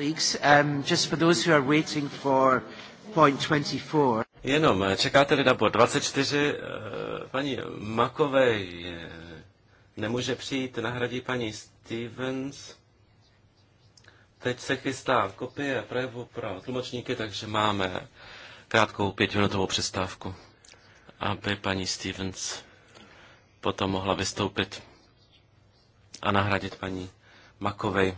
colleagues, um, just for those who are waiting for point 24. Jenom eh, čekáte-li na bod 24, eh, paní Makovej nemůže přijít, nahradí paní Stevens. Teď se chystá kopie projevu pro tlumočníky, takže máme krátkou pětiminutovou přestávku, aby paní Stevens potom mohla vystoupit a nahradit paní Makovej.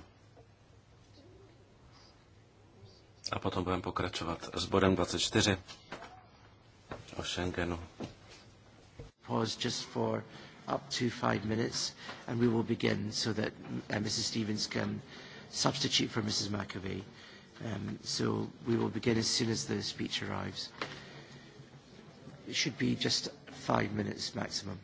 A potom budeme pokračovat s bodem 24 o Schengenu. Pause just for up to five minutes and we will begin so that uh, Mrs. Stevens can substitute for Mrs. McAvey. Um, so we will begin as soon as the speech arrives. It should be just five minutes maximum.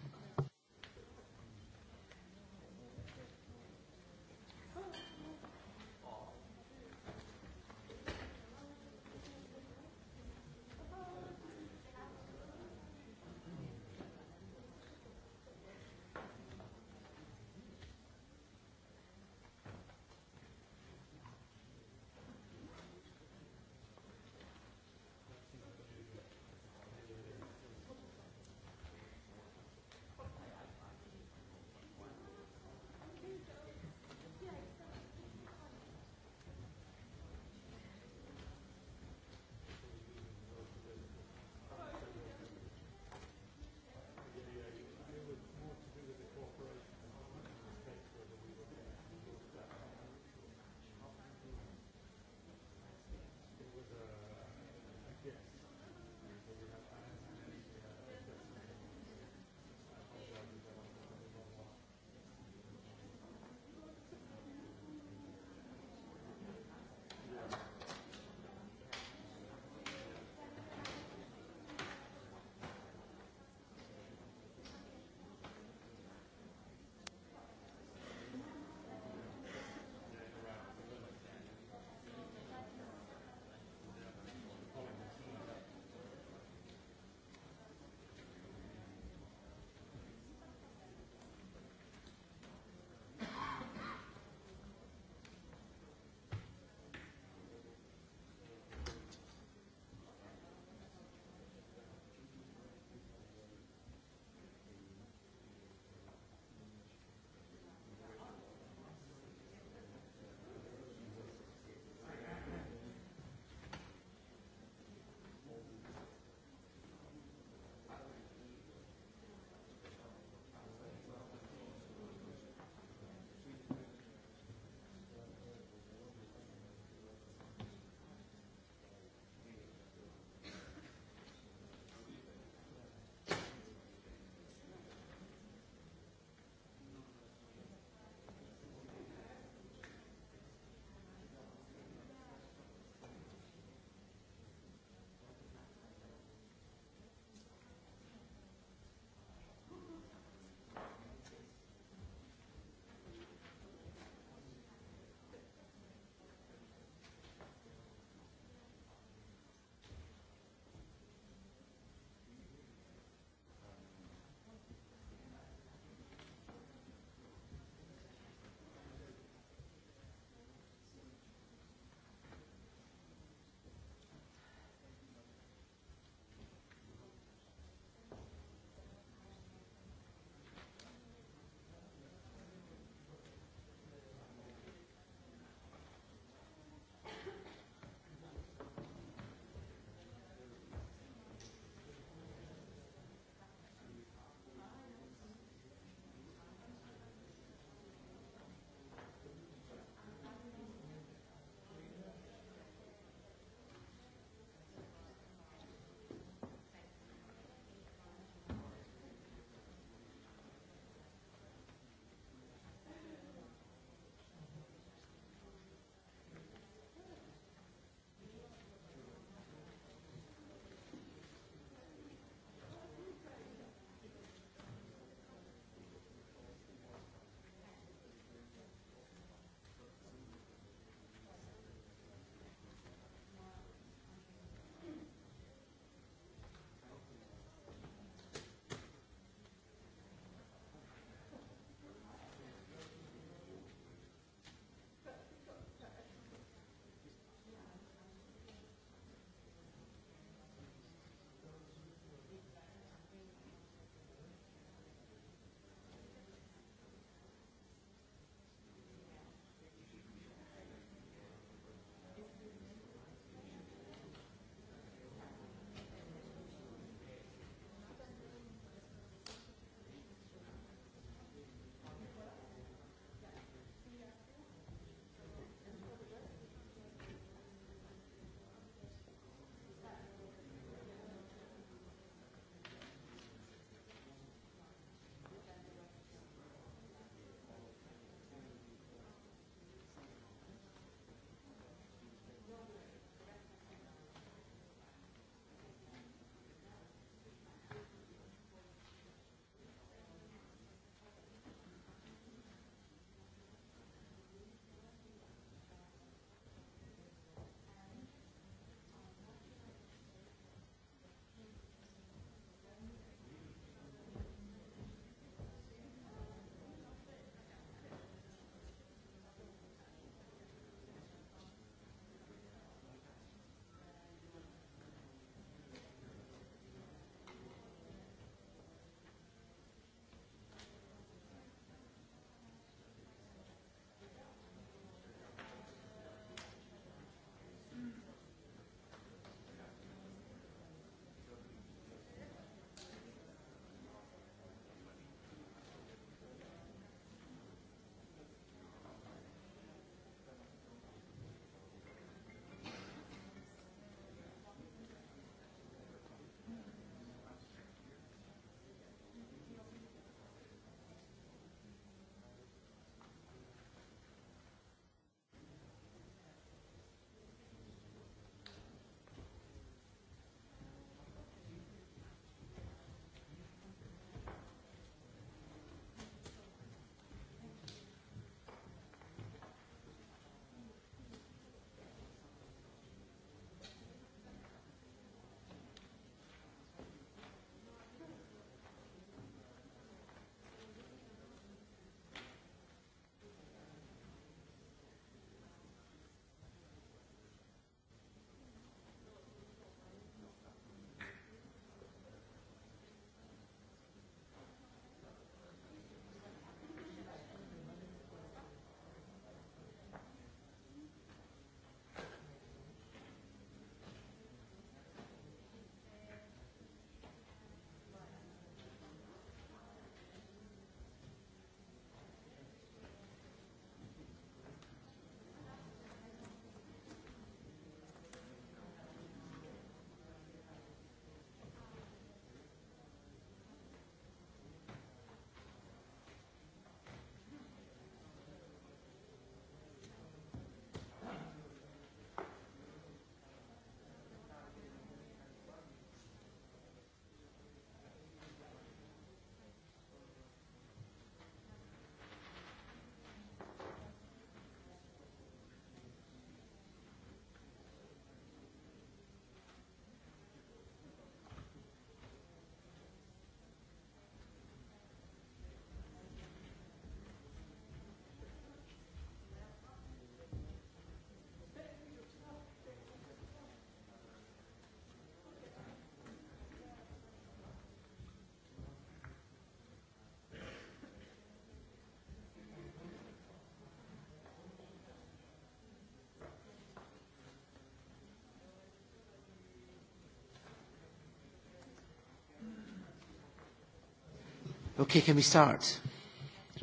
Okay, can we start?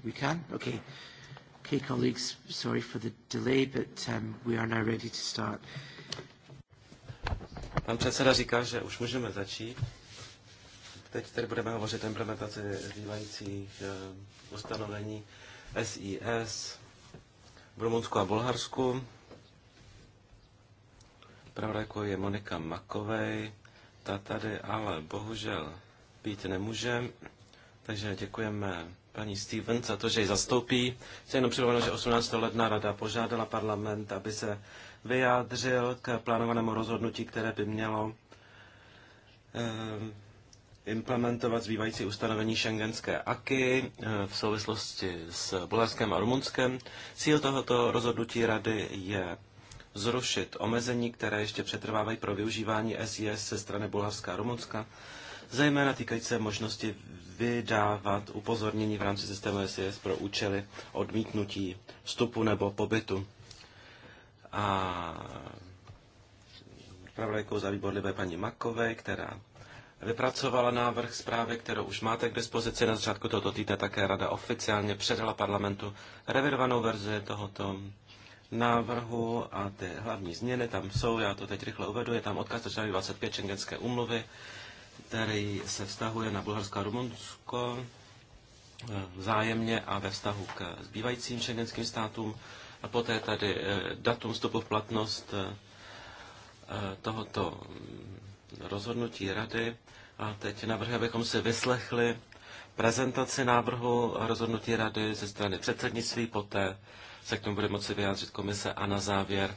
We can? Okay. Okay, colleagues, sorry for the delay, but um, we are now ready to start. Pan předseda říká, že už můžeme začít. Teď tady budeme hovořit o implementaci zbývajících eh, ustanovení SIS v Rumunsku a Bulharsku. Pravodajkou je Monika Makovej. Ta tady ale bohužel být nemůže takže děkujeme paní Steven za to, že ji zastoupí. Chci jenom připomenout, že 18. ledna rada požádala parlament, aby se vyjádřil k plánovanému rozhodnutí, které by mělo eh, implementovat zbývající ustanovení šengenské AKY eh, v souvislosti s Bulharskem a Rumunskem. Cíl tohoto rozhodnutí rady je zrušit omezení, které ještě přetrvávají pro využívání SIS ze strany Bulharska a Rumunska zejména týkající se možnosti vydávat upozornění v rámci systému SIS pro účely odmítnutí vstupu nebo pobytu. A pravdajkou za výborlivé paní Makové, která vypracovala návrh zprávy, kterou už máte k dispozici. Na začátku tohoto týdne také rada oficiálně předala parlamentu revidovanou verzi tohoto návrhu a ty hlavní změny tam jsou, já to teď rychle uvedu, je tam odkaz do 25 čengenské úmluvy, který se vztahuje na Bulharsko a Rumunsko eh, vzájemně a ve vztahu k zbývajícím šengenským státům. A poté tady eh, datum vstupu v platnost eh, tohoto mm, rozhodnutí rady. A teď navrhuji, abychom si vyslechli prezentaci návrhu rozhodnutí rady ze strany předsednictví, poté se k tomu bude moci vyjádřit komise a na závěr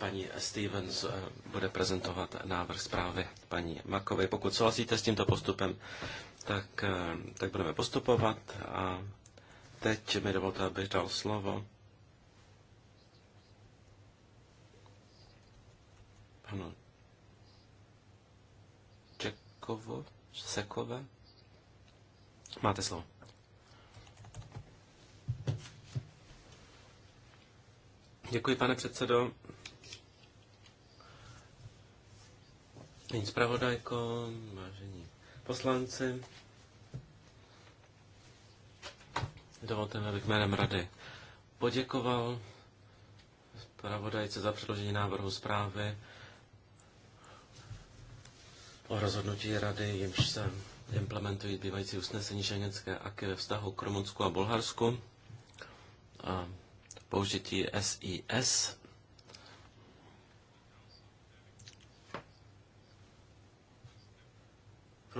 Paní Stevens eh, bude prezentovat návrh zprávy paní Makové. Pokud souhlasíte s tímto postupem, tak, eh, tak budeme postupovat. A teď mi dovolte, abych dal slovo panu Čekovo, Sekové. Máte slovo. Děkuji, pane předsedo. Paní zpravodajko, vážení poslanci, dovolte mi, abych jménem Rady poděkoval zpravodajce za předložení návrhu zprávy o rozhodnutí Rady, jimž se implementují bývající usnesení ženěcké aky ve vztahu k Rumunsku a Bulharsku a použití SIS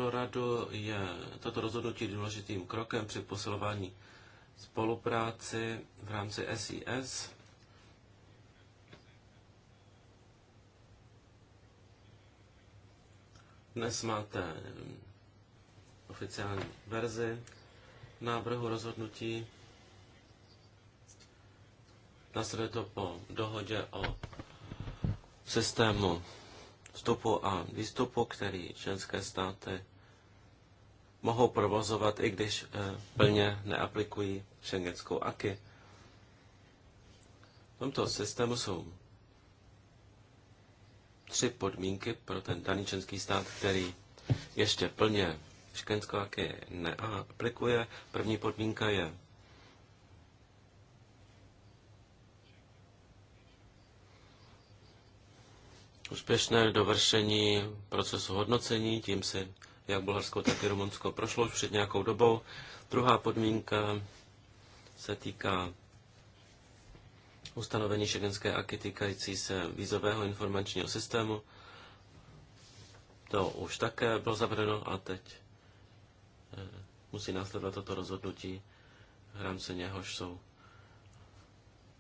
Pro radu je toto rozhodnutí důležitým krokem při posilování spolupráci v rámci SIS. Dnes máte oficiální verzi návrhu rozhodnutí. Nasleduje to po dohodě o systému vstupu a výstupu, který členské státy mohou provozovat, i když eh, plně neaplikují šengenskou aky. V tomto systému jsou tři podmínky pro ten daný členský stát, který ještě plně šengenskou aky neaplikuje. První podmínka je úspěšné dovršení procesu hodnocení, tím si jak Bulharsko, tak i Rumunsko prošlo už před nějakou dobou. Druhá podmínka se týká ustanovení šegenské aky týkající se vízového informačního systému. To už také bylo zavřeno a teď eh, musí následovat toto rozhodnutí, v rámci něhož jsou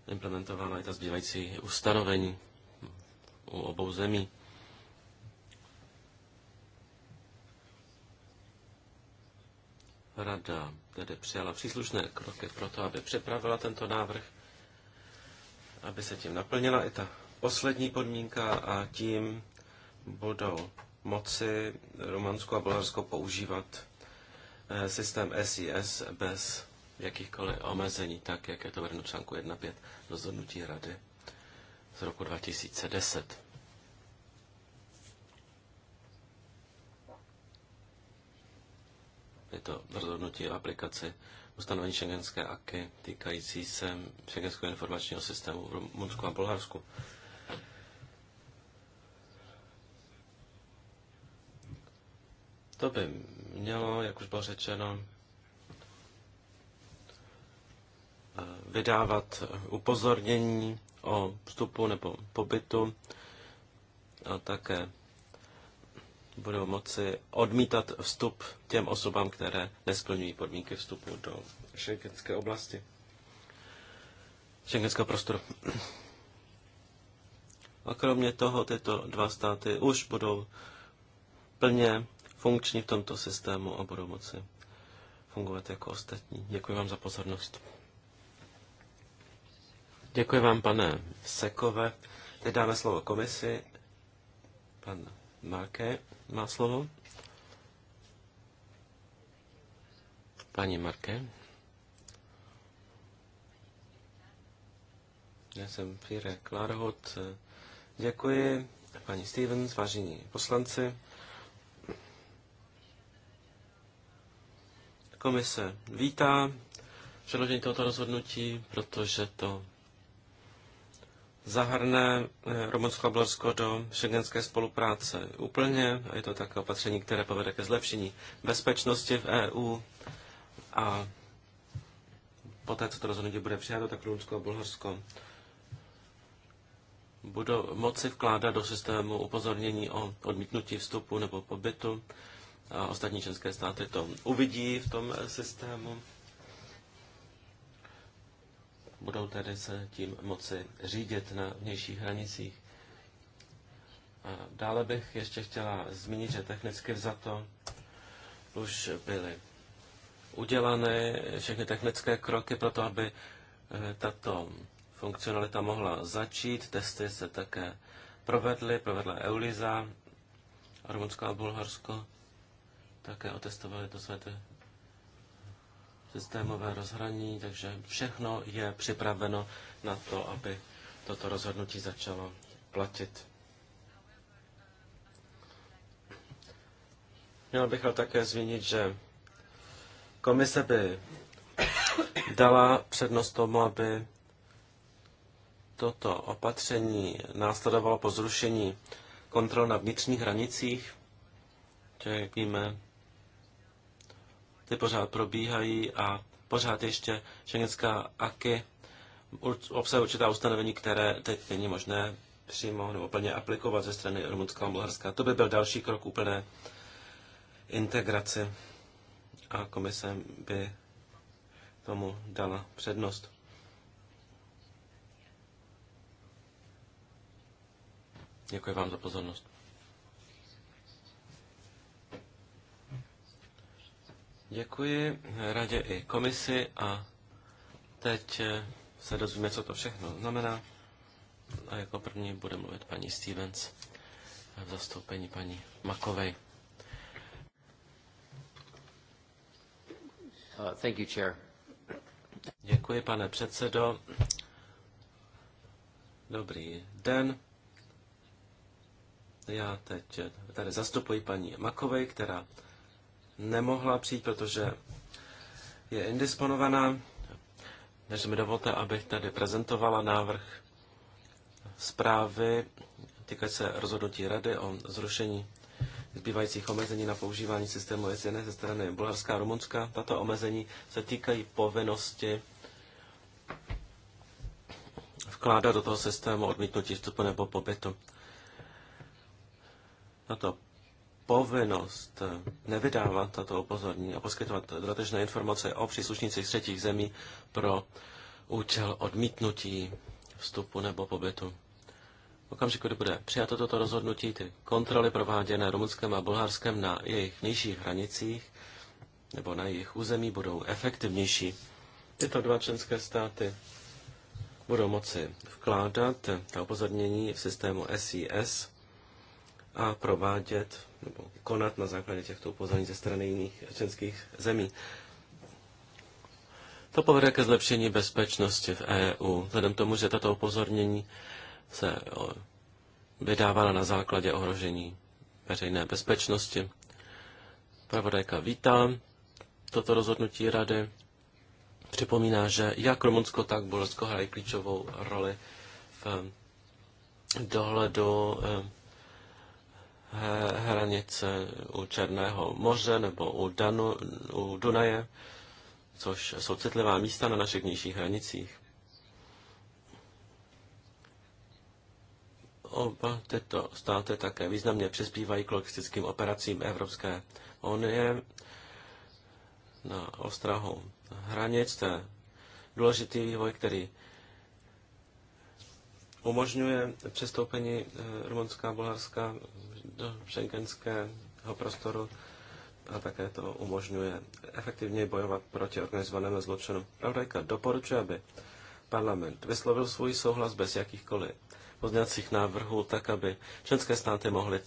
implementována i ta zbývající ustanovení u obou zemí. Rada tedy přijala příslušné kroky pro to, aby připravila tento návrh, aby se tím naplnila i ta poslední podmínka a tím budou moci Rumunsko a Bulharsko používat eh, systém SIS bez jakýchkoliv omezení, tak jak je to v článku 1.5 rozhodnutí Rady z roku 2010. Je to rozhodnutí o aplikaci ustanovení šengenské aky týkající se šengenského informačního systému v Rumunsku a Bulharsku. To by mělo, jak už bylo řečeno, eh, vydávat upozornění o vstupu nebo pobytu a také budou moci odmítat vstup těm osobám, které nesplňují podmínky vstupu do šengenské oblasti, šengenského prostoru. A kromě toho tyto dva státy už budou plně funkční v tomto systému a budou moci fungovat jako ostatní. Děkuji vám za pozornost. Děkuji vám, pane Sekove. Teď dáme slovo komisi. Pan Marke má slovo. Paní Marke. Já jsem Fire Klarhot. Děkuji, paní Stevens, vážení poslanci. Komise vítá předložení tohoto rozhodnutí, protože to zahrne eh, Rumunsko a Bulharsko do šengenské spolupráce úplně a je to také opatření, které povede ke zlepšení bezpečnosti v EU a poté, co to rozhodnutí bude přijato, tak Rumunsko a Bulharsko budou moci vkládat do systému upozornění o odmítnutí vstupu nebo pobytu a ostatní členské státy to uvidí v tom eh, systému budou tedy se tím moci řídit na vnějších hranicích. A dále bych ještě chtěla zmínit, že technicky vzato už byly udělané všechny technické kroky pro to, aby eh, tato funkcionalita mohla začít. Testy se také provedly, provedla EULISA, Rumunsko a Bulharsko také otestovali to své systémové rozhraní, takže všechno je připraveno na to, aby toto rozhodnutí začalo platit. Měl bych ale také zmínit, že komise by dala přednost tomu, aby toto opatření následovalo po zrušení kontrol na vnitřních hranicích, jak víme, ty pořád probíhají a pořád ještě šengenská AKY obsahuje určitá ustanovení, které teď není možné přímo nebo plně aplikovat ze strany Rumunska a Bulharska. To by byl další krok úplné integraci a komise by tomu dala přednost. Děkuji vám za pozornost. Děkuji radě i komisi a teď eh, se dozvíme, co to všechno znamená. A jako první bude mluvit paní Stevens v zastoupení paní Makovej. Uh, thank you, chair. Děkuji, pane předsedo. Dobrý den. Já teď eh, tady zastupuji paní Makovej, která nemohla přijít, protože je indisponovaná. Takže mi dovolte, abych tady prezentovala návrh zprávy týkající se rozhodnutí Rady o zrušení zbývajících omezení na používání systému SN e ze strany Bulharska a Rumunska. Tato omezení se týkají povinnosti vkládat do toho systému odmítnutí vstupu nebo pobytu. Tato povinnost nevydávat tato upozornění a poskytovat dodatečné informace o příslušnících třetích zemí pro účel odmítnutí vstupu nebo pobytu. V okamžiku, kdy bude přijato toto rozhodnutí, ty kontroly prováděné Rumunskem a Bulharskem na jejich vnějších hranicích nebo na jejich území budou efektivnější. Tyto dva členské státy budou moci vkládat ta upozornění v systému SIS a provádět nebo konat na základě těchto upozornění ze strany jiných členských zemí. To povede ke zlepšení bezpečnosti v EU, vzhledem tomu, že tato upozornění se vydávala na základě ohrožení veřejné bezpečnosti. Pravodajka vítá toto rozhodnutí rady. Připomíná, že jak Rumunsko, tak Bulharsko hrají klíčovou roli v eh, dohledu eh, hranice u Černého moře nebo u, Danu, u Dunaje, což jsou citlivá místa na našich vnějších hranicích. Oba tyto státy také významně přispívají k logistickým operacím Evropské unie na ostrahu hranic. To je důležitý vývoj, který umožňuje přestoupení eh, Rumunská a Bulharska do šengenského prostoru a také to umožňuje efektivně bojovat proti organizovanému zločinu. Pravdajka doporučuje, aby parlament vyslovil svůj souhlas bez jakýchkoliv pozněcích návrhů, tak aby členské státy mohly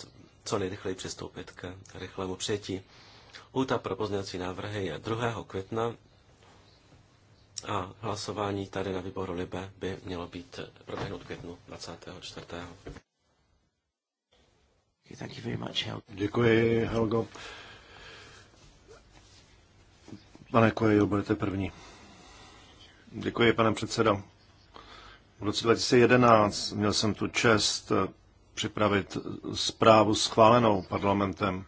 co nejrychleji přistoupit k rychlému přijetí. Úta pro pozněcí návrhy je 2. května a hlasování tady na výboru Libe by mělo být proběhnout květnu 24. Děkuji, Helgo. Pane Kojejo, budete první. Děkuji, pane předsedo. V roce 2011 měl jsem tu čest eh, připravit zprávu schválenou parlamentem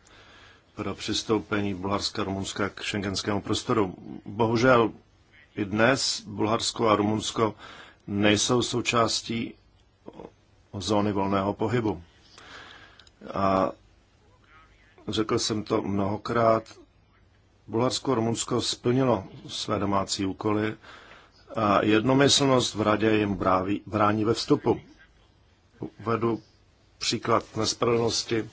pro přistoupení Bulharska a Rumunska k šengenskému prostoru. Bohužel i dnes Bulharsko a Rumunsko nejsou součástí zóny volného pohybu. A řekl jsem to mnohokrát, Bulharsko a Rumunsko splnilo své domácí úkoly a jednomyslnost v radě jim bráví, brání ve vstupu. Vedu příklad nespravedlnosti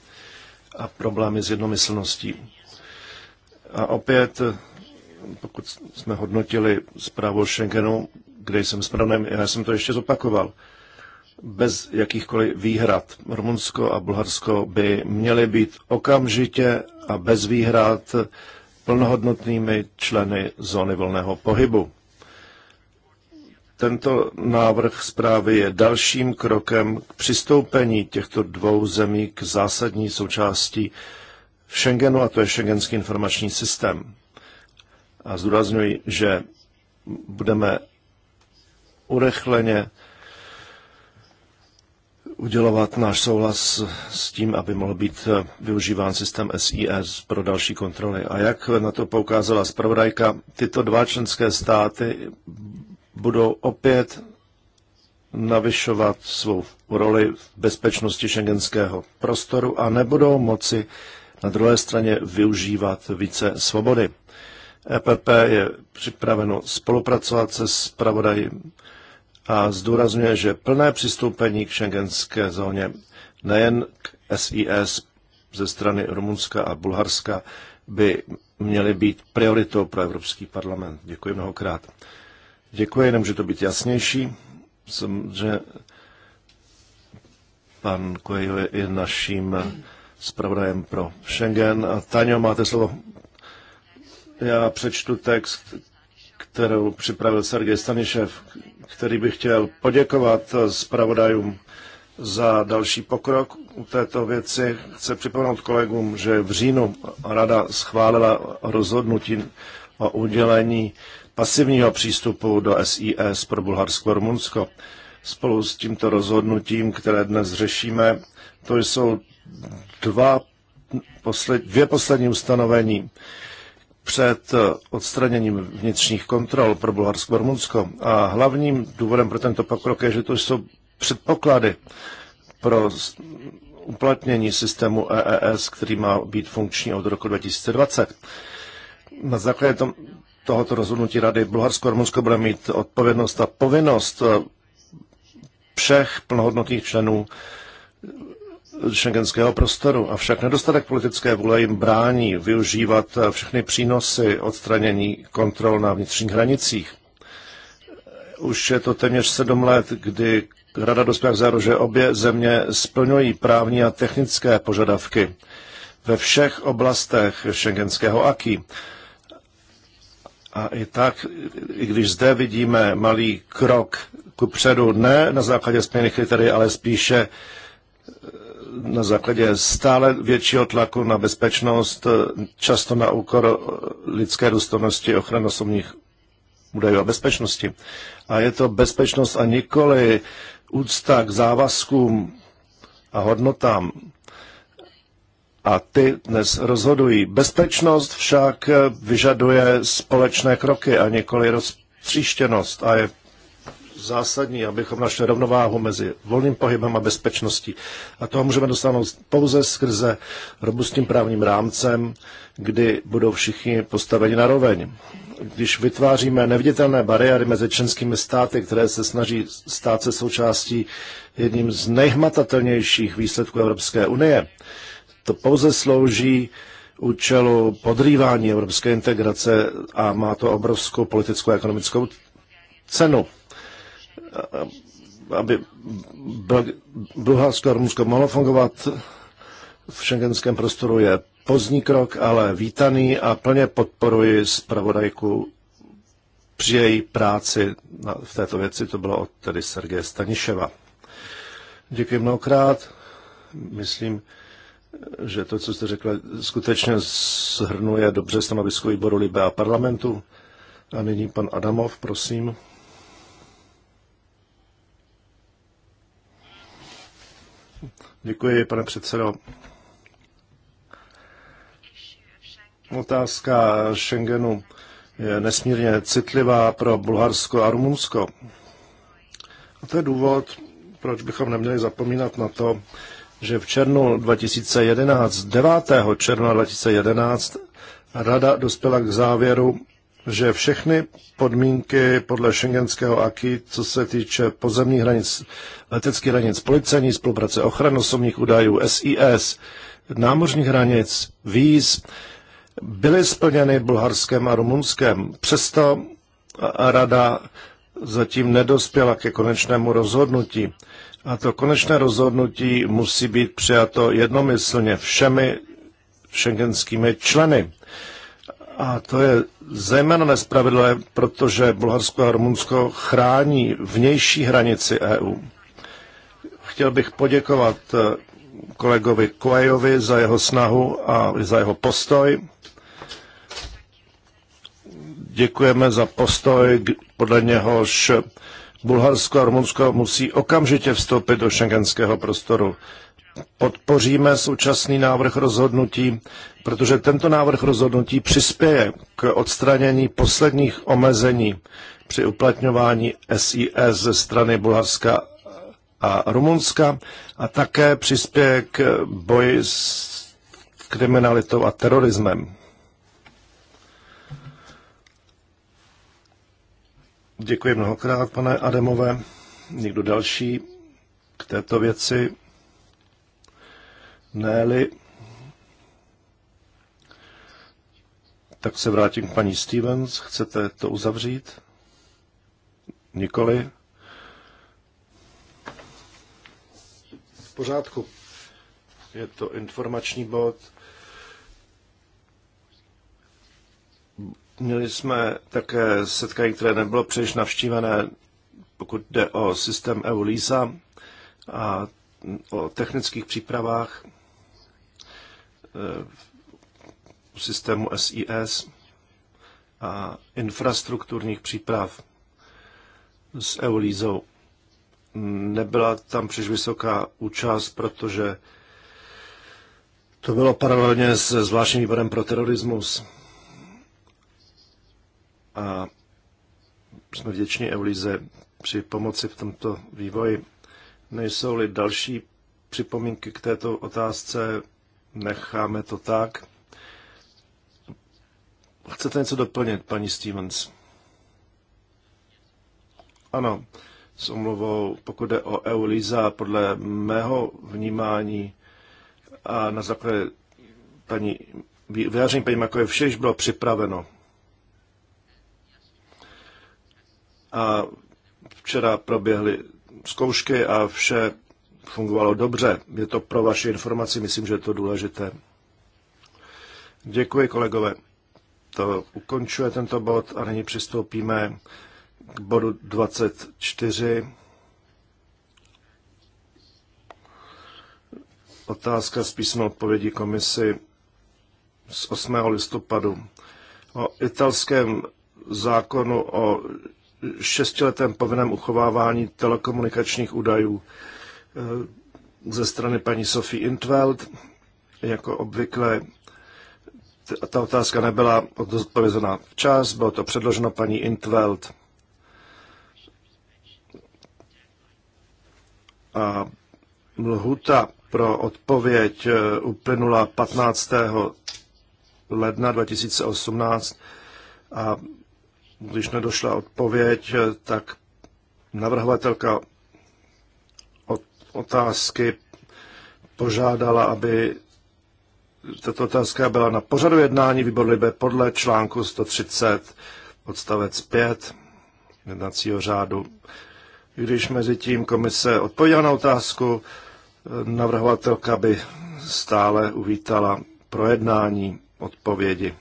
a problémy s jednomyslností. A opět, pokud jsme hodnotili zprávu Schengenu, kde jsem správným, já jsem to ještě zopakoval bez jakýchkoliv výhrad. Rumunsko a Bulharsko by měly být okamžitě a bez výhrad plnohodnotnými členy zóny volného pohybu. Tento návrh zprávy je dalším krokem k přistoupení těchto dvou zemí k zásadní součástí Schengenu, a to je Schengenský informační systém. A zdůrazňuji, že budeme urychleně udělovat náš souhlas s tím, aby mohl být eh, využíván systém SIS pro další kontroly. A jak na to poukázala zpravodajka, tyto dva členské státy budou opět navyšovat svou roli v bezpečnosti šengenského prostoru a nebudou moci na druhé straně využívat více svobody. EPP je připraveno spolupracovat se spravodajem a zdůrazňuje, že plné přistoupení k šengenské zóně nejen k SIS ze strany Rumunska a Bulharska by měly být prioritou pro Evropský parlament. Děkuji mnohokrát. Děkuji, nemůže to být jasnější. Jsem, že pan Coelho je naším zpravodajem pro Schengen. A Taňo, máte slovo. Já přečtu text, kterou připravil Sergej Stanišev, který bych chtěl poděkovat zpravodajům za další pokrok u této věci. Chci připomenout kolegům, že v říjnu Rada schválila rozhodnutí o udělení pasivního přístupu do SIS pro Bulharsko a Rumunsko. Spolu s tímto rozhodnutím, které dnes řešíme, to jsou dva posled, dvě poslední ustanovení před eh, odstraněním vnitřních kontrol pro Bulharsko a Rumunsko. A hlavním důvodem pro tento pokrok je, že to jsou předpoklady pro uplatnění systému EES, který má být funkční od roku 2020. Na základě tom, tohoto rozhodnutí Rady Bulharsko a Rumunsko bude mít odpovědnost a povinnost eh, všech plnohodnotných členů šengenského prostoru, avšak nedostatek politické vůle jim brání využívat všechny přínosy odstranění kontrol na vnitřních hranicích. Už je to téměř sedm let, kdy Rada dospěla k záru, že obě země splňují právní a technické požadavky ve všech oblastech šengenského AKI. A i tak, i když zde vidíme malý krok ku předu, ne na základě splněných kritérií, ale spíše na základě stále většího tlaku na bezpečnost, často na úkor lidské důstojnosti, ochrany osobních údajů a bezpečnosti. A je to bezpečnost a nikoli úcta k závazkům a hodnotám. A ty dnes rozhodují. Bezpečnost však vyžaduje společné kroky a nikoli rozpříštěnost. A je zásadní, abychom našli rovnováhu mezi volným pohybem a bezpečností. A toho můžeme dostanout pouze skrze robustním právním rámcem, kdy budou všichni postaveni na roveň. Když vytváříme neviditelné bariéry mezi členskými státy, které se snaží stát se součástí jedním z nejhmatatelnějších výsledků Evropské unie, to pouze slouží účelu podrývání evropské integrace a má to obrovskou politickou a ekonomickou cenu aby Bulharsko a Rumunsko mohlo fungovat v šengenském prostoru, je pozdní krok, ale vítaný a plně podporuji zpravodajku při její práci v této věci. To bylo od tedy Sergeje Staniševa. Děkuji mnohokrát. Myslím, že to, co jste řekla, skutečně shrnuje dobře stanovisko výboru Libe a parlamentu. A nyní pan Adamov, prosím. Děkuji, pane předsedo. Otázka Schengenu je nesmírně citlivá pro Bulharsko a Rumunsko. A to je důvod, proč bychom neměli zapomínat na to, že v červnu 2011, 9. června 2011, Rada dospěla k závěru, že všechny podmínky podle šengenského AKI, co se týče pozemních hranic, leteckých hranic, policení, spolupráce, ochrany osobních údajů, SIS, námořních hranic, víz, byly splněny Bulharskem a Rumunskem. Přesto rada zatím nedospěla ke konečnému rozhodnutí. A to konečné rozhodnutí musí být přijato jednomyslně všemi šengenskými členy. A to je zejména nespravedlivé, protože Bulharsko a Rumunsko chrání vnější hranici EU. Chtěl bych poděkovat eh, kolegovi Koejovi za jeho snahu a za jeho postoj. Děkujeme za postoj, podle něhož Bulharsko a Rumunsko musí okamžitě vstoupit do šengenského prostoru podpoříme současný návrh rozhodnutí, protože tento návrh rozhodnutí přispěje k odstranění posledních omezení při uplatňování SIS ze strany Bulharska a Rumunska a také přispěje k boji s kriminalitou a terorismem. Děkuji mnohokrát, pane Ademové. Někdo další k této věci? ne tak se vrátím k paní Stevens. Chcete to uzavřít? Nikoli? V pořádku. Je to informační bod. Měli jsme také setkání, které nebylo příliš navštívené, pokud jde o systém EULISA a o technických přípravách. Eh, systému SIS a infrastrukturních příprav s EULIZou. Nebyla tam příliš vysoká účast, protože to bylo paralelně s zvláštním výborem pro terorismus. A jsme vděční Eulize při pomoci v tomto vývoji. Nejsou-li další připomínky k této otázce, necháme to tak. Chcete něco doplnit, paní Stevens? Ano, s omluvou, pokud jde o Eulíza, podle mého vnímání a na základě paní, vyjádření paní Makové, vše již bylo připraveno. A včera proběhly zkoušky a vše fungovalo dobře. Je to pro vaši informaci, myslím, že je to důležité. Děkuji, kolegové. To ukončuje tento bod a nyní přistoupíme k bodu 24. Otázka s písmou odpovědí komisi z 8. listopadu o italském zákonu o šestiletém povinném uchovávání telekomunikačních údajů ze strany paní Sophie Intveld. Jako obvykle ta otázka nebyla odpovězena včas, bylo to předloženo paní Intveld. A lhuta pro odpověď eh, uplynula 15. ledna 2018 a když nedošla odpověď, eh, tak navrhovatelka otázky požádala, aby tato otázka byla na pořadu jednání výboru Libe podle článku 130 odstavec 5 jednacího řádu. Když mezi tím komise odpověděla na otázku, navrhovatelka by stále uvítala projednání odpovědi.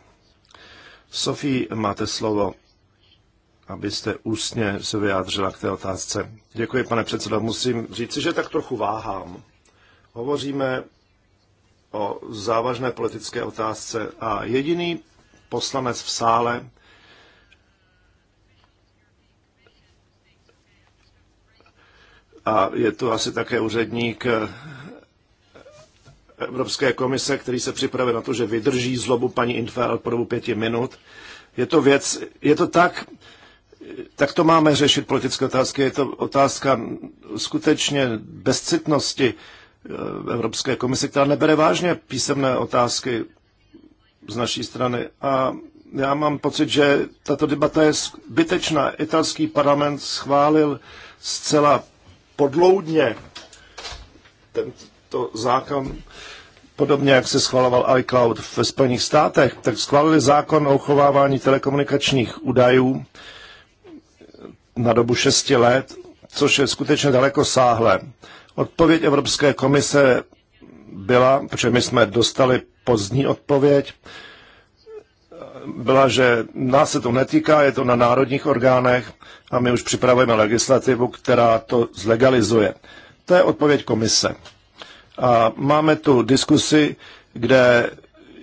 Sofí, máte slovo abyste ústně se vyjádřila k té otázce. Děkuji, pane předsedo. Musím říci, že tak trochu váhám. Hovoříme o závažné politické otázce a jediný poslanec v sále a je tu asi také úředník Evropské komise, který se připravil na to, že vydrží zlobu paní Infel po dobu pěti minut. Je to věc, je to tak, tak to máme řešit politické otázky. Je to otázka skutečně bezcitnosti eh, Evropské komise, která nebere vážně písemné otázky z naší strany. A já mám pocit, že tato debata je zbytečná. Italský parlament schválil zcela podloudně tento zákon, podobně jak se schvaloval iCloud ve Spojených státech, tak schválili zákon o uchovávání telekomunikačních údajů, na dobu 6 let, což je skutečně daleko sáhle. Odpověď Evropské komise byla, protože my jsme dostali pozdní odpověď, byla, že nás se to netýká, je to na národních orgánech a my už připravujeme legislativu, která to zlegalizuje. To je odpověď komise. A máme tu diskusi, kde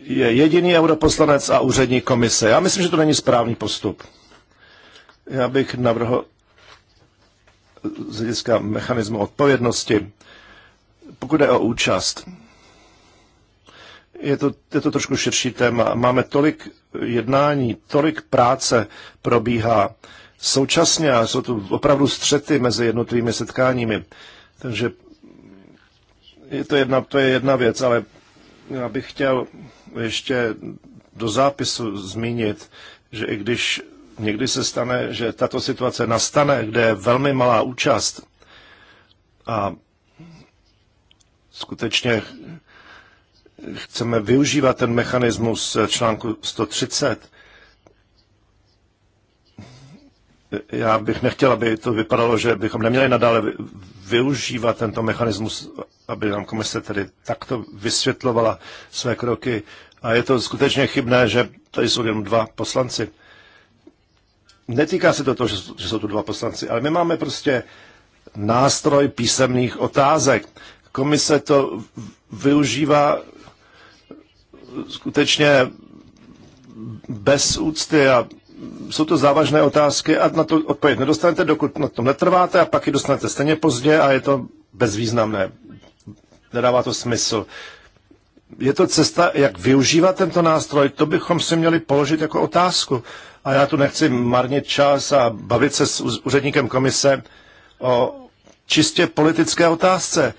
je jediný europoslanec a úřední komise. Já myslím, že to není správný postup. Já bych navrhl z hlediska mechanismu odpovědnosti, pokud je o účast, je to, je to trošku širší téma. Máme tolik jednání, tolik práce probíhá současně a jsou tu opravdu střety mezi jednotlivými setkáními. Takže je to, jedna, to je jedna věc, ale já bych chtěl ještě do zápisu zmínit, že i když někdy se stane, že tato situace nastane, kde je velmi malá účast a skutečně chceme využívat ten mechanismus článku 130. Já bych nechtěl, aby to vypadalo, že bychom neměli nadále využívat tento mechanismus, aby nám komise tedy takto vysvětlovala své kroky. A je to skutečně chybné, že tady jsou jenom dva poslanci netýká se to toho, že, že jsou tu dva poslanci, ale my máme prostě nástroj písemných otázek. Komise to využívá skutečně bez úcty a jsou to závažné otázky a na to odpověď nedostanete, dokud na tom netrváte a pak ji dostanete stejně pozdě a je to bezvýznamné. Nedává to smysl je to cesta, jak využívat tento nástroj, to bychom si měli položit jako otázku. A já tu nechci marnit čas a bavit se s úředníkem komise o čistě politické otázce.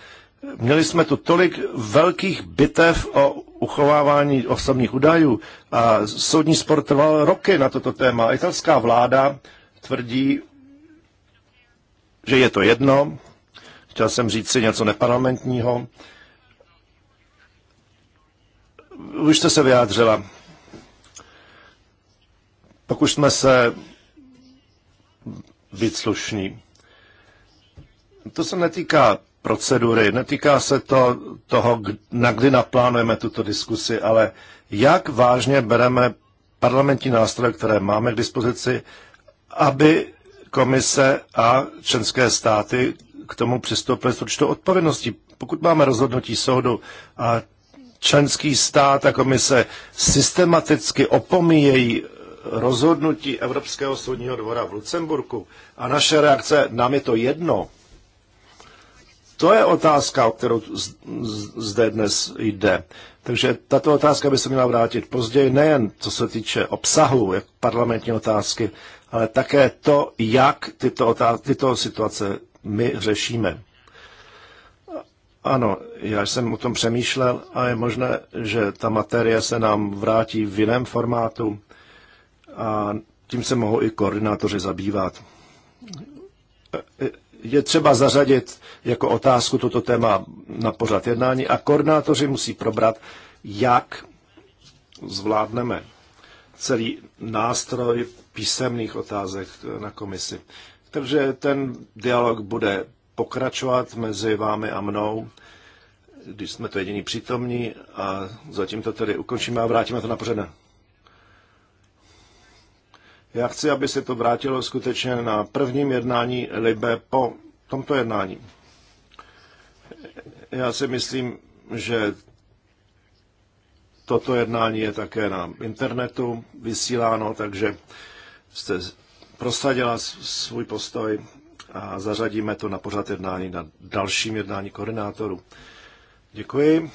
Měli jsme tu tolik velkých bitev o uchovávání osobních údajů a soudní sport trval roky na toto téma. Italská vláda tvrdí, že je to jedno. Chtěl jsem říct si něco neparlamentního už jste se vyjádřila. Pokušme se být slušní. To se netýká procedury, netýká se to toho, na kdy naplánujeme tuto diskusi, ale jak vážně bereme parlamentní nástroje, které máme k dispozici, aby komise a členské státy k tomu přistoupily s určitou odpovědností. Pokud máme rozhodnutí soudu a členský stát a komise systematicky opomíjejí rozhodnutí Evropského soudního dvora v Lucemburku a naše reakce, nám je to jedno. To je otázka, o kterou zde dnes jde. Takže tato otázka by se měla vrátit později, nejen co se týče obsahu jak parlamentní otázky, ale také to, jak tyto, otázky, tyto situace my řešíme. Ano, já jsem o tom přemýšlel a je možné, že ta materie se nám vrátí v jiném formátu a tím se mohou i koordinátoři zabývat. Je třeba zařadit jako otázku toto téma na pořad jednání a koordinátoři musí probrat, jak zvládneme celý nástroj písemných otázek na komisi. Takže ten dialog bude pokračovat mezi vámi a mnou, když jsme to jediní přítomní a zatím to tedy ukončíme a vrátíme to na pořad. Já chci, aby se to vrátilo skutečně na prvním jednání Libe po tomto jednání. Já si myslím, že toto jednání je také na internetu vysíláno, takže jste prosadila svůj postoj a zařadíme to na pořad jednání na dalším jednání koordinátorů. Děkuji.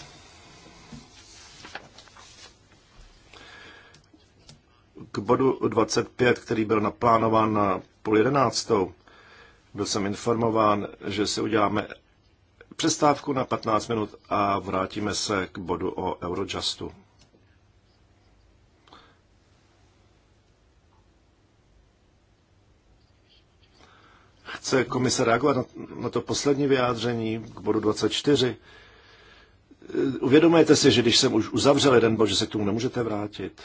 K bodu 25, který byl naplánován na půl jedenáctou, byl jsem informován, že si uděláme přestávku na 15 minut a vrátíme se k bodu o Eurojustu. Chce komise reagovat na, na to poslední vyjádření k bodu 24? Uvědomujete si, že když jsem už uzavřel jeden bod, že se k tomu nemůžete vrátit?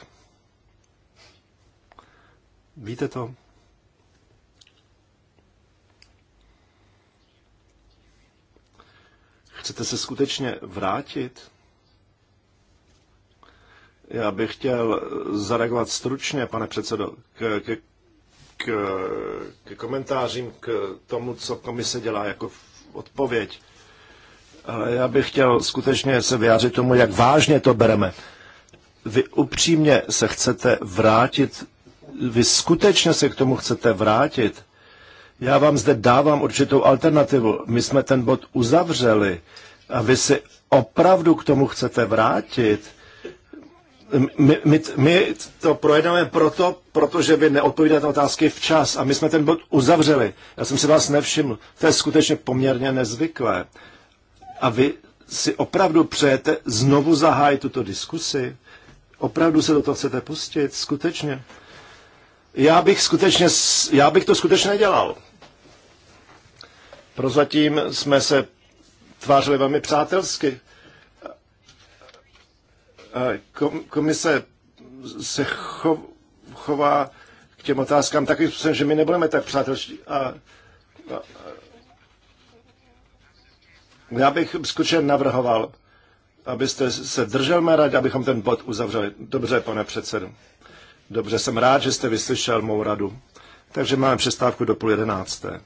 Víte to? Chcete se skutečně vrátit? Já bych chtěl zareagovat stručně, pane předsedo, k, k k, k komentářím k tomu, co komise dělá jako odpověď. Ale já bych chtěl skutečně se vyjádřit tomu, jak vážně to bereme. Vy upřímně se chcete vrátit, vy skutečně se k tomu chcete vrátit. Já vám zde dávám určitou alternativu. My jsme ten bod uzavřeli a vy si opravdu k tomu chcete vrátit my, my, my to projednáme proto, protože vy neodpovídáte otázky včas a my jsme ten bod uzavřeli. Já jsem si vás nevšiml. To je skutečně poměrně nezvyklé. A vy si opravdu přejete znovu zahájit tuto diskusi? Opravdu se do toho chcete pustit? Skutečně? Já bych, skutečně, já bych to skutečně nedělal. Prozatím jsme se tvářili velmi přátelsky. Komise se chová k těm otázkám takovým způsobem, že my nebudeme tak přátelští. A, a, a, já bych skutečně navrhoval, abyste se držel mé rady, abychom ten bod uzavřeli. Dobře, pane předsedu. Dobře, jsem rád, že jste vyslyšel mou radu. Takže máme přestávku do půl jedenácté.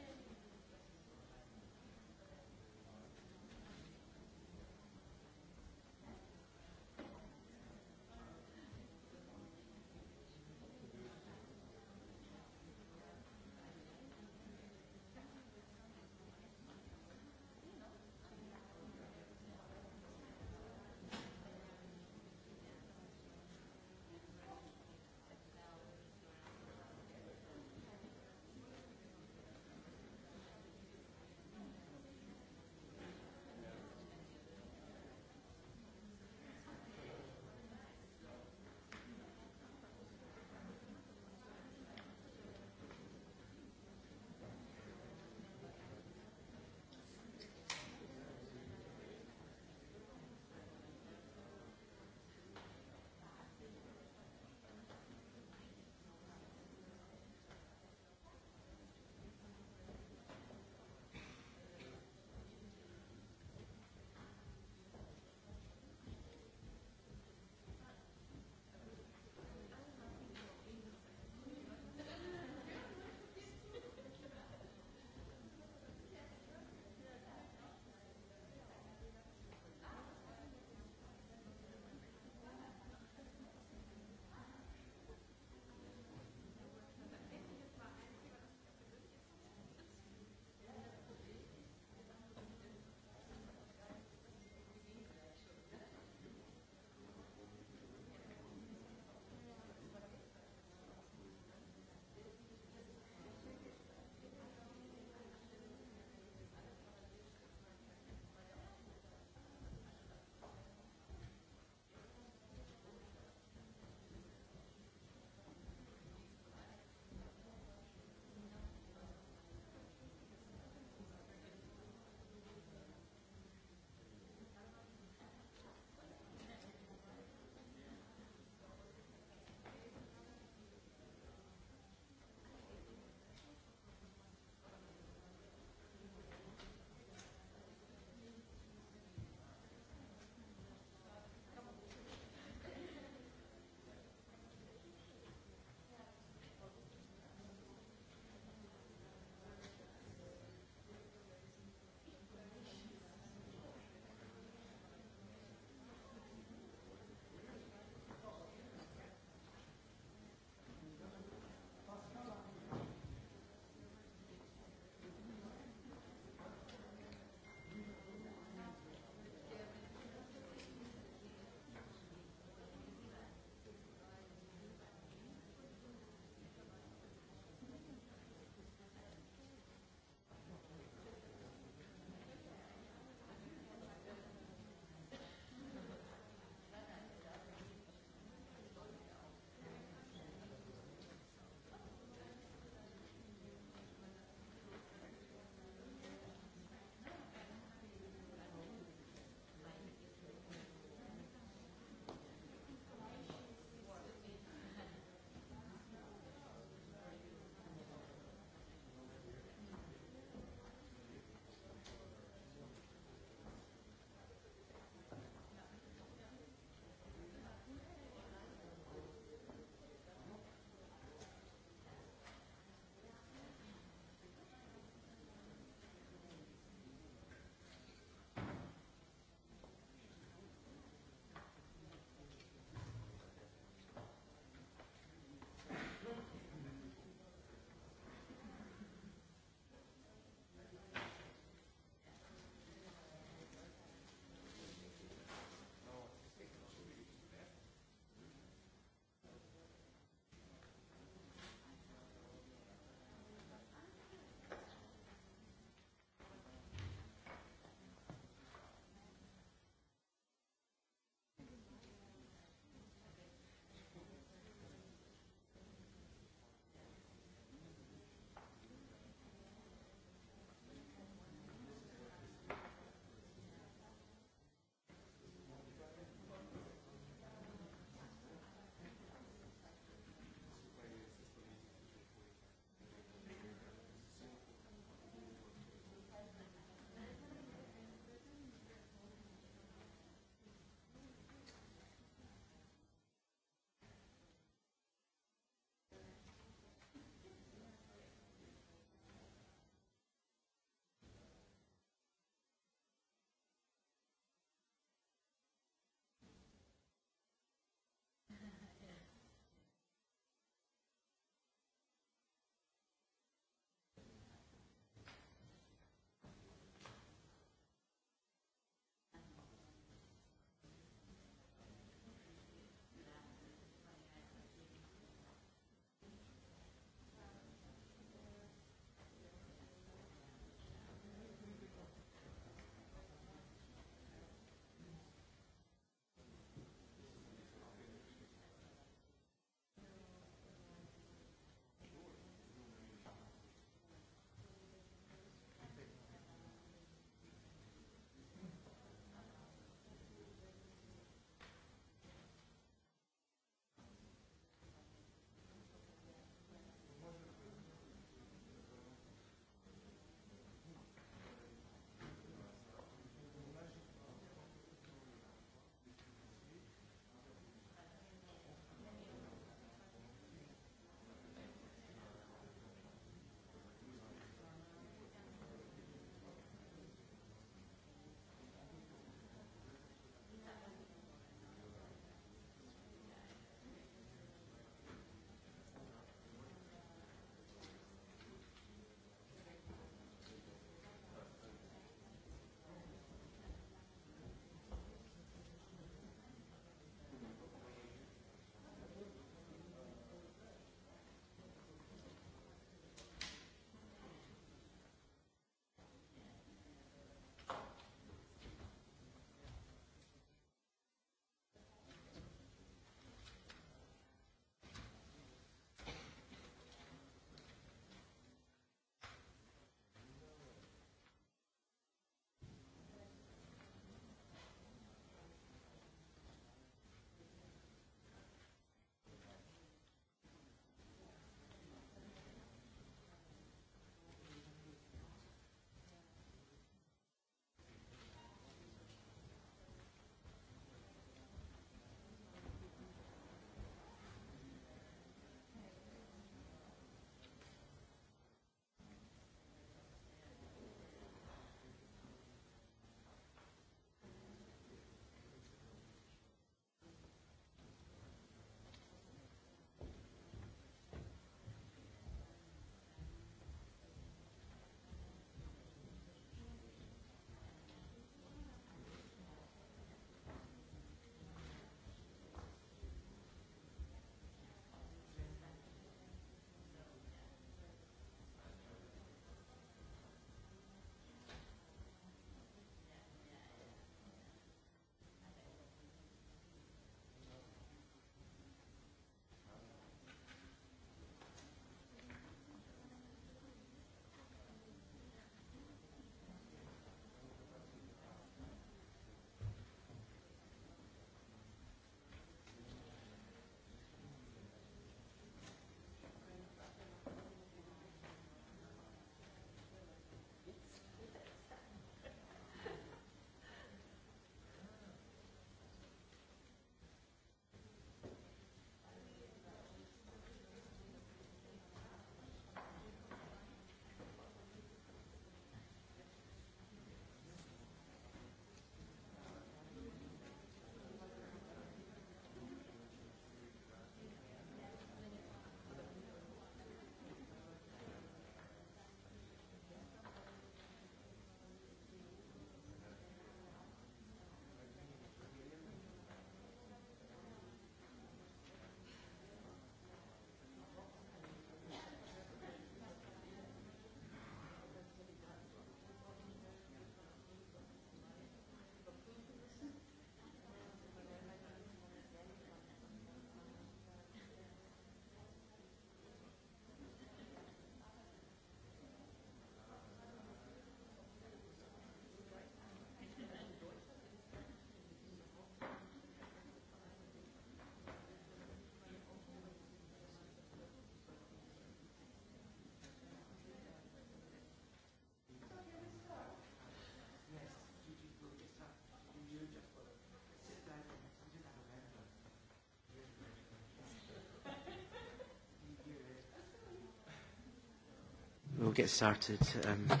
get started. Um,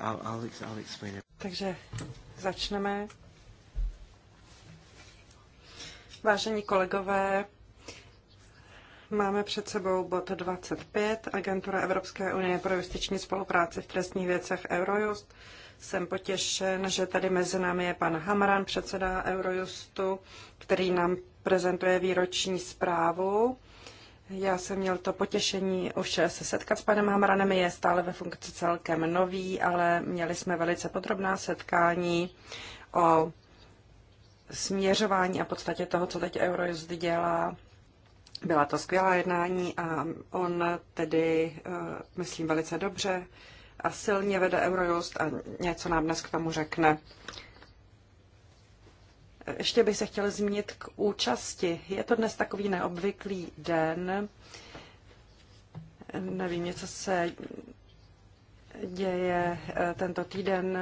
I'll, I'll, I'll explain it. Takže začneme. Vážení kolegové, máme před sebou bod 25, Agentura Evropské unie pro justiční spolupráci v trestních věcech Eurojust. Jsem potěšen, že tady mezi námi je pan Hamran, předseda Eurojustu, který nám prezentuje výroční zprávu já jsem měl to potěšení už se setkat s panem Hamranem, je stále ve funkci celkem nový, ale měli jsme velice podrobná setkání o směřování a podstatě toho, co teď Eurojust dělá. Byla to skvělá jednání a on tedy, eh, myslím, velice dobře a silně vede Eurojust a něco nám dnes k tomu řekne ještě bych se chtěl zmínit k účasti. Je to dnes takový neobvyklý den. Nevím, něco se děje eh, tento týden,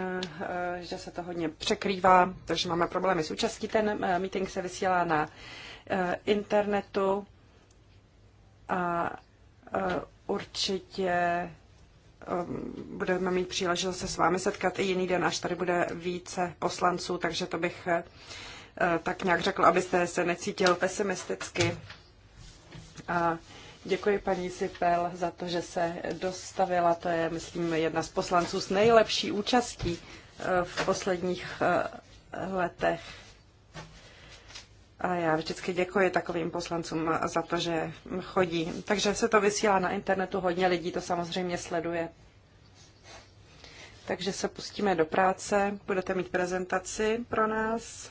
eh, že se to hodně překrývá, takže máme problémy s účastí. Ten eh, meeting se vysílá na internetu a určitě budeme mít příležitost se s vámi setkat i jiný den, až tady bude více poslanců, takže to bych Eh, tak nějak řekl, abyste se necítil pesimisticky. A děkuji paní Sipel za to, že se dostavila. To je, myslím, jedna z poslanců s nejlepší účastí eh, v posledních eh, letech. A já vždycky děkuji takovým poslancům za to, že chodí. Takže se to vysílá na internetu, hodně lidí to samozřejmě sleduje. Takže se pustíme do práce, budete mít prezentaci pro nás.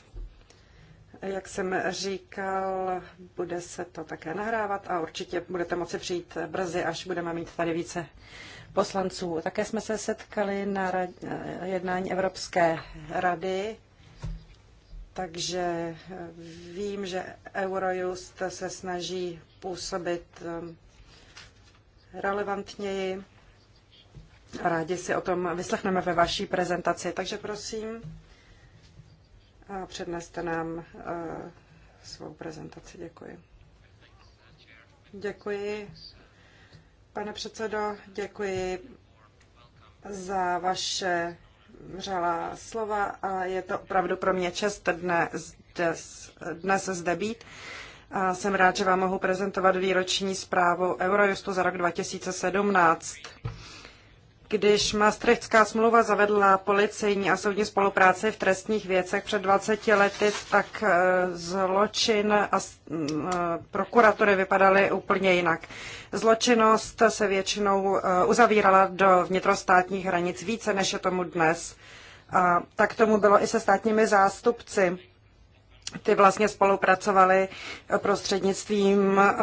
Jak jsem říkal, bude se to také nahrávat a určitě budete moci přijít brzy, až budeme mít tady více poslanců. Také jsme se setkali na jednání Evropské rady, takže vím, že Eurojust se snaží působit um, relevantněji. Rádi si o tom vyslechneme ve vaší prezentaci, takže prosím předneste nám eh, svou prezentaci. Děkuji. Děkuji, pane předsedo, děkuji za vaše vřelá slova a je to opravdu pro mě čest dnes, dnes, dnes zde být. A jsem rád, že vám mohu prezentovat výroční zprávu Eurojustu za rok 2017. Když Maastrichtská smlouva zavedla policejní a soudní spolupráci v trestních věcech před 20 lety, tak eh, zločin a mm, eh, prokuratury vypadaly úplně jinak. Zločinnost se většinou eh, uzavírala do vnitrostátních hranic více, než je tomu dnes. A tak tomu bylo i se státními zástupci ty vlastně spolupracovaly prostřednictvím eh,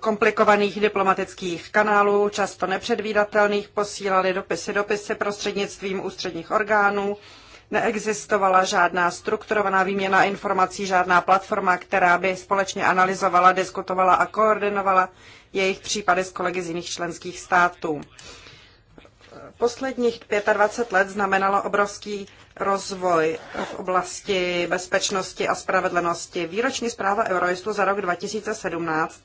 komplikovaných diplomatických kanálů, často nepředvídatelných, posílali dopisy, dopisy prostřednictvím ústředních orgánů. Neexistovala žádná strukturovaná výměna informací, žádná platforma, která by společně analyzovala, diskutovala a koordinovala jejich případy s kolegy z jiných členských států. Posledních 25 let znamenalo obrovský rozvoj v oblasti bezpečnosti a spravedlnosti. Výroční zpráva Eurojustu za rok 2017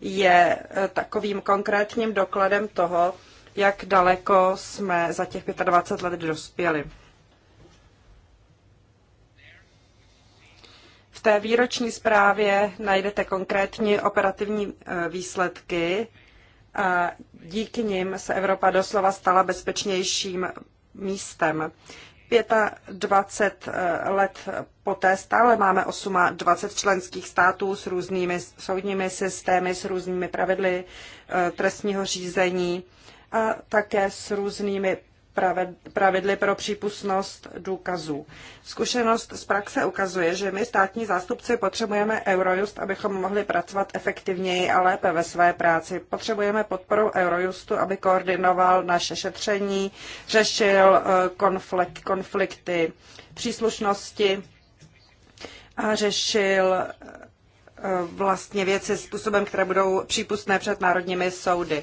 je eh, takovým konkrétním dokladem toho, jak daleko jsme za těch 25 let dospěli. V té výroční zprávě najdete konkrétní operativní eh, výsledky eh, díky nim se Evropa doslova stala bezpečnějším místem. 25 eh, let poté stále máme 28 členských států s různými soudními systémy, s různými pravidly eh, trestního řízení a také s různými pravidly pro přípustnost důkazů. Zkušenost z praxe ukazuje, že my státní zástupci potřebujeme Eurojust, abychom mohli pracovat efektivněji a lépe ve své práci. Potřebujeme podporu Eurojustu, aby koordinoval naše šetření, řešil eh, konflikt, konflikty příslušnosti a řešil eh, vlastně věci způsobem, které budou přípustné před národními soudy.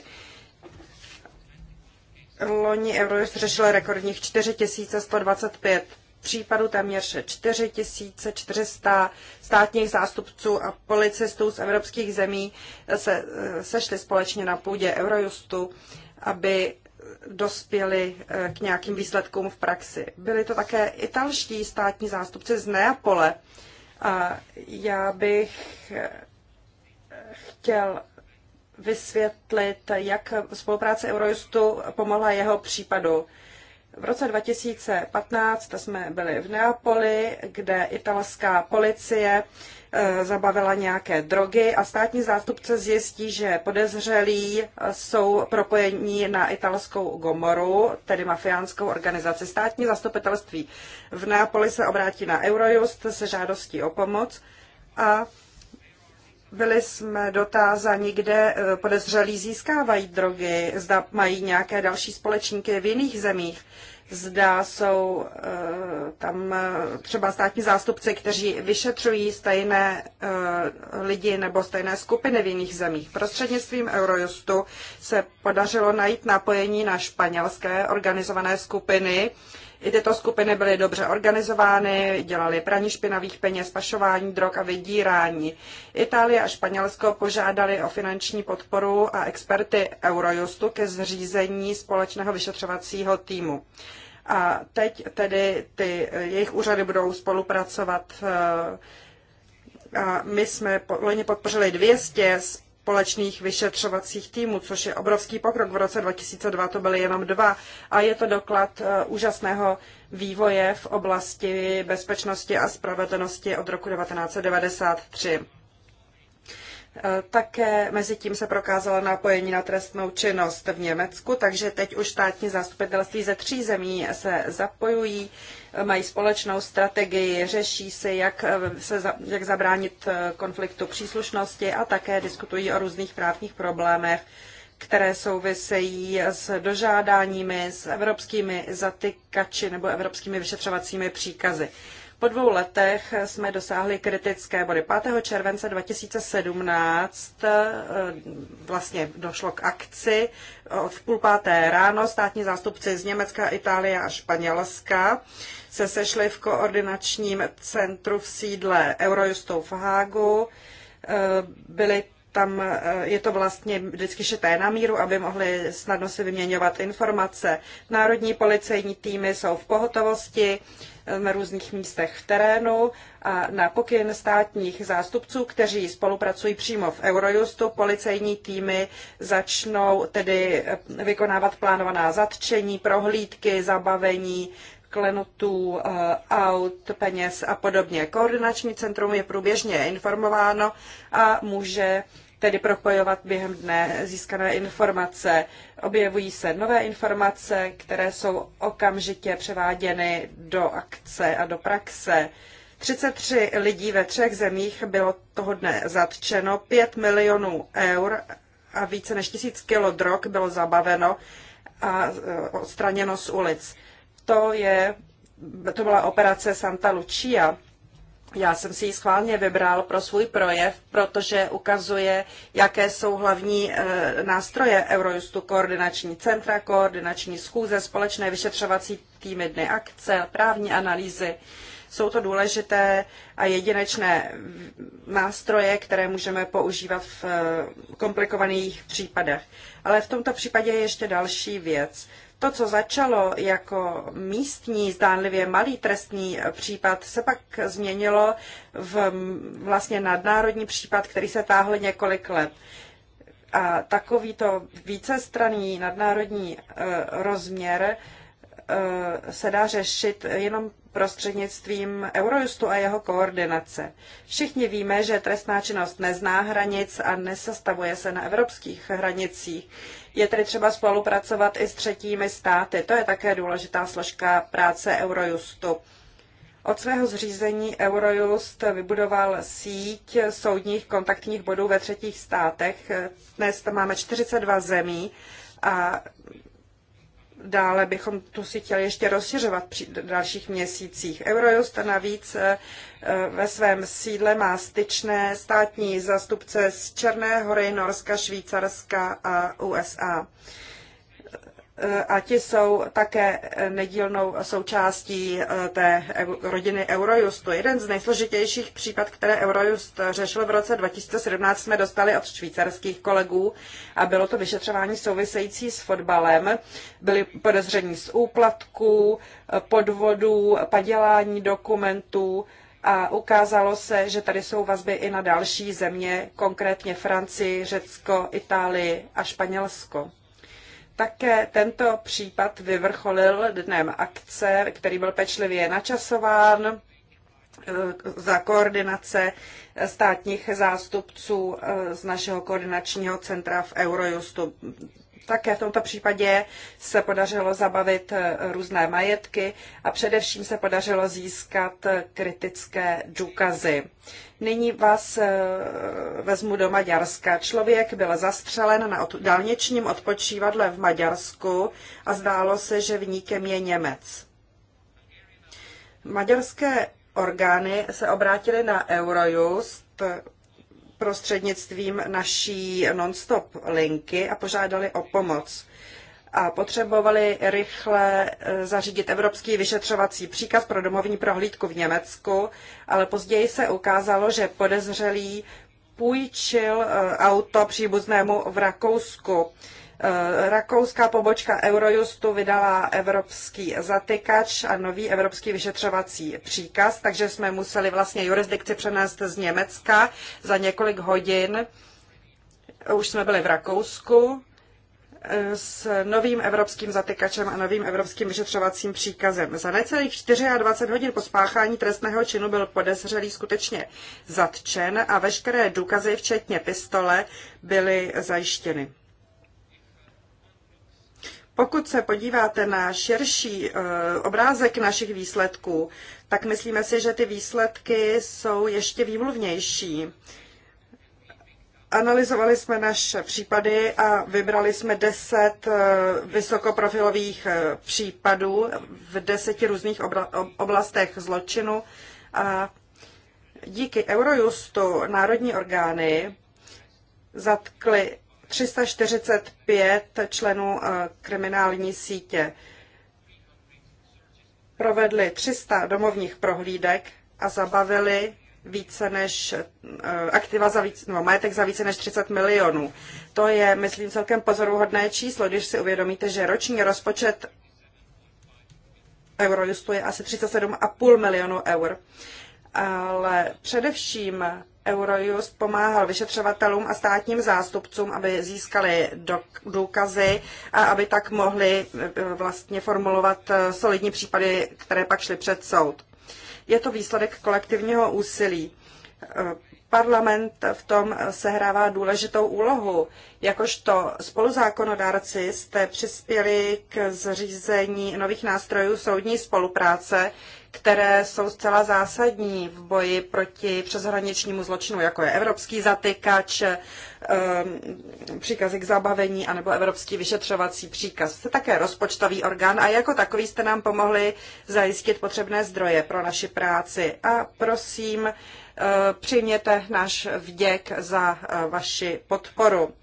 Loni Eurojust řešil rekordních 4125 případů, téměř 4400 státních zástupců a policistů z evropských zemí se eh, sešli společně na půdě Eurojustu, aby dospěli eh, k nějakým výsledkům v praxi. Byli to také italští státní zástupci z Neapole. A já bych eh, chtěl vysvětlit, jak spolupráce Eurojustu pomohla jeho případu. V roce 2015 jsme byli v Neapoli, kde italská policie eh, zabavila nějaké drogy a státní zástupce zjistí, že podezřelí eh, jsou propojení na italskou Gomoru, tedy mafiánskou organizaci. Státní zastupitelství v Neapoli se obrátí na Eurojust se žádostí o pomoc a byli jsme dotázáni, kde eh, podezřelí získávají drogy, zda mají nějaké další společníky v jiných zemích, zda jsou eh, tam eh, třeba státní zástupci, kteří vyšetřují stejné lidi nebo stejné skupiny v jiných zemích. Prostřednictvím Eurojustu se podařilo najít napojení na španělské organizované skupiny, i tyto skupiny byly dobře organizovány, dělali praní špinavých peněz, pašování drog a vydírání. Itálie a Španělsko požádali o finanční podporu a experty Eurojustu ke zřízení společného vyšetřovacího týmu. A teď tedy ty jejich úřady budou spolupracovat eh, a my jsme loni podpořili 200 z společných vyšetřovacích týmů, což je obrovský pokrok. V roce 2002 to byly jenom dva a je to doklad eh, úžasného vývoje v oblasti bezpečnosti a spravedlnosti od roku 1993. Eh, také mezi tím se prokázalo napojení na trestnou činnost v Německu, takže teď už státní zastupitelství ze tří zemí se zapojují mají společnou strategii, řeší si, jak, se, jak eh, zabránit eh, konfliktu příslušnosti a také diskutují o různých právních problémech, které souvisejí s dožádáními, s evropskými zatykači nebo evropskými vyšetřovacími příkazy. Po dvou letech jsme dosáhli kritické body. 5. července 2017 eh, vlastně došlo k akci od v půl páté ráno. Státní zástupci z Německa, Itálie a Španělska se sešli v koordinačním centru v sídle Eurojustu v Hágu. Eh, Byly tam eh, je to vlastně vždycky šité na míru, aby mohli snadno si vyměňovat informace. Národní policejní týmy jsou v pohotovosti eh, na různých místech v terénu a na pokyn státních zástupců, kteří spolupracují přímo v Eurojustu, policejní týmy začnou tedy eh, vykonávat plánovaná zatčení, prohlídky, zabavení, klenotů, aut, peněz a podobně. Koordinační centrum je průběžně informováno a může tedy propojovat během dne získané informace. Objevují se nové informace, které jsou okamžitě převáděny do akce a do praxe. 33 lidí ve třech zemích bylo toho dne zatčeno, 5 milionů eur a více než tisíc kilo drog bylo zabaveno a e, odstraněno z ulic. To, je, to byla operace Santa Lucia já jsem si ji schválně vybral pro svůj projev, protože ukazuje, jaké jsou hlavní eh, nástroje Eurojustu, koordinační centra, koordinační schůze, společné vyšetřovací týmy, dny akce, právní analýzy. Jsou to důležité a jedinečné nástroje, které můžeme používat v eh, komplikovaných případech. Ale v tomto případě je ještě další věc. To, co začalo jako místní, zdánlivě malý trestný případ, se pak změnilo v vlastně nadnárodní případ, který se táhl několik let. A takovýto vícestranný nadnárodní e, rozměr e, se dá řešit jenom prostřednictvím Eurojustu a jeho koordinace. Všichni víme, že trestná činnost nezná hranic a nesestavuje se na evropských hranicích. Je tedy třeba spolupracovat i s třetími státy. To je také důležitá složka práce Eurojustu. Od svého zřízení Eurojust vybudoval síť soudních kontaktních bodů ve třetích státech. Dnes tam máme 42 zemí a dále bychom tu si chtěli ještě rozšiřovat při dalších měsících. Eurojust navíc eh, ve svém sídle má styčné státní zastupce z Černé hory, Norska, Švýcarska a USA. Eh, a ti jsou také eh, nedílnou součástí eh, té rodiny Eurojustu. Jeden z nejsložitějších případ, které Eurojust řešil v roce 2017, jsme dostali od švýcarských kolegů a bylo to vyšetřování související s fotbalem. Byly podezření z úplatků, podvodů, padělání dokumentů a ukázalo se, že tady jsou vazby i na další země, konkrétně Francii, Řecko, Itálii a Španělsko. Také tento případ vyvrcholil dnem akce, který byl pečlivě načasován eh, za koordinace státních zástupců eh, z našeho koordinačního centra v Eurojustu. Také v tomto případě se podařilo zabavit eh, různé majetky a především se podařilo získat eh, kritické důkazy. Nyní vás eh, vezmu do Maďarska. Člověk byl zastřelen na dálničním odpočívadle v Maďarsku a zdálo se, že vníkem je Němec. Maďarské orgány se obrátily na Eurojust prostřednictvím naší non-stop linky a požádali o pomoc a potřebovali rychle e, zařídit evropský vyšetřovací příkaz pro domovní prohlídku v Německu, ale později se ukázalo, že podezřelý půjčil e, auto příbuznému v Rakousku. Eh, rakouská pobočka Eurojustu vydala evropský zatykač a nový evropský vyšetřovací příkaz, takže jsme museli vlastně jurisdikci přenést z Německa za několik hodin. Už jsme byli v Rakousku eh, s novým evropským zatykačem a novým evropským vyšetřovacím příkazem. Za necelých 24 hodin po spáchání trestného činu byl podezřelý skutečně zatčen a veškeré důkazy, včetně pistole, byly zajištěny. Pokud se podíváte na širší eh, obrázek našich výsledků, tak myslíme si, že ty výsledky jsou ještě výmluvnější. Analyzovali jsme naše případy a vybrali jsme deset eh, vysokoprofilových eh, případů v deseti různých oblastech zločinu a díky Eurojustu národní orgány zatkly 345 členů eh, kriminální sítě. Provedli 300 domovních prohlídek a zabavili více než eh, aktiva za více, no, majetek za více než 30 milionů. To je, myslím, celkem pozoruhodné číslo, když si uvědomíte, že roční rozpočet Eurojustu je asi 37,5 milionů eur. Ale především Eurojust pomáhal vyšetřovatelům a státním zástupcům, aby získali důkazy a aby tak mohli e, vlastně formulovat e, solidní případy, které pak šly před soud. Je to výsledek kolektivního úsilí. E, Parlament v tom sehrává důležitou úlohu. Jakožto spoluzákonodárci jste přispěli k zřízení nových nástrojů soudní spolupráce, které jsou zcela zásadní v boji proti přeshraničnímu zločinu, jako je evropský zatykač, ehm, příkazy k zabavení anebo evropský vyšetřovací příkaz. Jste také rozpočtový orgán a jako takový jste nám pomohli zajistit potřebné zdroje pro naši práci. A prosím, eh, přijměte náš vděk za eh, vaši podporu.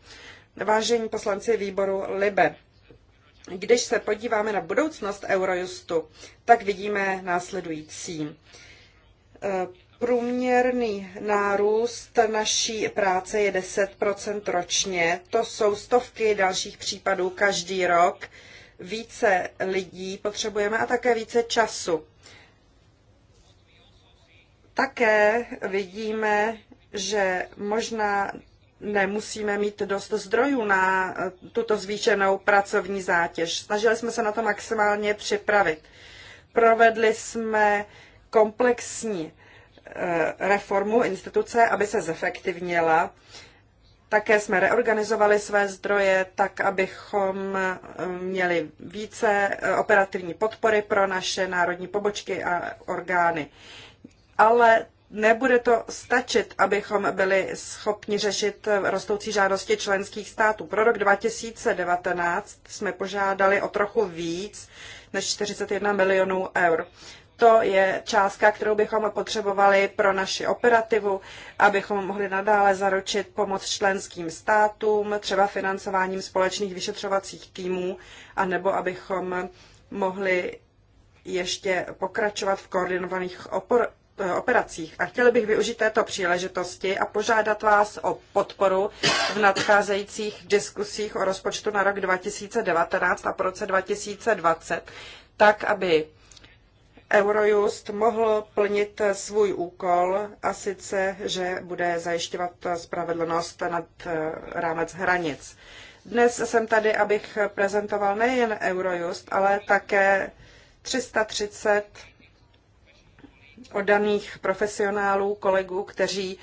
Vážení poslanci výboru Libe, když se podíváme na budoucnost Eurojustu, tak vidíme následující. E, průměrný nárůst naší práce je 10 ročně. To jsou stovky dalších případů každý rok. Více lidí potřebujeme a také více času. Také vidíme, že možná nemusíme mít dost zdrojů na eh, tuto zvýšenou pracovní zátěž. Snažili jsme se na to maximálně připravit. Provedli jsme komplexní eh, reformu instituce, aby se zefektivnila. Také jsme reorganizovali své zdroje tak, abychom eh, měli více operativní podpory pro naše národní pobočky a orgány. Ale nebude to stačit, abychom byli schopni řešit rostoucí žádosti členských států. Pro rok 2019 jsme požádali o trochu víc než 41 milionů eur. To je částka, kterou bychom potřebovali pro naši operativu, abychom mohli nadále zaručit pomoc členským státům, třeba financováním společných vyšetřovacích týmů, anebo abychom mohli ještě pokračovat v koordinovaných opor- Eh, operacích. A chtěl bych využít této příležitosti a požádat vás o podporu v nadcházejících diskusích o rozpočtu na rok 2019 a po roce 2020, tak aby Eurojust mohl plnit svůj úkol a sice, že bude zajišťovat spravedlnost nad eh, rámec hranic. Dnes jsem tady, abych prezentoval nejen Eurojust, ale také 330 oddaných profesionálů, kolegů, kteří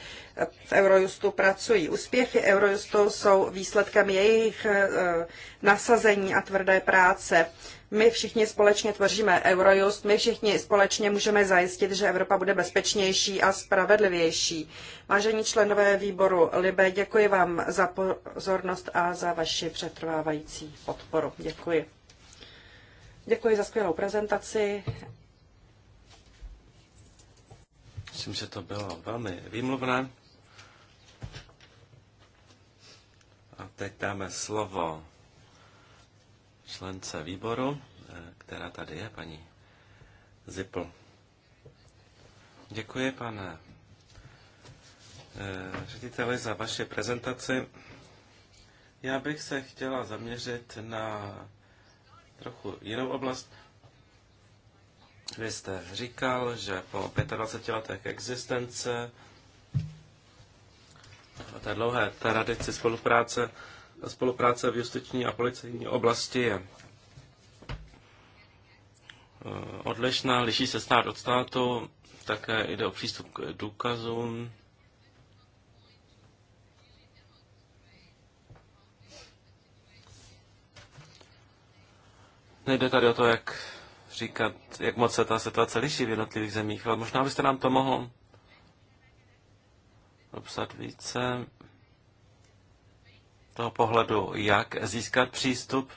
v Eurojustu pracují. Úspěchy Eurojustu jsou výsledkem jejich eh, nasazení a tvrdé práce. My všichni společně tvoříme Eurojust, my všichni společně můžeme zajistit, že Evropa bude bezpečnější a spravedlivější. Vážení členové výboru Libe, děkuji vám za pozornost a za vaši přetrvávající podporu. Děkuji. Děkuji za skvělou prezentaci Myslím, že to bylo velmi výmluvné. A teď dáme slovo člence výboru, eh, která tady je, paní Zipl. Děkuji, pane eh, řediteli, za vaše prezentaci. Já bych se chtěla zaměřit na trochu jinou oblast. Vy jste říkal, že po 25 letech existence a té dlouhé tradici spolupráce, spolupráce v justiční a policejní oblasti je eh, odlišná, liší se stát od státu, také jde o přístup k důkazům. Nejde tady o to, jak říkat, jak moc se ta situace liší v jednotlivých zemích, ale možná byste nám to mohl obsat více toho pohledu, jak získat přístup.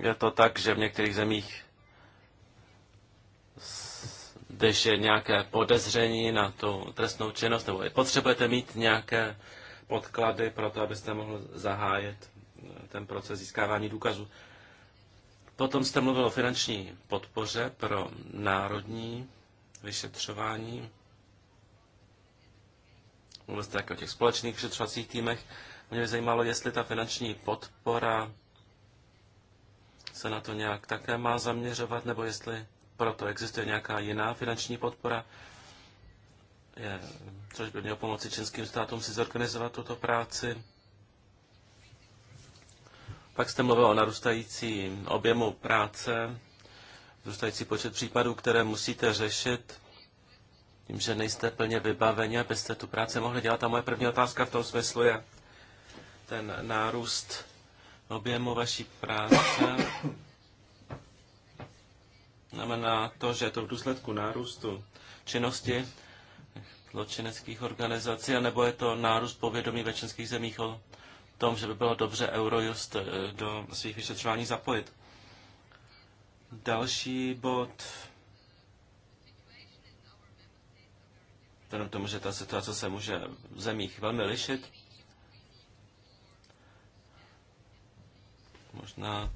Je to tak, že v některých zemích, když je nějaké podezření na tu trestnou činnost, nebo potřebujete mít nějaké podklady pro to, abyste mohl zahájit ten proces získávání důkazů. Potom jste mluvil o finanční podpoře pro národní vyšetřování. Mluvil jste také o těch společných vyšetřovacích týmech. Mě by zajímalo, jestli ta finanční podpora se na to nějak také má zaměřovat, nebo jestli proto existuje nějaká jiná finanční podpora, je, což by mělo pomoci českým státům si zorganizovat tuto práci. Pak jste mluvil o narůstající objemu práce, narůstající počet případů, které musíte řešit, tím, že nejste plně vybaveni, abyste tu práci mohli dělat. A moje první otázka v tom smyslu je ten nárůst objemu vaší práce. Znamená to, že to v důsledku nárůstu činnosti zločineckých organizací, anebo je to nárůst povědomí ve členských zemích o tom, že by bylo dobře Eurojust eh, do svých vyšetřování zapojit. Další bod. Vzhledem tomu, že ta situace se může v zemích velmi lišit, možná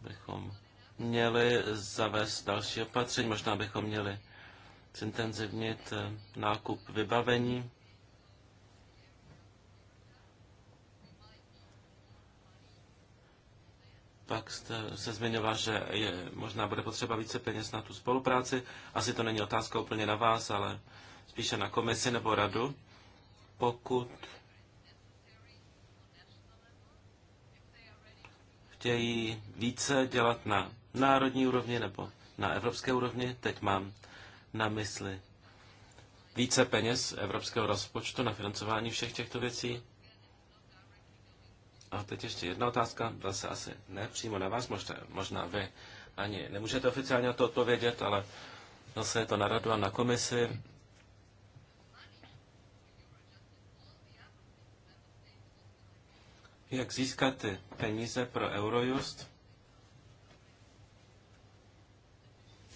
bychom měli zavést další opatření, možná bychom měli zintenzivnit eh, nákup vybavení Pak jste se zmiňoval, že je, možná bude potřeba více peněz na tu spolupráci. Asi to není otázka úplně na vás, ale spíše na komisi nebo radu. Pokud chtějí více dělat na národní úrovni nebo na evropské úrovni, teď mám na mysli více peněz evropského rozpočtu na financování všech těchto věcí, a teď ještě jedna otázka, zase asi ne přímo na vás, možná, možná vy ani nemůžete oficiálně to odpovědět, ale zase je to na radu a na komisi. Jak získat ty peníze pro Eurojust?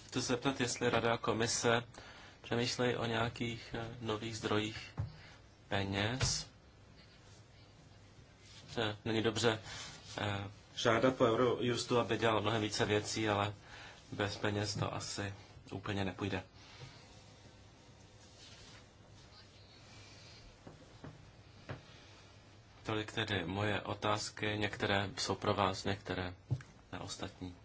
Chci se zeptat, jestli Rada a Komise přemýšlejí o nějakých eh, nových zdrojích peněz Eh, není dobře eh, žádat po Eurojustu, aby dělal mnohem více věcí, ale bez peněz to asi úplně nepůjde. Tolik tedy moje otázky, některé jsou pro vás, některé na ostatní.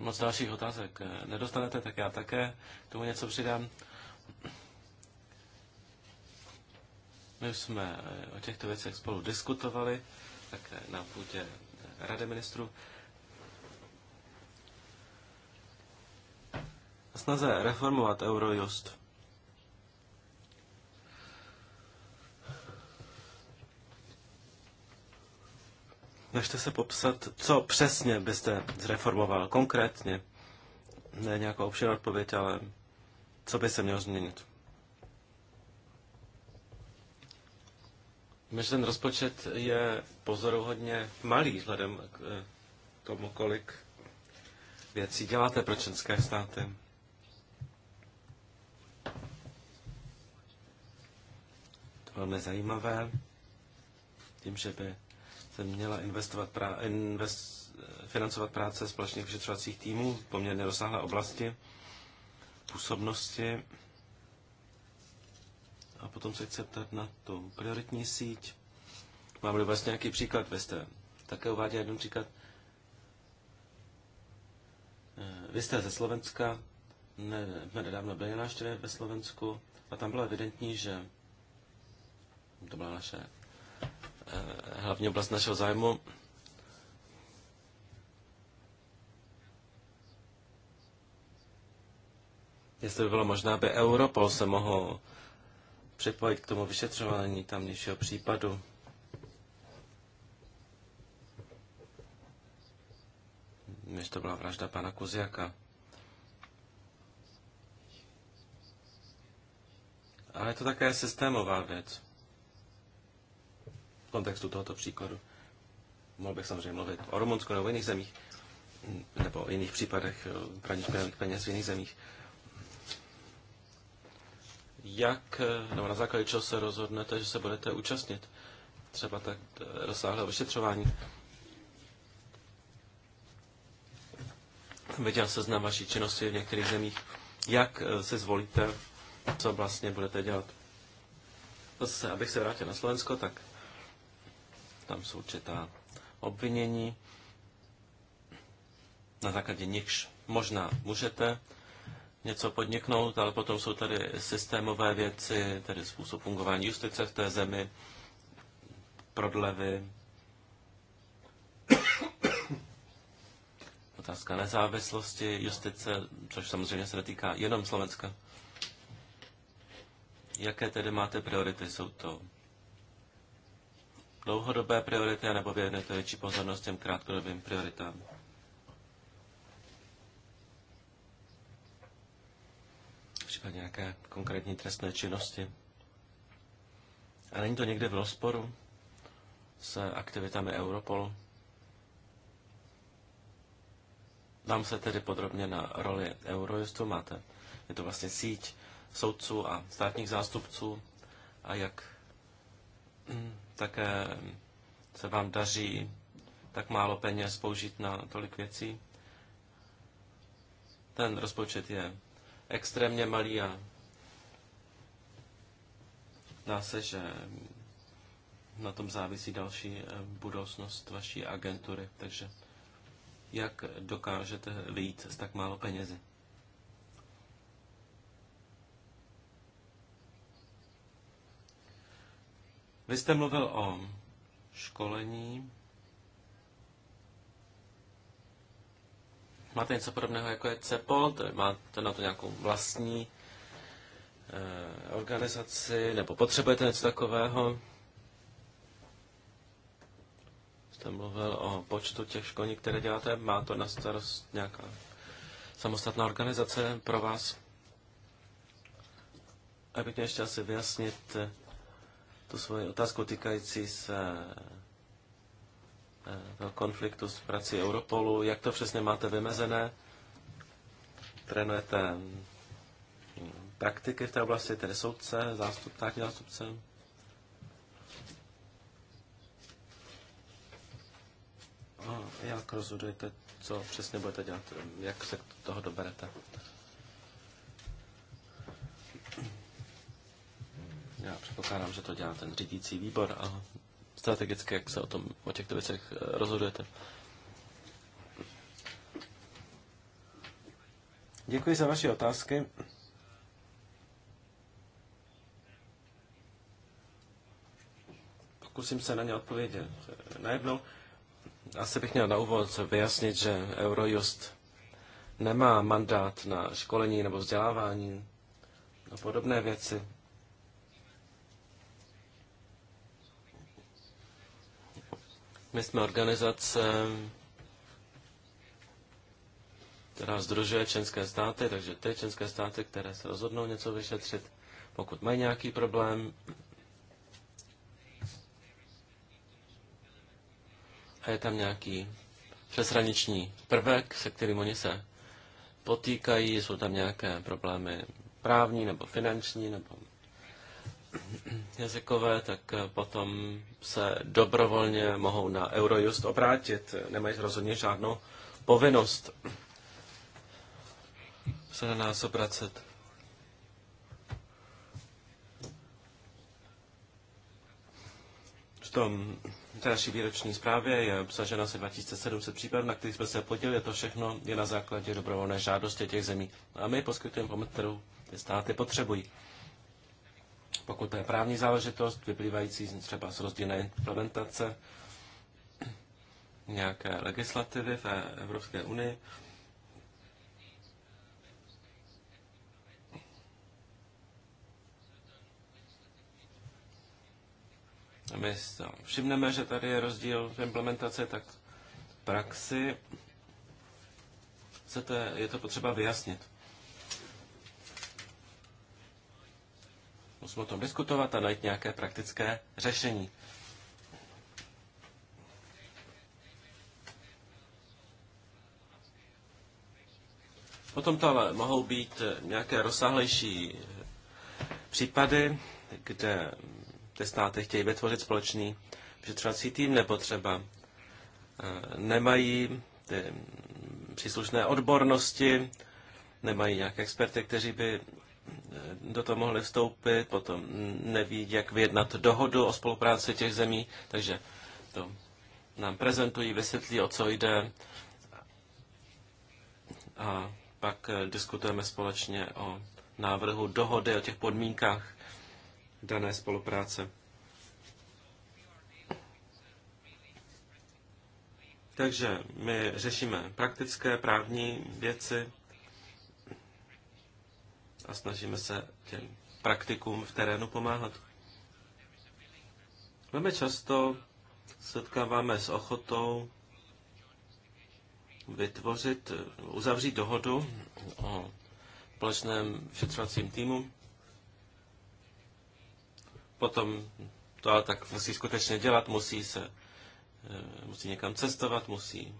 moc dalších otázek nedostanete, tak já také tomu něco přidám. My už jsme eh, o těchto věcech spolu diskutovali, tak eh, na půdě eh, Rady ministrů. Snaze reformovat Eurojust Snažte se popsat, co přesně byste zreformoval konkrétně. Ne nějakou obširnou odpověď, ale co by se mělo změnit. Myslím, ten rozpočet je pozoruhodně malý vzhledem k eh, tomu, kolik věcí děláte pro členské státy. To velmi zajímavé, tím, že by byste měla investovat prá- invest, financovat práce společných vyšetřovacích týmů v poměrně rozsáhlé oblasti působnosti. A potom se chce ptát na tu prioritní síť. Mám-li vlastně nějaký příklad, vy jste také uvádí jeden příklad. Eh, vy jste ze Slovenska, ne, jsme nedávno byli na návštěvě ve Slovensku a tam bylo evidentní, že to byla naše Eh, hlavní oblast našeho zájmu. Jestli by bylo možná, aby Europol se mohl připojit k tomu vyšetřování tamnějšího případu. než to byla vražda pana Kuziaka. Ale je to také systémová věc v kontextu tohoto příkladu. Mohl bych samozřejmě mluvit o Rumunsku nebo o jiných zemích, nebo o jiných případech eh, praní špinavých peněz v jiných zemích. Jak, eh, nebo na základě čeho se rozhodnete, že se budete účastnit třeba tak eh, rozsáhlého vyšetřování? Viděl znám vaší činnosti v některých zemích. Jak si zvolíte, co vlastně budete dělat? Zase, abych se vrátil na Slovensko, tak tam jsou určitá obvinění, na základě nichž možná můžete něco podniknout, ale potom jsou tady systémové věci, tedy způsob fungování justice v té zemi, prodlevy, otázka nezávislosti justice, což samozřejmě se netýká jenom Slovenska. Jaké tedy máte priority? Jsou to dlouhodobé priority, nebo věnujete větší pozornost těm krátkodobým prioritám? případě nějaké konkrétní trestné činnosti. A není to někde v rozporu s aktivitami Europolu? Dám se tedy podrobně na roli Eurojustu. Máte, je to vlastně síť soudců a státních zástupců a jak také eh, se vám daří tak málo peněz použít na tolik věcí. Ten rozpočet je extrémně malý a dá se, že na tom závisí další eh, budoucnost vaší agentury. Takže jak dokážete vyjít s tak málo penězi? Vy jste mluvil o školení. Máte něco podobného jako je CEPOL, máte na to nějakou vlastní eh, organizaci, nebo potřebujete něco takového? Jste mluvil o počtu těch školní, které děláte, má to na starost nějaká samostatná organizace pro vás? Abych mě ještě asi vyjasnit, eh, tu svoji otázku týkající se eh, toho konfliktu s prací Europolu. Jak to přesně máte vymezené? Trénujete hm, praktiky v té oblasti, tedy soudce, zástup, státní zástupce? A jak rozhodujete, co přesně budete dělat, jak se toho doberete? Já předpokládám, že to dělá ten řídící výbor a strategicky, jak se o, tom, o těchto věcech eh, rozhodujete. Děkuji za vaše otázky. Pokusím se na ně odpovědět eh, najednou. Asi bych měl na úvod vyjasnit, že Eurojust nemá mandát na školení nebo vzdělávání a podobné věci. My jsme organizace, která združuje členské státy, takže ty členské státy, které se rozhodnou něco vyšetřit, pokud mají nějaký problém, a je tam nějaký přeshraniční prvek, se kterým oni se potýkají, jsou tam nějaké problémy právní nebo finanční nebo jazykové, tak eh, potom se dobrovolně mohou na Eurojust obrátit. Nemají rozhodně žádnou povinnost se na nás obracet. V tom té výroční zprávě je obsaženo asi 2700 případů, na kterých jsme se podělili. To všechno je na základě dobrovolné žádosti těch zemí. A my poskytujeme pomoc, kterou ty státy potřebují. Pokud to je právní záležitost, vyplývající třeba z rozdílné implementace nějaké legislativy v Evropské unii, my všimneme, že tady je rozdíl v implementaci, tak v praxi se to, je to potřeba vyjasnit. Musíme o tom diskutovat a najít nějaké praktické řešení. Potom to ale mohou být nějaké rozsáhlejší případy, kde ty státy chtějí vytvořit společný vyšetřovací tým, nebo třeba eh, nemají ty příslušné odbornosti, nemají nějaké experty, kteří by do toho mohli vstoupit, potom neví, jak vyjednat dohodu o spolupráci těch zemí, takže to nám prezentují, vysvětlí, o co jde a pak eh, diskutujeme společně o návrhu dohody, o těch podmínkách dané spolupráce. Takže my řešíme praktické právní věci a snažíme se těm praktikům v terénu pomáhat. Velmi často setkáváme s ochotou vytvořit, uzavřít dohodu o společném šetřovacím týmu. Potom to ale tak musí skutečně dělat, musí se eh, musí někam cestovat, musí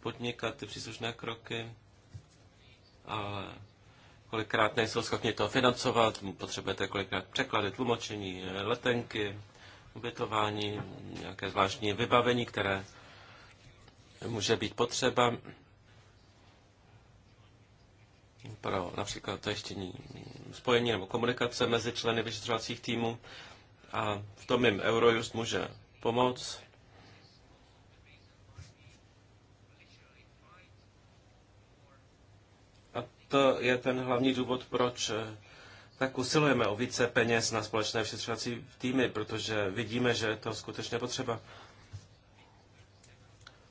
podnikat ty příslušné kroky, ale kolikrát nejsou schopni to financovat, potřebujete kolikrát překlady, tlumočení, letenky, ubytování, nějaké zvláštní vybavení, které může být potřeba pro například zajištění spojení nebo komunikace mezi členy vyšetřovacích týmů. A v tom jim Eurojust může pomoct. to je ten hlavní důvod, proč eh, tak usilujeme o více peněz na společné vyšetřovací týmy, protože vidíme, že je to skutečně potřeba.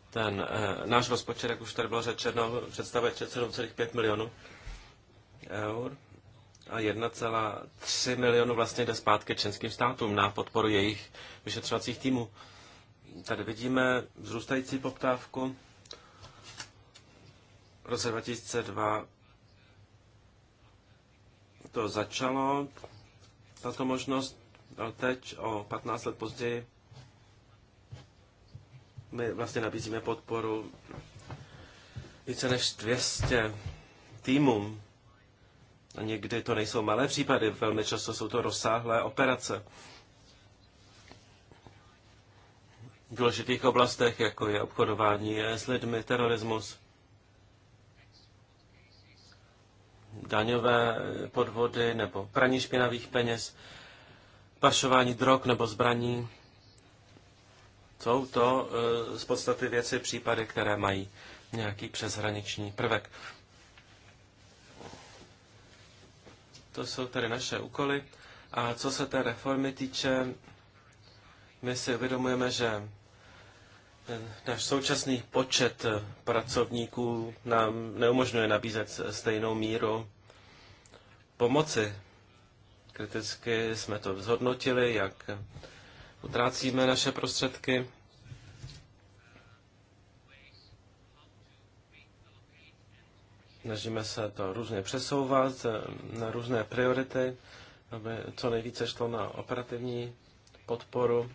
Ten eh, náš rozpočet, jak už tady bylo řečeno, představuje 7,5 milionů eur a 1,3 milionu vlastně jde zpátky českým státům na podporu jejich vyšetřovacích týmů. Tady vidíme vzrůstající poptávku. V roce 2002 to začalo, tato možnost, ale teď o 15 let později my vlastně nabízíme podporu více než 200 týmům. A někdy to nejsou malé případy, velmi často jsou to rozsáhlé operace. V důležitých oblastech, jako je obchodování s lidmi, terorismus, daňové podvody nebo praní špinavých peněz, pašování drog nebo zbraní. Jsou to eh, z podstaty věci případy, které mají nějaký přeshraniční prvek. To jsou tedy naše úkoly. A co se té reformy týče, my si uvědomujeme, že ten náš současný počet eh, pracovníků nám neumožňuje nabízet eh, stejnou míru pomoci. Kriticky jsme to zhodnotili, jak eh, utrácíme naše prostředky. Snažíme se to různě přesouvat na různé priority, aby co nejvíce šlo na operativní podporu.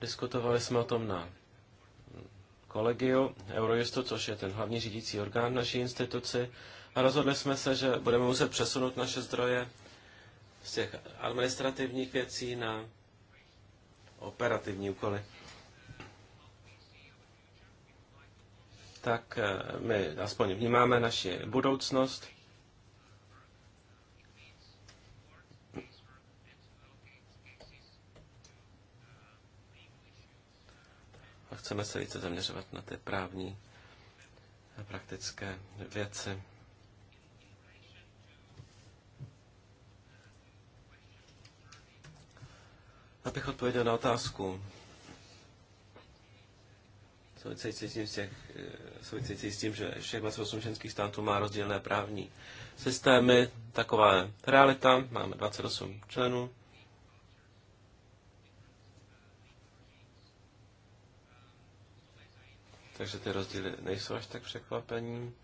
Diskutovali jsme o tom na kolegiu Eurojustu, což je ten hlavní řídící orgán naší instituci. A rozhodli jsme se, že budeme muset přesunout naše zdroje z těch administrativních věcí na operativní úkoly. Tak eh, my aspoň vnímáme naši budoucnost chceme se více zaměřovat na ty právní a praktické věci. Abych odpověděl na otázku související s tím, s eh, tím že všech 28 členských států má rozdílné právní systémy. Taková je realita. Máme 28 členů. takže ty rozdíly nejsou až tak překvapení.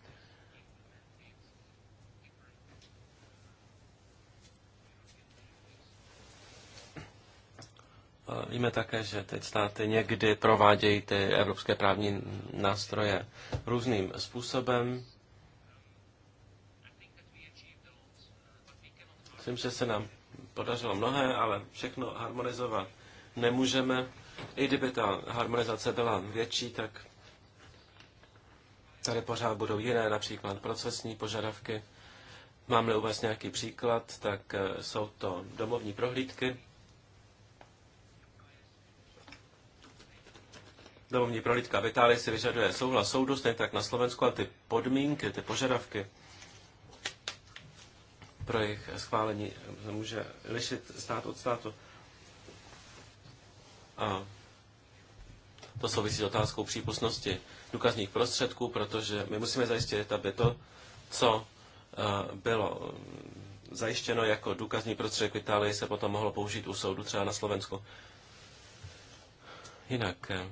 Víme také, že teď státy někdy provádějí ty evropské právní nástroje různým způsobem. Myslím, že se nám podařilo mnohé, ale všechno harmonizovat nemůžeme. I kdyby ta harmonizace byla větší, tak Tady pořád budou jiné, například procesní požadavky. Mám-li vás nějaký příklad, tak eh, jsou to domovní prohlídky. Domovní prohlídka v Itálii si vyžaduje souhlas soudu, stejně tak na Slovensku, a ty podmínky, ty požadavky pro jejich schválení se může lišit stát od státu. A to souvisí s otázkou přípustnosti důkazních prostředků, protože my musíme zajistit, aby to, co eh, bylo mm, zajištěno jako důkazní prostředek v Itálii, se potom mohlo použít u soudu třeba na Slovensku. Jinak, v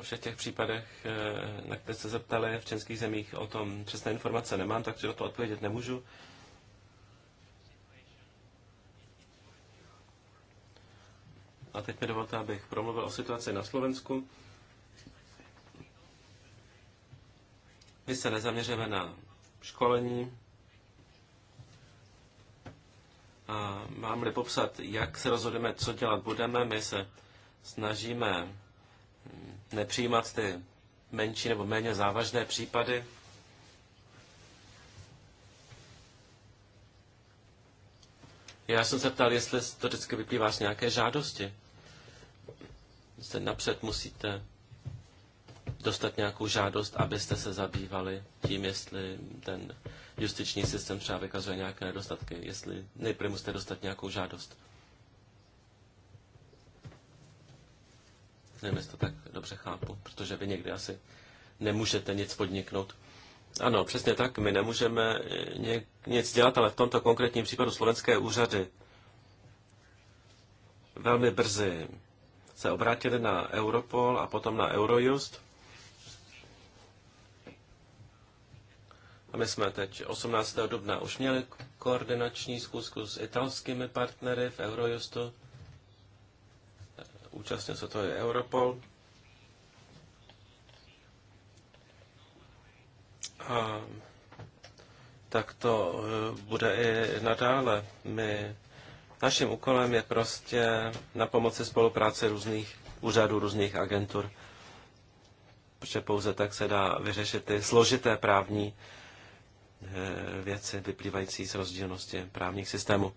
eh, všech těch případech, eh, na které se zeptali v českých zemích, o tom přesné informace nemám, takže do to odpovědět nemůžu. A teď mi dovolte, abych promluvil o situaci na Slovensku. my se nezaměřujeme na školení. A mám-li popsat, jak se rozhodneme, co dělat budeme, my se snažíme hm, nepřijímat ty menší nebo méně závažné případy. Já jsem se ptal, jestli to vždycky vyplývá z nějaké žádosti. Se napřed musíte dostat nějakou žádost, abyste se zabývali tím, jestli ten justiční systém třeba vykazuje nějaké nedostatky, jestli nejprve musíte dostat nějakou žádost. Nevím, jestli to tak dobře chápu, protože vy někdy asi nemůžete nic podniknout. Ano, přesně tak, my nemůžeme nic dělat, ale v tomto konkrétním případu slovenské úřady velmi brzy se obrátili na Europol a potom na Eurojust A my jsme teď 18. dubna už měli koordinační zkusku s italskými partnery v Eurojustu. Účastně se to je Europol. A tak to eh, bude i nadále. My, naším úkolem je prostě na pomoci spolupráce různých úřadů, různých agentur, protože pouze tak se dá vyřešit ty složité právní Eh, věci vyplývající z rozdílnosti právních systémů.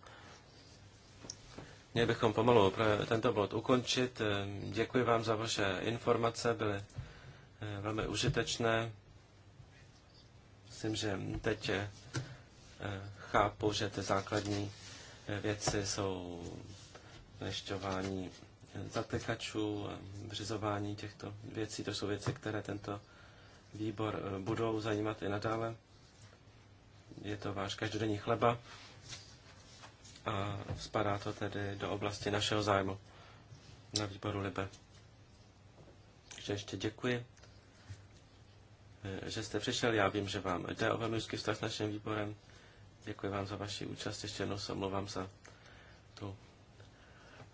Měli bychom pomalu tento bod ukončit. Eh, děkuji vám za vaše informace, byly eh, velmi užitečné. Myslím, že teď chápu, že ty základní věci jsou zajišťování zatekačů, vřizování těchto věcí. To jsou věci, které tento výbor budou zajímat i nadále je to váš každodenní chleba a spadá to tedy do oblasti našeho zájmu na výboru Libe. Takže ještě děkuji, že jste přišel. Já vím, že vám jde o velmi úzký vztah s naším výborem. Děkuji vám za vaši účast. Ještě jednou se omlouvám za tu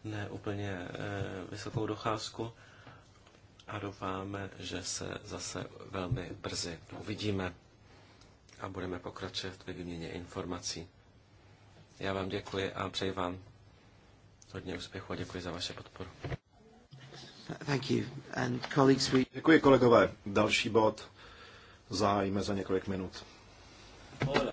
neúplně eh, vysokou docházku a doufáme, že se zase velmi brzy uvidíme a budeme pokračovat ve výměně informací. Já vám děkuji a přeji vám hodně úspěchu a děkuji za vaše podporu. Thank you. And colleagues, we... Děkuji kolegové. Další bod zájme za několik minut. Hola.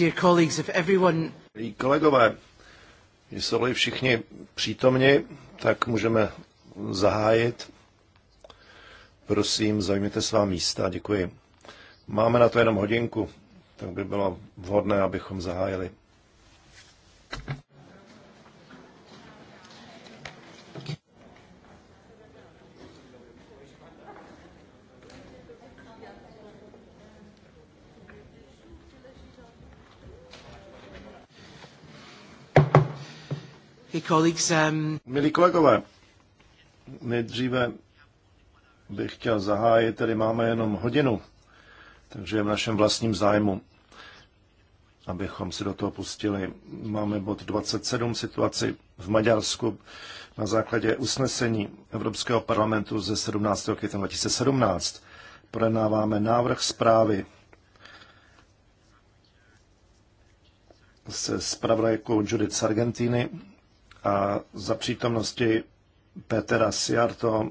Dear colleagues, if everyone... Kolegové, jsou-li všichni přítomni, tak můžeme zahájit. Prosím, zajměte svá místa, děkuji. Máme na to jenom hodinku, tak by bylo vhodné, abychom zahájili. colleagues, um... Milí kolegové, nejdříve bych chtěl zahájit, tedy máme jenom hodinu, takže je v našem vlastním zájmu, abychom si do toho pustili. Máme bod 27, situaci v Maďarsku na základě usnesení Evropského parlamentu ze 17. května 2017. Projednáváme návrh zprávy se spravodajkou Judith Sargentini a za přítomnosti Petera Siarto,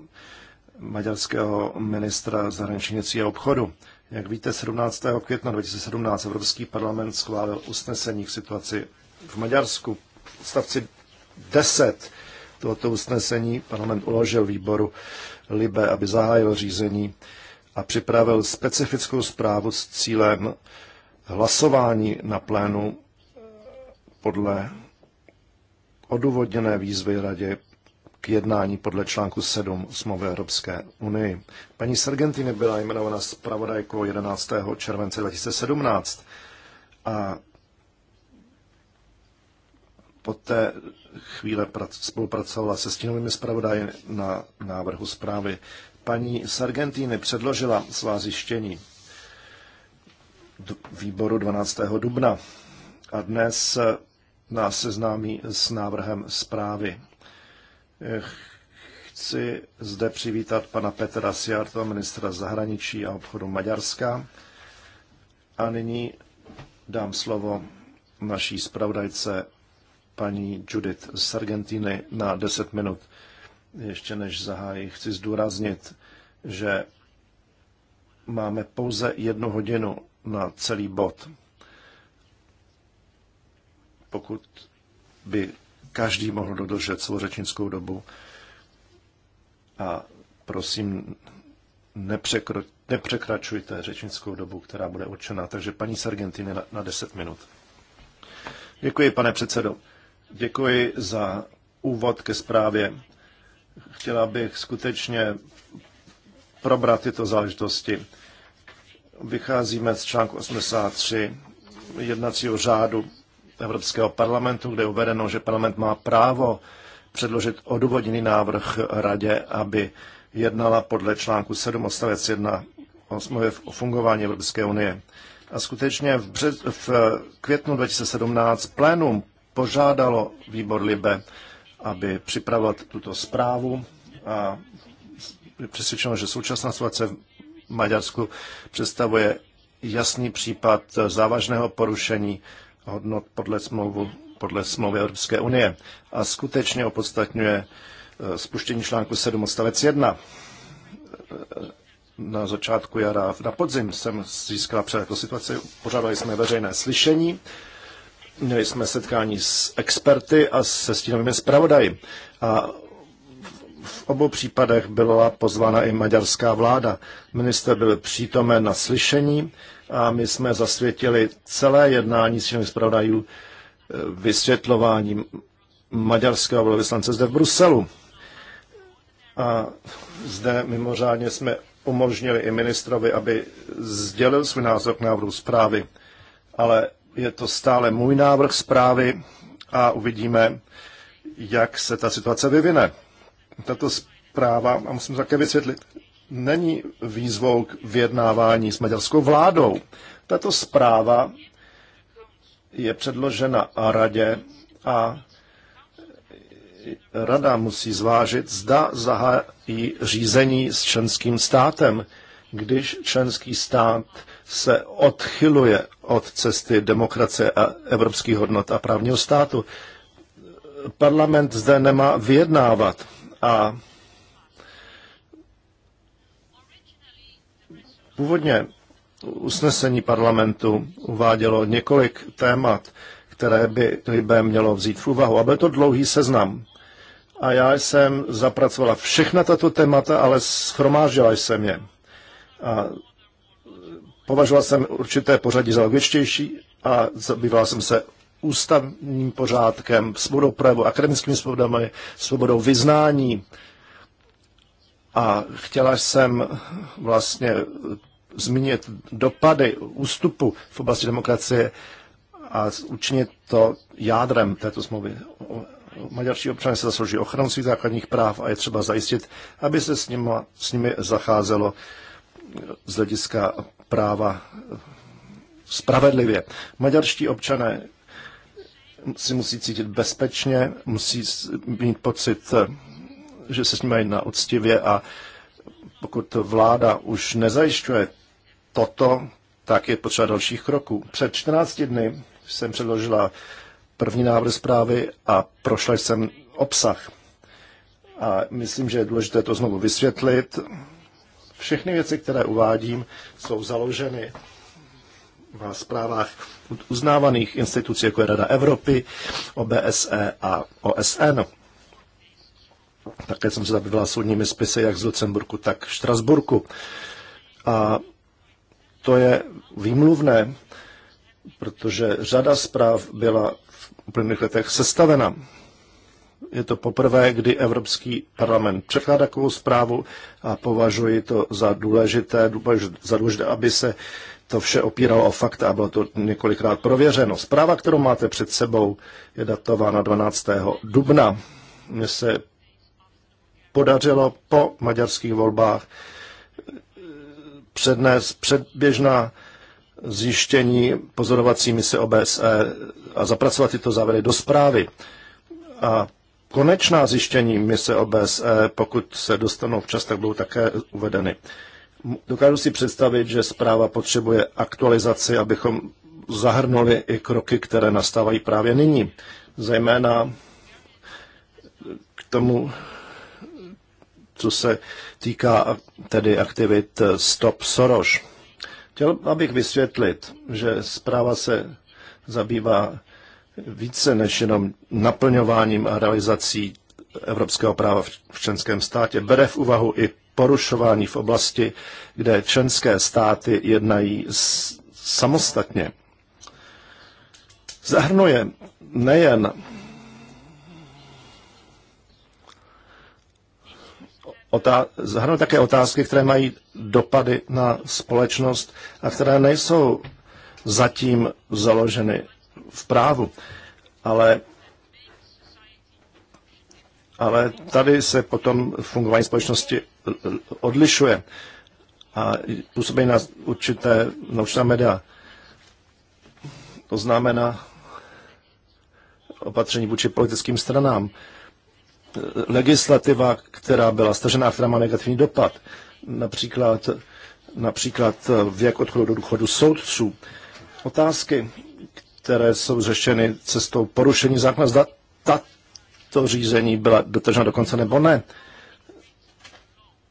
maďarského ministra zahraničních věcí a obchodu. Jak víte, 17. května 2017 Evropský parlament schválil usnesení k situaci v Maďarsku. V stavci 10 tohoto usnesení parlament uložil výboru Libe, aby zahájil řízení a připravil specifickou zprávu s cílem hlasování na plénu podle odůvodněné výzvy radě k jednání podle článku 7 smlouvy Evropské unii. Paní Sargentini byla jmenována zpravodajkou 11. července 2017 a po té chvíle spolupracovala se stínovými zpravodaji na návrhu zprávy. Paní Sargentini předložila svá zjištění výboru 12. dubna a dnes nás seznámí s návrhem zprávy. Chci zde přivítat pana Petra Siarto, ministra zahraničí a obchodu Maďarska. A nyní dám slovo naší zpravodajce paní Judith z Argentiny na 10 minut. Ještě než zahájí, chci zdůraznit, že máme pouze jednu hodinu na celý bod pokud by každý mohl dodržet svou řečnickou dobu. A prosím, nepřekro, nepřekračujte řečnickou dobu, která bude určena. Takže paní z Argentiny na, na 10 minut. Děkuji, pane předsedo. Děkuji za úvod ke zprávě. Chtěla bych skutečně probrat tyto záležitosti. Vycházíme z článku 83 jednacího řádu Evropského parlamentu, kde je uvedeno, že parlament má právo předložit odůvodněný návrh radě, aby jednala podle článku 7 odstavec 1 o smlouvě o fungování Evropské unie. A skutečně v, břez, v květnu 2017 plénum požádalo výbor Libe, aby připravil tuto zprávu a přesvědčeno, že současná situace v Maďarsku představuje jasný případ závažného porušení hodnot podle, smlouvu, podle smlouvy Evropské unie a skutečně opodstatňuje eh, spuštění článku 7 odstavec 1. Eh, na začátku jara, na podzim jsem získala před jako situaci, pořádali jsme veřejné slyšení, měli jsme setkání s experty a se stínovými zpravodaji. A v obou případech byla pozvána i maďarská vláda. Minister byl přítomen na slyšení a my jsme zasvětili celé jednání s zpravodajů eh, vysvětlováním maďarského velvyslance zde v Bruselu. A zde mimořádně jsme umožnili i ministrovi, aby sdělil svůj názor k návrhu zprávy. Ale je to stále můj návrh zprávy a uvidíme, jak se ta situace vyvine. Tato zpráva, a musím také vysvětlit, není výzvou k vyjednávání s maďarskou vládou. Tato zpráva je předložena a radě a rada musí zvážit, zda zahájí řízení s členským státem, když členský stát se odchyluje od cesty demokracie a evropských hodnot a právního státu. Parlament zde nemá vyjednávat a Původně usnesení parlamentu uvádělo několik témat, které by Libé mělo vzít v úvahu. A byl to dlouhý seznam. A já jsem zapracovala všechna tato témata, ale schromáždila jsem je. A považoval jsem určité pořadí za logičtější a zabýval jsem se ústavním pořádkem, svobodou projevu, akademickými svobodami, svobodou vyznání. A chtěla jsem vlastně zmínit dopady ústupu v oblasti demokracie a učinit to jádrem této smlouvy. Maďarští občané se zaslouží ochranu svých základních práv a je třeba zajistit, aby se s, nimi, s nimi zacházelo z hlediska práva spravedlivě. Maďarští občané si musí cítit bezpečně, musí mít pocit, že se s nimi mají na uctivě a pokud vláda už nezajišťuje toto, tak je potřeba dalších kroků. Před 14 dny jsem předložila první návrh zprávy a prošla jsem obsah. A myslím, že je důležité to znovu vysvětlit. Všechny věci, které uvádím, jsou založeny na zprávách uznávaných institucí, jako je Rada Evropy, OBSE a OSN. Také jsem se zabývala soudními spisy jak z Lucemburku, tak Štrasburku. A to je výmluvné, protože řada zpráv byla v uplynulých letech sestavena. Je to poprvé, kdy Evropský parlament překládá takovou zprávu a považuji to za důležité, za důležité, aby se to vše opíralo o fakta a bylo to několikrát prověřeno. Zpráva, kterou máte před sebou, je datována 12. dubna. Mně se podařilo po maďarských volbách přednést předběžná zjištění pozorovací mise OBSE a zapracovat tyto závěry do zprávy. A konečná zjištění mise OBSE, pokud se dostanou včas, tak budou také uvedeny. Dokážu si představit, že zpráva potřebuje aktualizaci, abychom zahrnuli i kroky, které nastávají právě nyní. Zejména k tomu co se týká tedy aktivit eh, Stop Soros. Chtěl bych vysvětlit, že zpráva se zabývá více než jenom naplňováním a realizací evropského práva v členském státě. Bere v úvahu i porušování v oblasti, kde členské státy jednají samostatně. Zahrnuje nejen otá- zahrnul také otázky, které mají dopady na společnost a které nejsou zatím založeny v právu. Ale, ale tady se potom fungování společnosti odlišuje a působí na určité naučná média. To znamená opatření vůči politickým stranám legislativa, která byla stažená, která má negativní dopad. Například, například věk odchodu do důchodu soudců. Otázky, které jsou řešeny cestou porušení zákona, zda tato řízení byla dotržena dokonce nebo ne.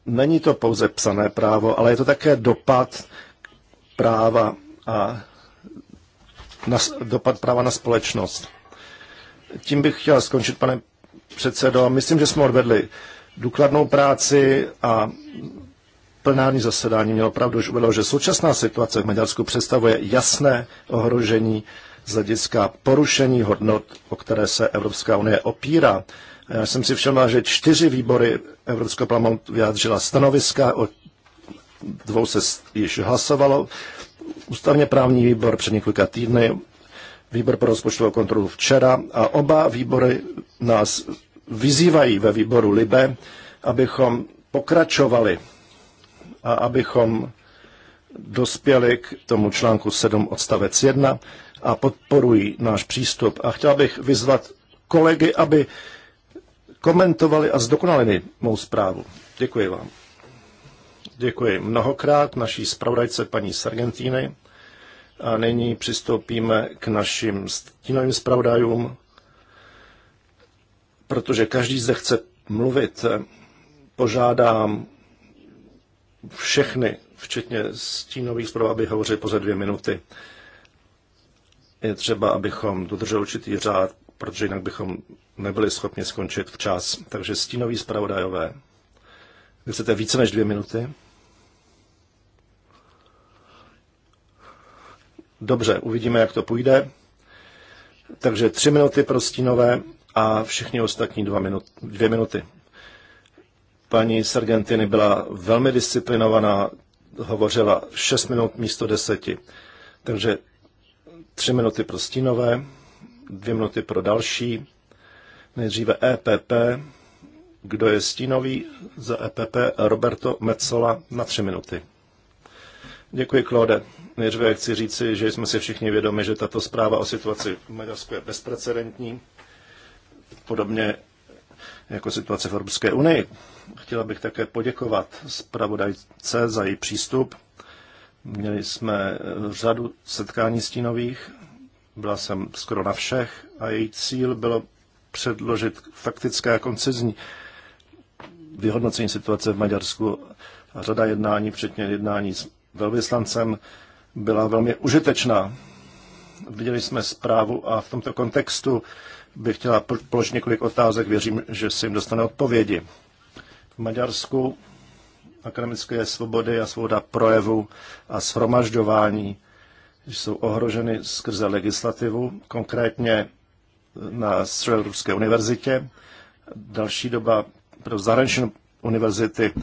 Není to pouze psané právo, ale je to také dopad práva a na, dopad práva na společnost. Tím bych chtěl skončit, pane předsedo. Myslím, že jsme odvedli důkladnou práci a plenární zasedání mělo pravdu, že uvedlo, že současná situace v Maďarsku představuje jasné ohrožení z hlediska porušení hodnot, o které se Evropská unie opírá. Já jsem si všiml, že čtyři výbory Evropského parlamentu vyjádřila stanoviska, o dvou se již hlasovalo. Ústavně právní výbor před několika týdny výbor pro rozpočtovou kontrolu včera a oba výbory nás vyzývají ve výboru Libe, abychom pokračovali a abychom dospěli k tomu článku 7 odstavec 1 a podporují náš přístup. A chtěl bych vyzvat kolegy, aby komentovali a zdokonalili mou zprávu. Děkuji vám. Děkuji mnohokrát naší zpravodajce paní Sargentíny. A nyní přistoupíme k našim stínovým zpravodajům, protože každý zde chce mluvit. Požádám všechny, včetně stínových zpráv, aby hovořili pouze dvě minuty. Je třeba, abychom dodrželi určitý řád, protože jinak bychom nebyli schopni skončit včas. Takže stínoví zpravodajové. Vy chcete více než dvě minuty? Dobře, uvidíme, jak to půjde. Takže tři minuty pro stínové a všichni ostatní dva minut, dvě minuty. Paní z Argentiny byla velmi disciplinovaná, hovořila 6 minut místo deseti. Takže tři minuty pro stínové, dvě minuty pro další. Nejdříve EPP, kdo je stínový za EPP, Roberto Metzola na tři minuty. Děkuji, Claude. Nejdříve chci říci, že jsme si všichni vědomi, že tato zpráva o situaci v Maďarsku je bezprecedentní, podobně jako situace v Evropské unii. Chtěla bych také poděkovat zpravodajce za její přístup. Měli jsme eh, řadu setkání stínových, byla jsem skoro na všech a její cíl bylo předložit faktické a koncizní vyhodnocení situace v Maďarsku a řada jednání, včetně jednání s velvyslancem byla velmi užitečná. Viděli jsme zprávu a v tomto kontextu bych chtěla položit několik otázek. Věřím, že si jim dostane odpovědi. V Maďarsku akademické svobody a svoboda projevu a shromažďování jsou ohroženy skrze legislativu, konkrétně na Středoevropské univerzitě. Další doba pro zahraniční univerzity,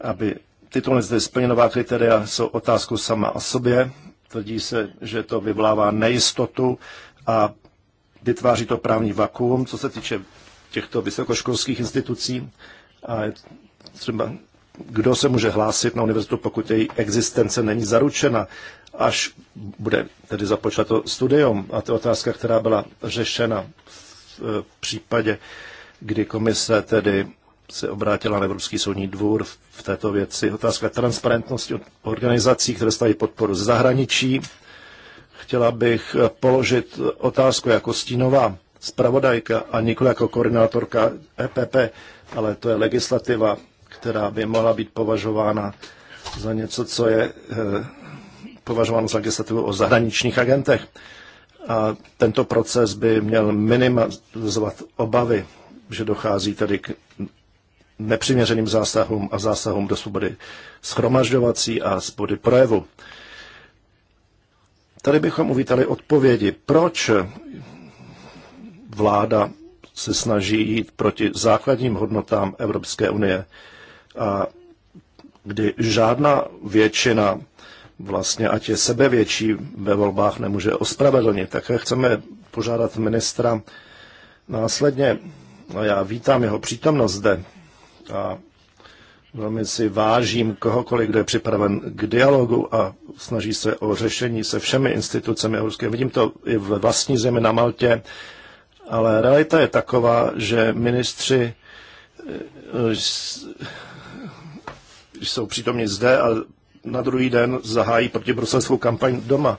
aby tyto splněnová kritéria jsou otázkou sama o sobě. Tvrdí se, že to vyvolává nejistotu a vytváří to právní vakuum, co se týče těchto vysokoškolských institucí. A třeba kdo se může hlásit na univerzitu, pokud její existence není zaručena, až bude tedy započato studium. A to je otázka, která byla řešena v případě, kdy komise tedy se obrátila na Evropský soudní dvůr v této věci. Otázka transparentnosti od organizací, které staví podporu z zahraničí. Chtěla bych položit otázku jako stínová zpravodajka a nikoli jako koordinátorka EPP, ale to je legislativa, která by mohla být považována za něco, co je eh, považováno za legislativu o zahraničních agentech. A tento proces by měl minimalizovat obavy, že dochází tedy k nepřiměřeným zásahům a zásahům do svobody schromažďovací a svobody projevu. Tady bychom uvítali odpovědi, proč vláda se snaží jít proti základním hodnotám Evropské unie a kdy žádná většina vlastně, ať je sebevětší ve volbách, nemůže ospravedlnit. Také chceme požádat ministra následně, a já vítám jeho přítomnost zde, a velmi si vážím kohokoliv, kdo je připraven k dialogu a snaží se o řešení se všemi institucemi evropské. Vidím to i v vlastní zemi na Maltě, ale realita je taková, že ministři eh, jsou přítomní zde a na druhý den zahájí protibruselskou kampaň doma.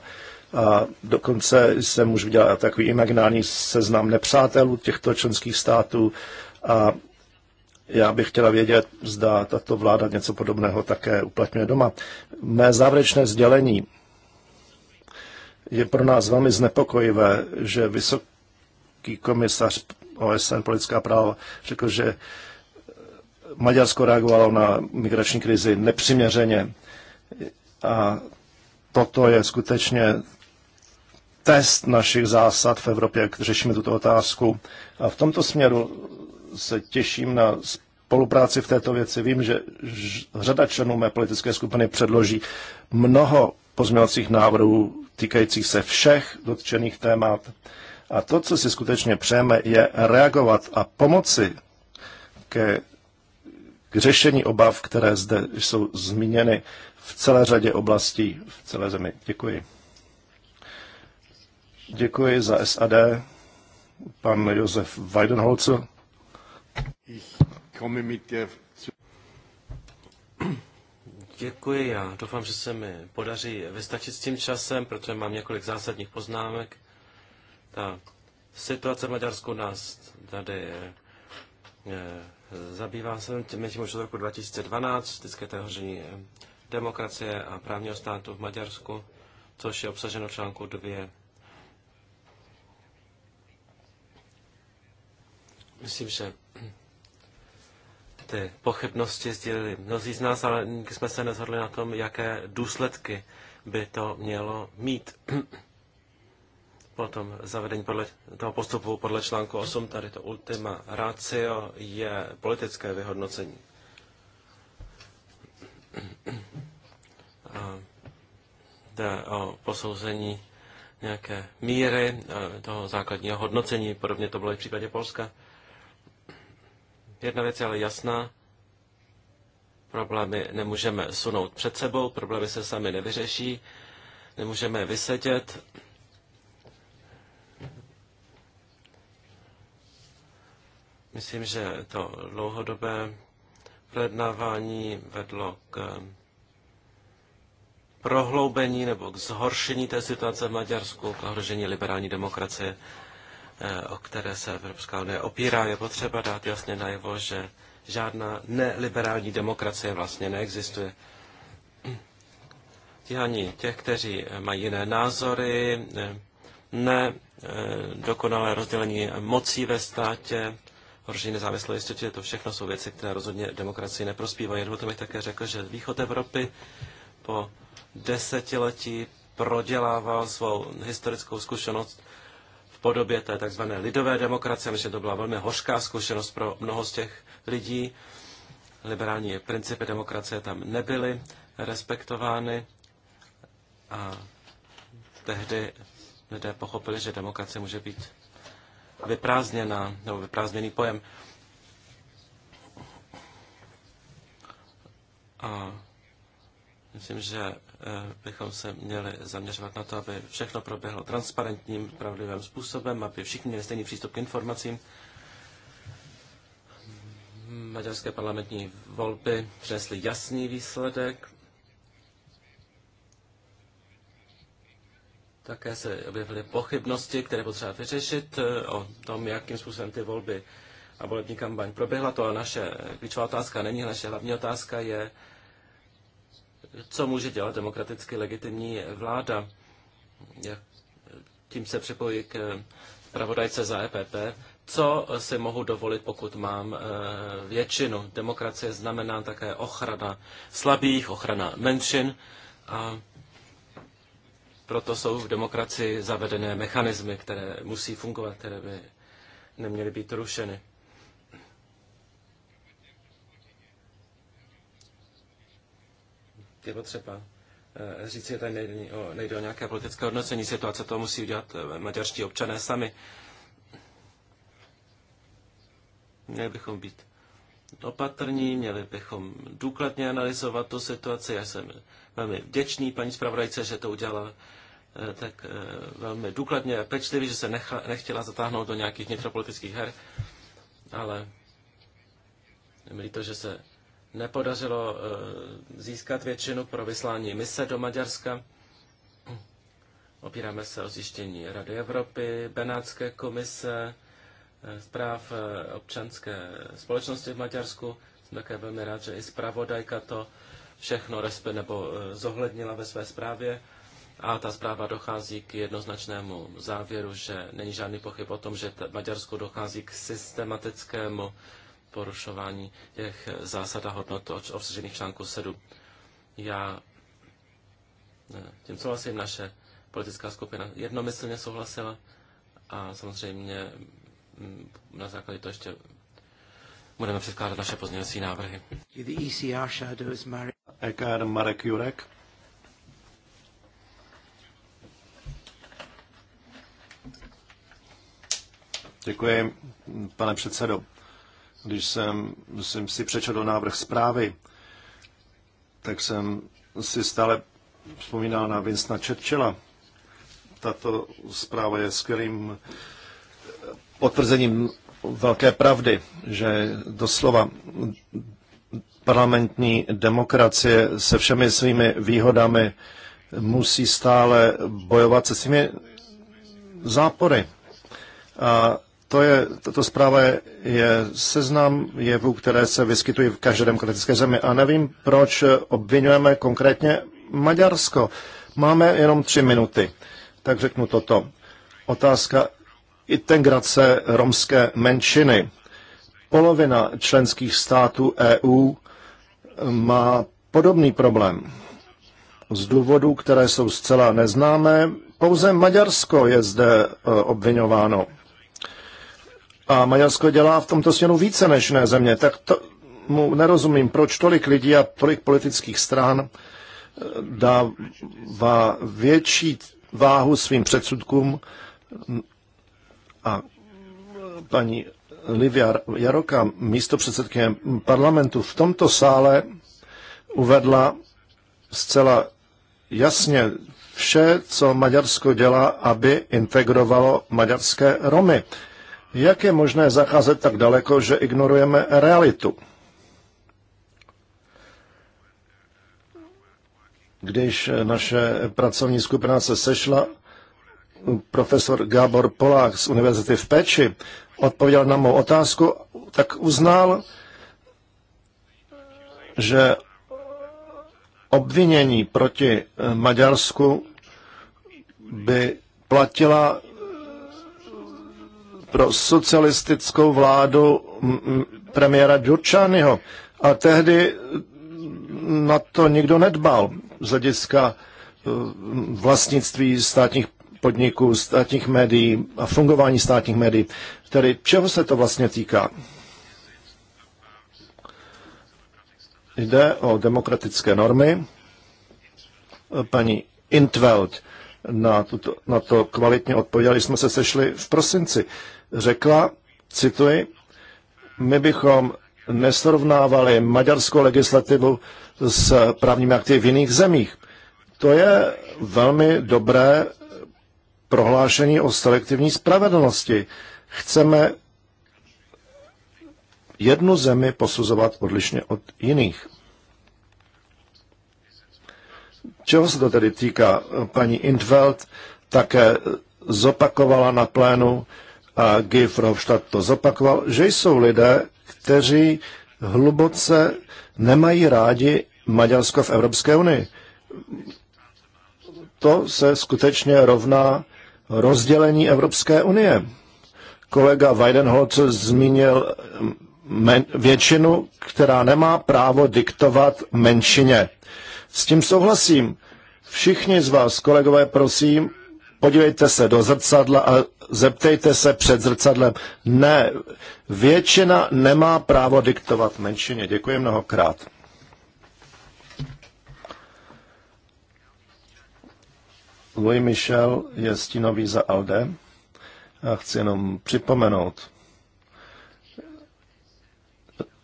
A dokonce jsem už viděl takový imaginární seznam nepřátelů těchto členských států a já bych chtěla vědět, zda tato vláda něco podobného také uplatňuje doma. Mé závěrečné sdělení je pro nás velmi znepokojivé, že vysoký komisař OSN politická práva řekl, že Maďarsko reagovalo na migrační krizi nepřiměřeně. A toto je skutečně test našich zásad v Evropě, jak řešíme tuto otázku. A v tomto směru se těším na spolupráci v této věci. Vím, že řada členů mé politické skupiny předloží mnoho pozměňovacích návrhů týkajících se všech dotčených témat. A to, co si skutečně přejeme, je reagovat a pomoci ke, k řešení obav, které zde jsou zmíněny v celé řadě oblastí v celé zemi. Děkuji. Děkuji za SAD, pan Josef Weidenholzer. Děkuji, já doufám, že se mi podaří vystačit s tím časem, protože mám několik zásadních poznámek. Ta situace v Maďarsku nás tady je, eh, je, zabývá se tím už od roku 2012, vždycky to hoření eh, demokracie a právního státu v Maďarsku, což je obsaženo v článku 2 Myslím, že ty pochybnosti sdělili mnozí z nás, ale nikdy jsme se nezhodli na tom, jaké důsledky by to mělo mít. Potom zavedení podle toho postupu podle článku 8, tady to ultima ratio je politické vyhodnocení. A jde o posouzení nějaké míry eh, toho základního hodnocení, podobně to bylo i v případě Polska. Jedna věc je ale jasná. Problémy nemůžeme sunout před sebou, problémy se sami nevyřeší, nemůžeme vysedět. Myslím, že to dlouhodobé projednávání vedlo k prohloubení nebo k zhoršení té situace v Maďarsku, k ohrožení liberální demokracie. Eh, o které se Evropská unie opírá, je potřeba dát jasně najevo, že žádná neliberální demokracie vlastně neexistuje. Stíhání těch, kteří mají jiné názory, eh, ne eh, dokonalé rozdělení mocí ve státě, horší nezávislé jistotě, to všechno jsou věci, které rozhodně demokracii neprospívají. to bych také řekl, že východ Evropy po desetiletí prodělával svou historickou zkušenost podobě té tzv. lidové demokracie. Myslím, že to byla velmi hořká zkušenost pro mnoho z těch lidí. Liberální principy demokracie tam nebyly respektovány a tehdy lidé pochopili, že demokracie může být vyprázdněná nebo vyprázdněný pojem. A myslím, že Eh, bychom se měli zaměřovat na to, aby všechno proběhlo transparentním, pravdivým způsobem, aby všichni měli stejný přístup k informacím. Maďarské parlamentní volby přinesly jasný výsledek. Také se objevily pochybnosti, které potřeba vyřešit eh, o tom, jakým způsobem ty volby a volební kampaň proběhla. To a naše klíčová otázka není, naše hlavní otázka je, co může dělat demokraticky legitimní vláda. Tím se připojí k pravodajce za EPP. Co si mohu dovolit, pokud mám eh, většinu? Demokracie znamená také ochrana slabých, ochrana menšin a proto jsou v demokracii zavedené mechanismy, které musí fungovat, které by neměly být rušeny. je potřeba eh, říct, že tady nejde o, nejde o nějaké politické hodnocení situace, to musí udělat eh, maďarští občané sami. Měli bychom být opatrní, měli bychom důkladně analyzovat tu situaci. Já jsem velmi vděčný paní zpravodajce, že to udělala eh, tak velmi důkladně a pečlivě, že se necha, nechtěla zatáhnout do nějakých vnitropolitických her, ale je mi že se nepodařilo eh, získat většinu pro vyslání mise do Maďarska. Opíráme se o zjištění Rady Evropy, Benátské komise, eh, zpráv eh, občanské společnosti v Maďarsku. Jsem také velmi rád, že i zpravodajka to všechno respe, nebo zohlednila ve své zprávě. A ta zpráva dochází k jednoznačnému závěru, že není žádný pochyb o tom, že Maďarsko dochází k systematickému porušování těch zásad a hodnot obsažených v článku 7. Já tím souhlasím, naše politická skupina jednomyslně souhlasila a samozřejmě mm, na základě toho ještě budeme předkládat naše pozměňovací návrhy. EKR e e Marek Jurek. Děkuji, pane předsedo. Když jsem, jsem si přečetl návrh zprávy, tak jsem si stále vzpomínal na Vincenta Churchilla. Tato zpráva je skvělým potvrzením velké pravdy, že doslova parlamentní demokracie se všemi svými výhodami musí stále bojovat se svými zápory. A to je, tato zpráva je, je seznam jevů, které se vyskytují v každé demokratické zemi. A nevím, proč obvinujeme konkrétně Maďarsko. Máme jenom tři minuty. Tak řeknu toto. Otázka integrace romské menšiny. Polovina členských států EU má podobný problém. Z důvodů, které jsou zcela neznámé, pouze Maďarsko je zde eh, obvinováno. A Maďarsko dělá v tomto směru více než jiné země. Tak to, mu nerozumím, proč tolik lidí a tolik politických stran eh, dává větší váhu svým předsudkům a paní Livia Jaroka, místo předsedkyně parlamentu, v tomto sále uvedla zcela jasně vše, co Maďarsko dělá, aby integrovalo maďarské Romy. Jak je možné zacházet tak daleko, že ignorujeme realitu? Když naše pracovní skupina se sešla, profesor Gábor Polák z Univerzity v Peči odpověděl na mou otázku, tak uznal, že obvinění proti Maďarsku by platila pro socialistickou vládu premiéra Džurčányho. A tehdy na to nikdo nedbal z hlediska e, vlastnictví státních podniků, státních médií a fungování státních médií. Tedy čeho se to vlastně týká? Jde o demokratické normy. Paní Intveld na, tuto, na to kvalitně odpověděla, když jsme se sešli v prosinci. Řekla, cituji, my bychom nesrovnávali maďarskou legislativu s právními akty v jiných zemích. To je velmi dobré prohlášení o selektivní spravedlnosti. Chceme jednu zemi posuzovat odlišně od jiných. Čeho se to tedy týká? Paní Intveld také zopakovala na plénu a Gif Rovštad to zopakoval, že jsou lidé, kteří hluboce nemají rádi Maďarsko v Evropské unii. To se skutečně rovná rozdělení Evropské unie. Kolega Weidenholz zmínil men, většinu, která nemá právo diktovat menšině. S tím souhlasím. Všichni z vás, kolegové, prosím, podívejte se do zrcadla a zeptejte se před zrcadlem. Ne, většina nemá právo diktovat menšině. Děkuji mnohokrát. Louis Michel je stínový za Alde. A chci jenom připomenout,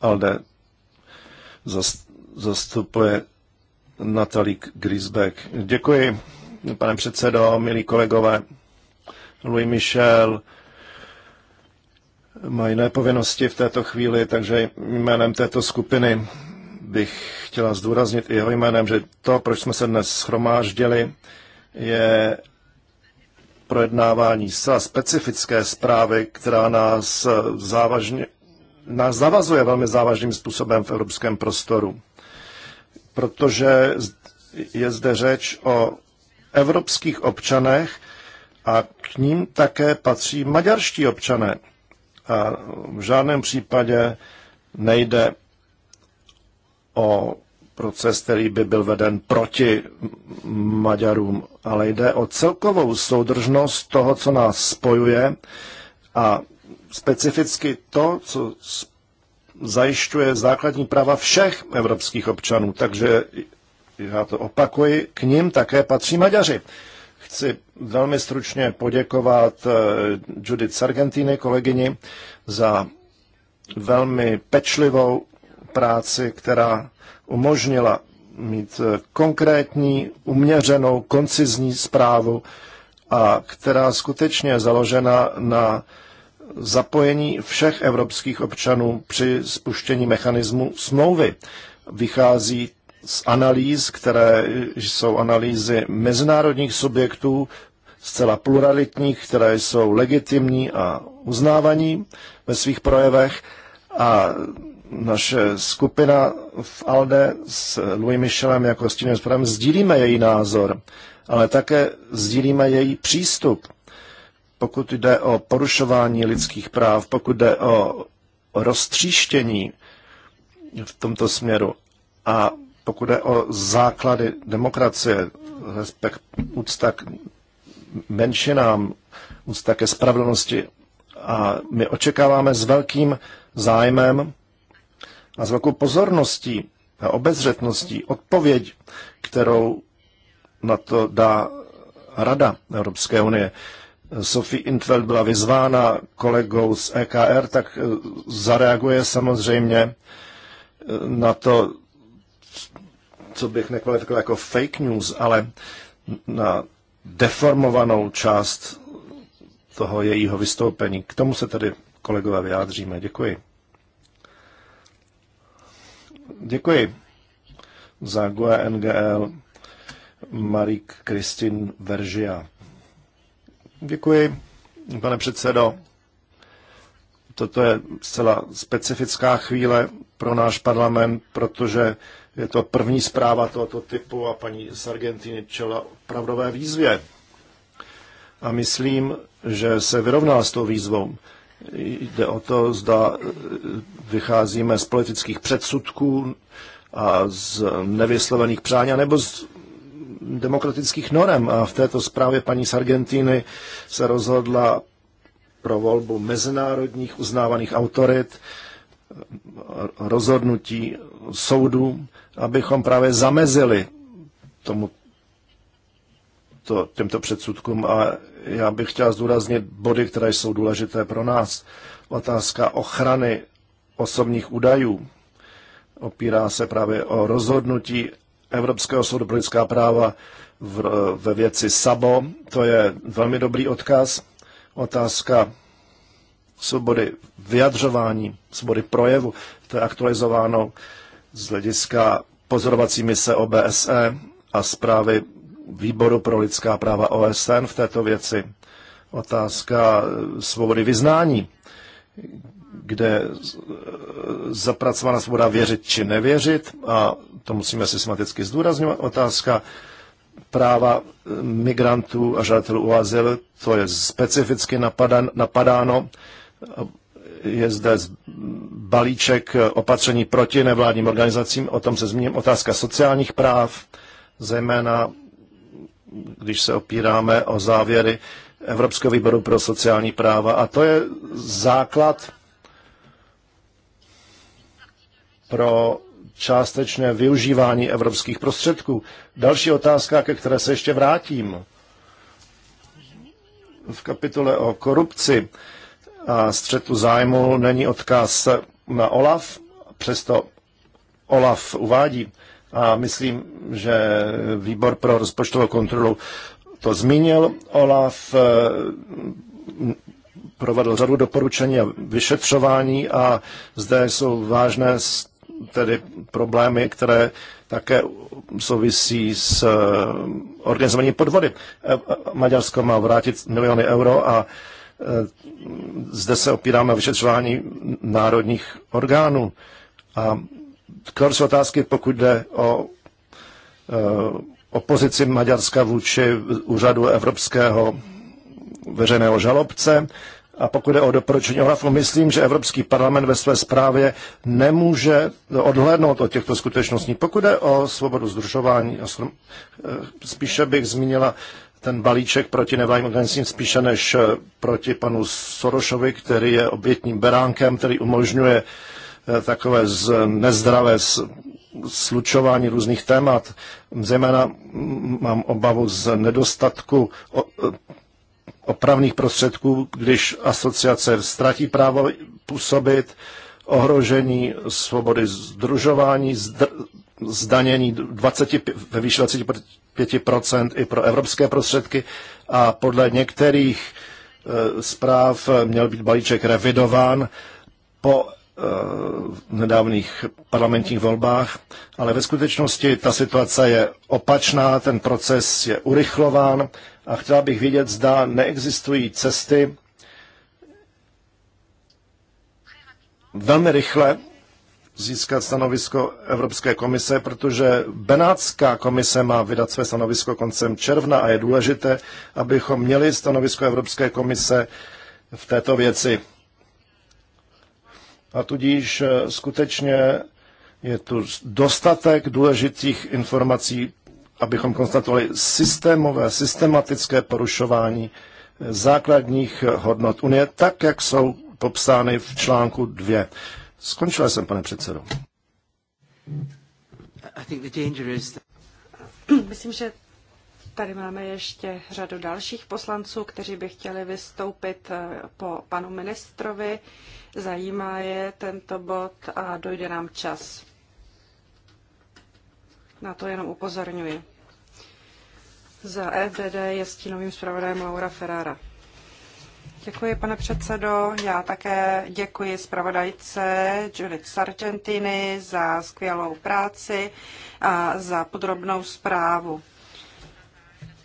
Alde zastupuje Natalik Grisbeck. Děkuji, pane předsedo, milí kolegové. Louis Michel má jiné povinnosti v této chvíli, takže jménem této skupiny bych chtěla zdůraznit i jeho jménem, že to, proč jsme se dnes schromáždili, je projednávání sa specifické zprávy, která nás závažně nás zavazuje velmi závažným způsobem v evropském prostoru protože je zde řeč o evropských občanech a k ním také patří maďarští občané. A v žádném případě nejde o proces, který by byl veden proti Maďarům, ale jde o celkovou soudržnost toho, co nás spojuje a specificky to, co spojuje zajišťuje základní práva všech evropských občanů, takže já to opakuji, k ním také patří Maďaři. Chci velmi stručně poděkovat eh, Judith Sargentini, kolegyni, za velmi pečlivou práci, která umožnila mít eh, konkrétní, uměřenou, koncizní zprávu, a která skutečně je založena na zapojení všech evropských občanů při spuštění mechanismu smlouvy. Vychází z analýz, které jsou analýzy mezinárodních subjektů, zcela pluralitních, které jsou legitimní a uznávaní ve svých projevech. A naše skupina v ALDE s Louis Michelem jako stínovým zprávem sdílíme její názor, ale také sdílíme její přístup pokud jde o porušování lidských práv, pokud jde o roztříštění v tomto směru a pokud jde o základy demokracie, respekt, úcta k menšinám, úcta ke spravedlnosti. A my očekáváme s velkým zájmem a s velkou pozorností a obezřetností odpověď, kterou na to dá Rada Evropské unie. Sophie Intveld byla vyzvána kolegou z EKR, tak eh, zareaguje samozřejmě eh, na to, co bych nekvalifikoval jako fake news, ale na deformovanou část toho jejího vystoupení. K tomu se tedy kolegové vyjádříme. Děkuji. Děkuji za GUE NGL Marik Kristin Veržia. Děkuji, pane předsedo. Toto je zcela specifická chvíle pro náš parlament, protože je to první zpráva tohoto typu a paní z Argentiny čela pravdové výzvě. A myslím, že se vyrovná s tou výzvou. Jde o to, zda e, vycházíme z politických předsudků a z nevyslovených přání, nebo z demokratických norem a v této zprávě paní z Argentiny se rozhodla pro volbu mezinárodních uznávaných autorit, rozhodnutí soudů, abychom právě zamezili tomu, to, těmto předsudkům. A já bych chtěl zdůraznit body, které jsou důležité pro nás. Otázka ochrany osobních údajů opírá se právě o rozhodnutí Evropského soudu pro lidská práva v, ve věci SABO. To je velmi dobrý odkaz. Otázka svobody vyjadřování, svobody projevu, to je aktualizováno z hlediska pozorovací mise OBSE a zprávy Výboru pro lidská práva OSN v této věci. Otázka svobody vyznání, kde zapracována svoboda věřit či nevěřit, a to musíme systematicky zdůrazňovat, otázka práva migrantů a žadatelů o azyl, to je specificky napadan, napadáno. Je zde balíček opatření proti nevládním organizacím, o tom se zmíním. Otázka sociálních práv, zejména když se opíráme o závěry Evropského výboru pro sociální práva. A to je základ pro částečné využívání evropských prostředků. Další otázka, ke které se ještě vrátím. V kapitole o korupci a střetu zájmu není odkaz na OLAF, přesto OLAF uvádí a myslím, že výbor pro rozpočtovou kontrolu to zmínil. OLAF eh, provedl řadu doporučení a vyšetřování a zde jsou vážné tedy problémy, které také souvisí s eh, organizovaním podvody. Eh, eh, Maďarsko má vrátit miliony euro a zde se opíráme o vyšetřování národních orgánů. A kladu otázky, pokud jde o opozici Maďarska vůči úřadu Evropského veřejného žalobce a pokud je o doporučení OLAFu, myslím, že Evropský parlament ve své zprávě nemůže odhlédnout od těchto skutečností. Pokud je o svobodu združování, eh, spíše bych zmínila ten balíček proti nevládním organizacím spíše než eh, proti panu Sorošovi, který je obětním beránkem, který umožňuje eh, takové z nezdravé slučování různých témat. Zejména mám obavu z nedostatku opravných prostředků, když asociace ztratí právo působit, ohrožení svobody združování, zdanění 20, ve výši 25% i pro evropské prostředky a podle některých eh, zpráv měl být balíček revidován po eh, nedávných parlamentních volbách, ale ve skutečnosti ta situace je opačná, ten proces je urychlován a chtěla bych vědět, zda neexistují cesty velmi rychle získat stanovisko Evropské komise, protože Benátská komise má vydat své stanovisko koncem června a je důležité, abychom měli stanovisko Evropské komise v této věci. A tudíž eh, skutečně je tu dostatek důležitých informací abychom konstatovali systémové, systematické porušování eh, základních eh, hodnot Unie, tak jak jsou popsány v článku 2. Skončil jsem, pane předsedo. Myslím, že tady máme ještě řadu dalších poslanců, kteří by chtěli vystoupit eh, po panu ministrovi. Zajímá je tento bod a dojde nám čas. Na to jenom upozorňuji. Za FDD e je stínovým zpravodajem Laura Ferrara. Děkuji, pane předsedo. Já také děkuji zpravodajce Judith Sargentini za skvělou práci a za podrobnou zprávu.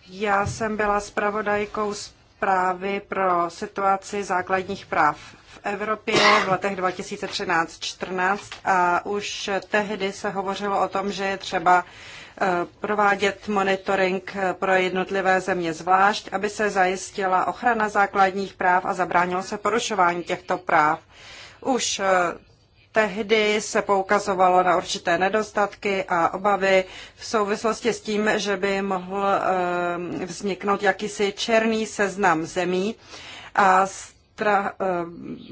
Já jsem byla zpravodajkou zprávy pro situaci základních práv v Evropě v letech 2013-14 a už tehdy se hovořilo o tom, že je třeba eh, provádět monitoring eh, pro jednotlivé země zvlášť, aby se zajistila ochrana základních práv a zabránilo se porušování těchto práv. Už eh, tehdy se poukazovalo na určité nedostatky a obavy v souvislosti s tím, že by mohl vzniknout jakýsi černý seznam zemí. A z tra, eh,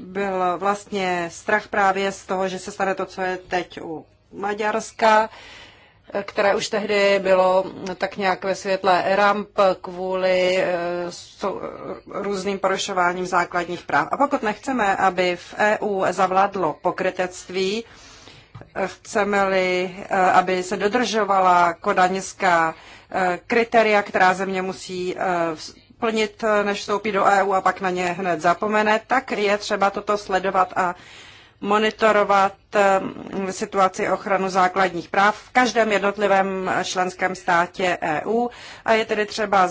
byl vlastně strach právě z toho, že se stane to, co je teď u Maďarska, které už tehdy bylo tak nějak ve světle ramp kvůli eh, různým porušováním základních práv. A pokud nechceme, aby v EU zavládlo pokrytectví, chceme-li, eh, aby se dodržovala kodaňská kritéria, která země musí plnit, než vstoupí do EU a pak na ně hned zapomene, tak je třeba toto sledovat a monitorovat ehm, situaci ochranu základních práv v každém jednotlivém členském státě EU a je tedy třeba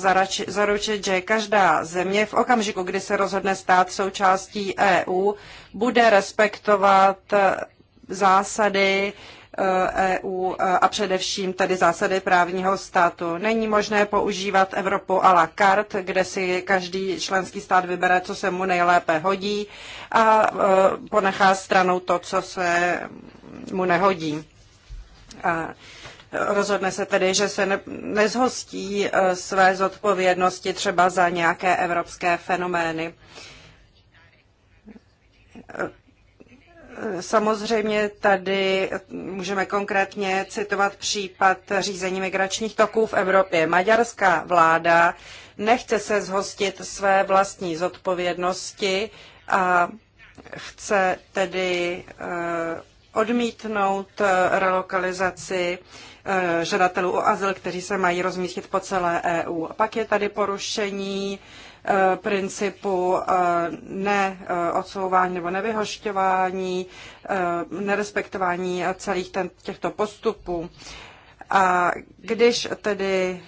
zaručit, že každá země v okamžiku, kdy se rozhodne stát součástí EU, bude respektovat eh, zásady, Eh, EU eh, a především tedy zásady právního státu. Není možné používat Evropu a la carte, kde si každý členský stát vybere, co se mu nejlépe hodí a eh, ponechá stranou to, co se mu nehodí. A rozhodne se tedy, že se ne, nezhostí své zodpovědnosti třeba za nějaké evropské fenomény. Samozřejmě tady můžeme konkrétně citovat případ řízení migračních toků v Evropě. Maďarská vláda nechce se zhostit své vlastní zodpovědnosti a chce tedy eh, odmítnout eh, relokalizaci eh, žadatelů o azyl, kteří se mají rozmístit po celé EU. A pak je tady porušení Eh, principu eh, neodsouvání eh, nebo nevyhošťování, nerespektování celých ten, těchto postupů. A když tedy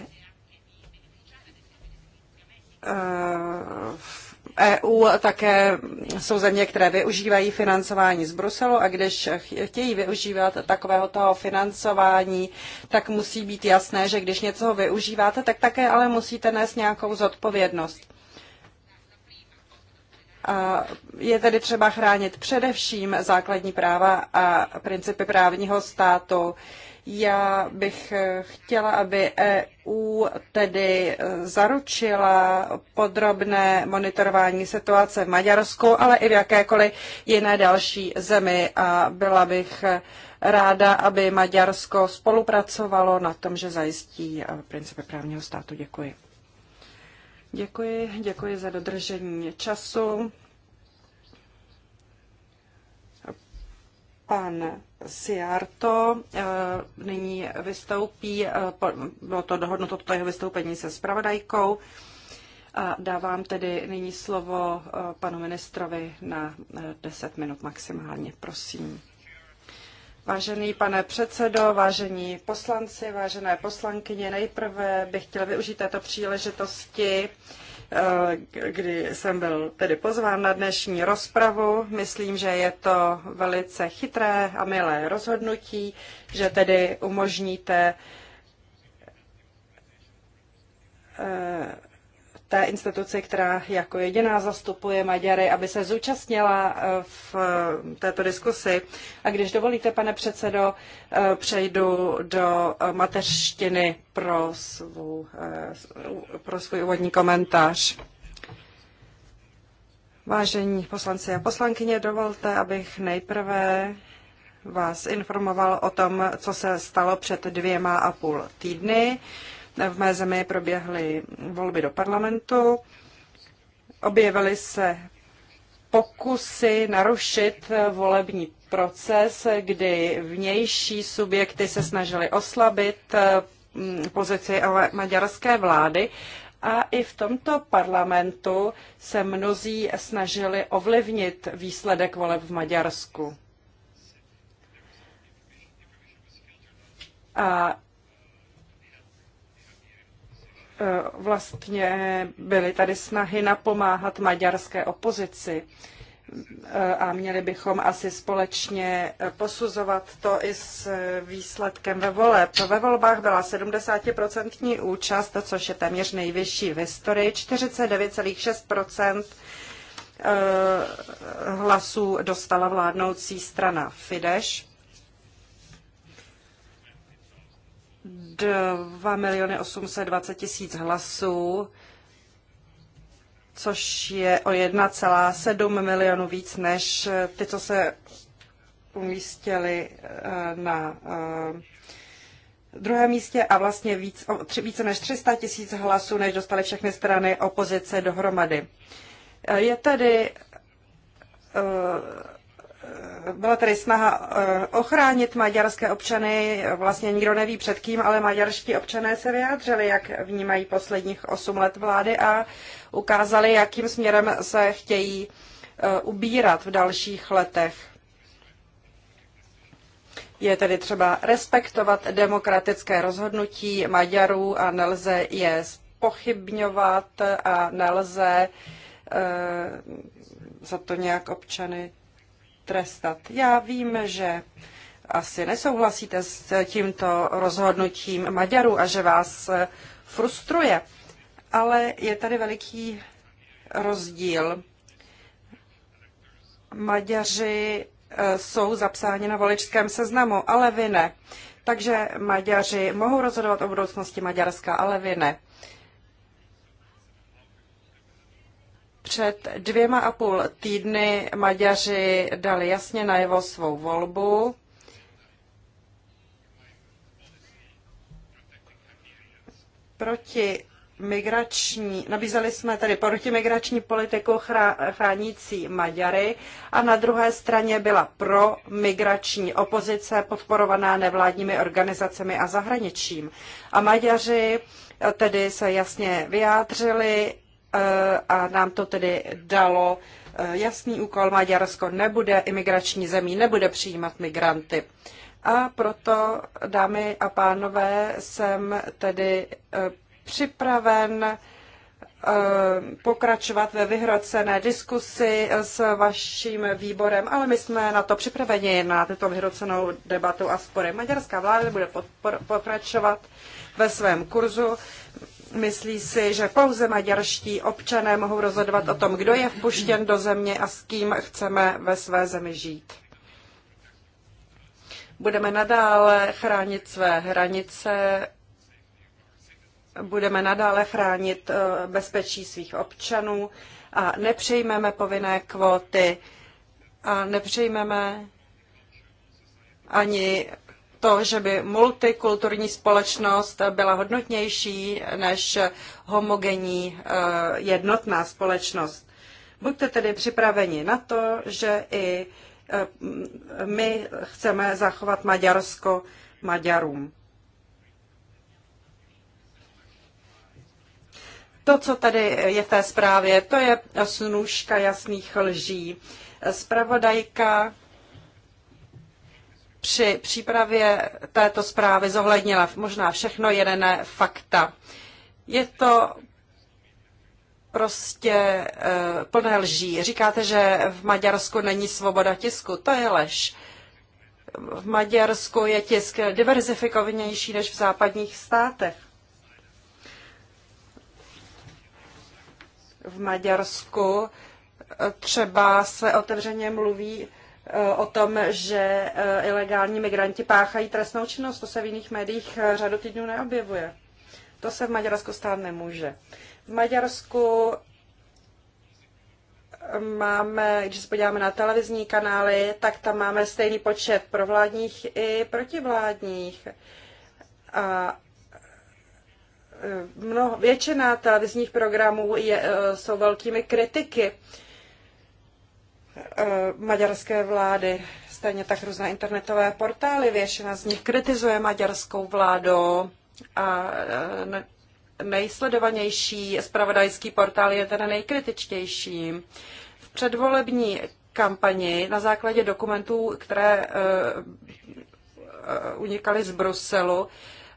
v EU také jsou země, které využívají financování z Bruselu a když chtějí využívat takového toho financování, tak musí být jasné, že když něco využíváte, tak také ale musíte nést nějakou zodpovědnost. A je tedy třeba chránit především základní práva a principy právního státu. Já bych chtěla, aby EU tedy zaručila podrobné monitorování situace v Maďarsku, ale i v jakékoliv jiné další zemi a byla bych ráda, aby Maďarsko spolupracovalo na tom, že zajistí eh, principy právního státu. Děkuji. Děkuji, děkuji za dodržení času. Pan Siarto eh, nyní vystoupí, eh, bylo to dohodnuto toto jeho vystoupení se spravodajkou. A dávám tedy nyní slovo eh, panu ministrovi na 10 minut maximálně, prosím. Vážený pane předsedo, vážení poslanci, vážené poslankyně, nejprve bych chtěl využít této příležitosti, eh, kdy jsem byl tedy pozván na dnešní rozpravu. Myslím, že je to velice chytré a milé rozhodnutí, že tedy umožníte eh, té instituci, která jako jediná zastupuje Maďary, aby se zúčastnila eh, v eh, této diskusi. A když dovolíte, pane předsedo, eh, přejdu do mateřštiny pro, svou, pro svůj úvodní komentář. Vážení poslanci a poslankyně, dovolte, abych nejprve vás informoval o tom, co se stalo před dvěma a půl týdny. V mé zemi proběhly volby do parlamentu. Objevily se pokusy narušit volební proces, kdy vnější subjekty se snažily oslabit mm, pozici maďarské vlády. A i v tomto parlamentu se mnozí snažili ovlivnit výsledek voleb v Maďarsku. A E, vlastně byly tady snahy napomáhat maďarské opozici e, a měli bychom asi společně e, posuzovat to i s výsledkem ve voleb. Ve volbách byla 70% účast, což je téměř nejvyšší v historii, 49,6% hlasů dostala vládnoucí strana Fidesz 2 miliony 820 tisíc hlasů, což je o 1,7 milionu víc než ty, co se umístili eh, na eh, druhém místě a vlastně víc, o, tři, více než 300 tisíc hlasů, než dostali všechny strany opozice dohromady. Eh, je tedy byla tady snaha eh, ochránit maďarské občany, vlastně nikdo neví před kým, ale maďarští občané se vyjádřili, jak vnímají posledních 8 let vlády a ukázali, jakým směrem se chtějí eh, ubírat v dalších letech. Je tedy třeba respektovat demokratické rozhodnutí Maďarů a nelze je pochybňovat a nelze eh, za to nějak občany trestat. Já vím, že asi nesouhlasíte s tímto rozhodnutím Maďarů a že vás frustruje, ale je tady veliký rozdíl. Maďaři eh, jsou zapsáni na voličském seznamu, ale vy ne. Takže Maďaři mohou rozhodovat o budoucnosti Maďarska, ale vy ne. Před dvěma a půl týdny Maďaři dali jasně najevo svou volbu. Proti migrační, nabízeli jsme tedy protimigrační politiku chránící Maďary a na druhé straně byla pro migrační opozice podporovaná nevládními organizacemi a zahraničím. A Maďaři tedy se jasně vyjádřili Eh, a nám to tedy dalo eh, jasný úkol. Maďarsko nebude imigrační zemí, nebude přijímat migranty. A proto, dámy a pánové, jsem tedy eh, připraven pokračovat ve vyhrocené diskusi s vaším výborem, ale my jsme na to připraveni, na tuto vyhrocenou debatu a spory. Maďarská vláda bude pokračovat ve svém kurzu Myslí si, že pouze maďarští občané mohou rozhodovat o tom, kdo je vpuštěn do země a s kým chceme ve své zemi žít. Budeme nadále chránit své hranice, budeme nadále chránit eh, bezpečí svých občanů a nepřejmeme povinné kvóty a nepřejmeme ani to, že by multikulturní společnost byla hodnotnější než homogenní eh, jednotná společnost. Buďte tedy připraveni na to, že i eh, my chceme zachovat Maďarsko Maďarům. To, co tady je v té zprávě, to je snůžka jasných lží. Spravodajka při přípravě této zprávy zohlednila možná všechno jedené fakta. Je to prostě eh, plné lží. Říkáte, že v Maďarsku není svoboda tisku. To je lež. V Maďarsku je tisk diverzifikovanější než v západních státech. V Maďarsku eh, třeba se otevřeně mluví Eh, o tom, že eh, ilegální migranti páchají trestnou činnost. To se v jiných médiích eh, řadu týdnů neobjevuje. To se v Maďarsku stát nemůže. V Maďarsku máme, když se podíváme na televizní kanály, tak tam máme stejný počet provládních i protivládních. A mnoho, většina televizních programů je, jsou velkými kritiky Eh, maďarské vlády. Stejně tak různé internetové portály, většina z nich kritizuje maďarskou vládu a eh, nejsledovanější spravodajský portál je teda nejkritičtější. V předvolební kampani na základě dokumentů, které eh, unikaly z Bruselu,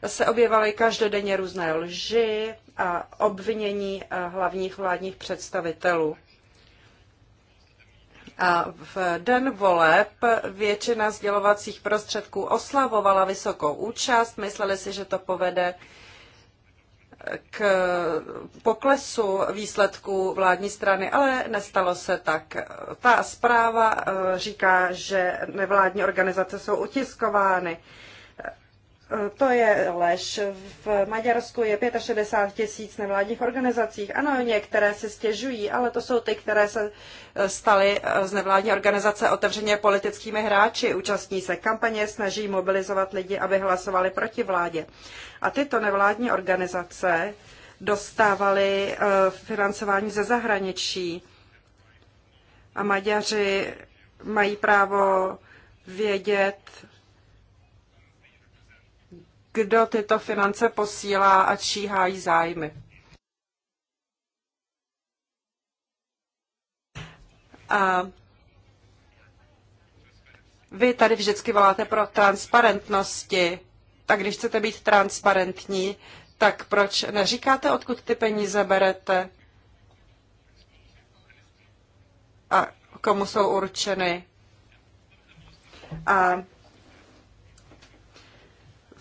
se objevaly každodenně různé lži a obvinění hlavních vládních představitelů. A v den voleb většina sdělovacích prostředků oslavovala vysokou účast, mysleli si, že to povede k poklesu výsledků vládní strany, ale nestalo se tak. Ta zpráva eh, říká, že nevládní organizace jsou utiskovány. To je lež. V Maďarsku je 65 tisíc nevládních organizacích. Ano, některé se stěžují, ale to jsou ty, které se eh, staly eh, z nevládní organizace otevřeně politickými hráči. Účastní se kampaně, snaží mobilizovat lidi, aby hlasovali proti vládě. A tyto nevládní organizace dostávaly eh, financování ze zahraničí. A Maďaři mají právo vědět, kdo tyto finance posílá a čí hájí zájmy. A vy tady vždycky voláte pro transparentnosti, tak když chcete být transparentní, tak proč neříkáte, odkud ty peníze berete a komu jsou určeny? A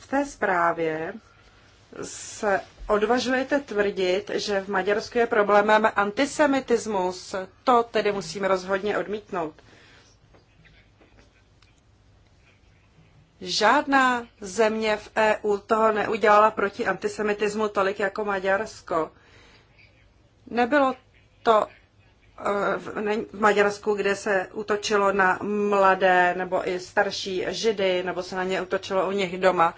v té zprávě se odvažujete tvrdit, že v Maďarsku je problémem antisemitismus. To tedy musíme rozhodně odmítnout. Žádná země v EU toho neudělala proti antisemitismu tolik jako Maďarsko. Nebylo to v Maďarsku, kde se utočilo na mladé nebo i starší židy, nebo se na ně utočilo u nich doma.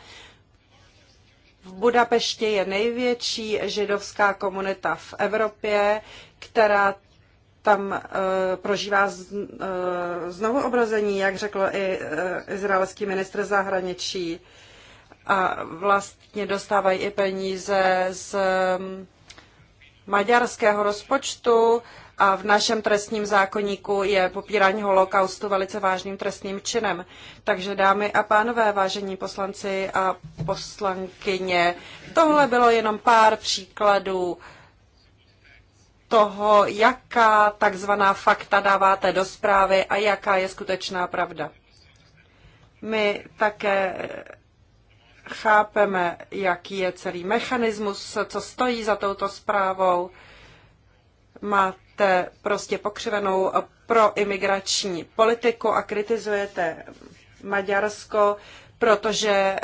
V Budapešti je největší židovská komunita v Evropě, která tam eh, prožívá eh, znovu obrození, jak řekl i eh, izraelský ministr zahraničí. A vlastně dostávají i peníze z mm, maďarského rozpočtu a v našem trestním zákoníku je popírání holokaustu velice vážným trestným činem. Takže dámy a pánové, vážení poslanci a poslankyně, tohle bylo jenom pár příkladů toho, jaká takzvaná fakta dáváte do zprávy a jaká je skutečná pravda. My také chápeme, jaký je celý mechanismus, co stojí za touto zprávou. Má máte prostě pokřivenou pro imigrační politiku a kritizujete Maďarsko, protože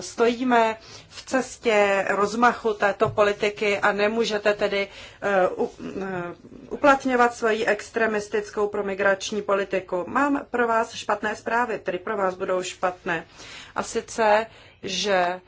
stojíme v cestě rozmachu této politiky a nemůžete tedy eh, eh, uplatňovat svoji extremistickou promigrační politiku. Mám pro vás špatné zprávy, tedy pro vás budou špatné. A sice, že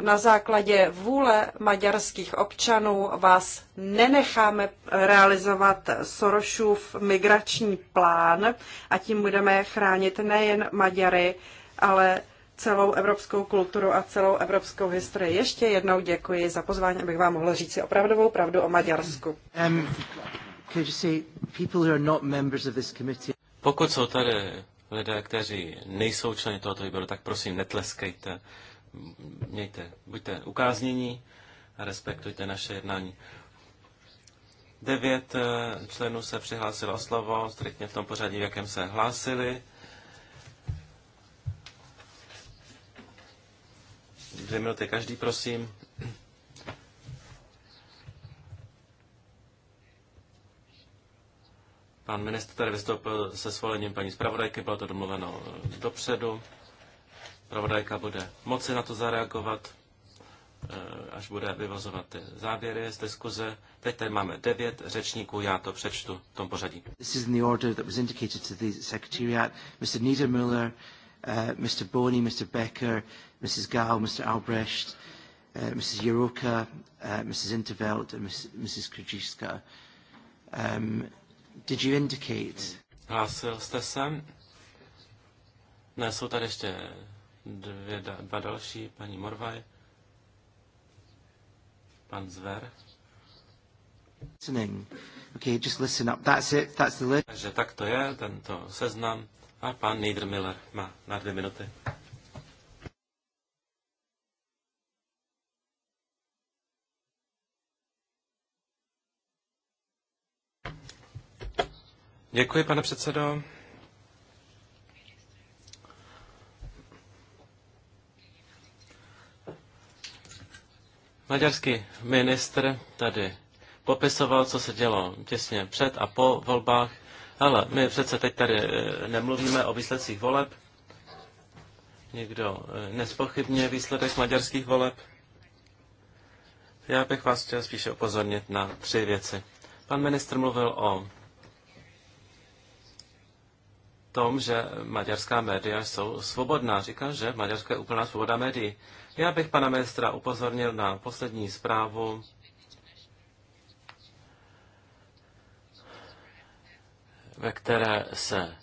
na základě vůle maďarských občanů vás nenecháme realizovat Sorošův migrační plán a tím budeme chránit nejen Maďary, ale celou evropskou kulturu a celou evropskou historii. Ještě jednou děkuji za pozvání, abych vám mohla říct si opravdovou pravdu o Maďarsku. Um, Pokud jsou tady lidé, kteří nejsou členy tohoto výboru, tak prosím netleskejte mějte, buďte ukáznění a respektujte naše jednání. Devět eh, členů se přihlásilo slovo, striktně v tom pořadí, v jakém se hlásili. Dvě minuty každý, prosím. Pan ministr tady vystoupil se svolením paní zpravodajky, bylo to domluveno dopředu. Pravodajka bude moci na to zareagovat, eh, až bude vyvozovat ty závěry z diskuze. Teď tady máme devět řečníků, já to přečtu v tom pořadí. This is in the order that was indicated to the secretariat. Mr. Niedermüller, uh, Mr. Boney, Mr. Becker, Mrs. Gao, Mr. Albrecht, uh, Mrs. Yaroka, uh, Mrs. Intervelt and Mrs. Mrs. Krzyzewska. Um, did you indicate? Hlásil jste se? Ne, jsou tady ještě dvě, dva další, paní Morvaj, pan Zver. Okay, just listen up. That's it. That's the list. Takže tak to je, tento seznam. A pan Niedermiller má na dvě minuty. Děkuji, pane předsedo. Maďarský ministr tady popisoval, co se dělo těsně před a po volbách. Ale my přece teď tady eh, nemluvíme o výsledcích voleb. Někdo eh, nespochybně výsledek maďarských voleb. Já bych vás chtěl spíše upozornit na tři věci. Pan ministr mluvil o tom, že maďarská média jsou svobodná. Říká, že v je úplná svoboda médií. Já bych pana ministra upozornil na poslední zprávu ve které se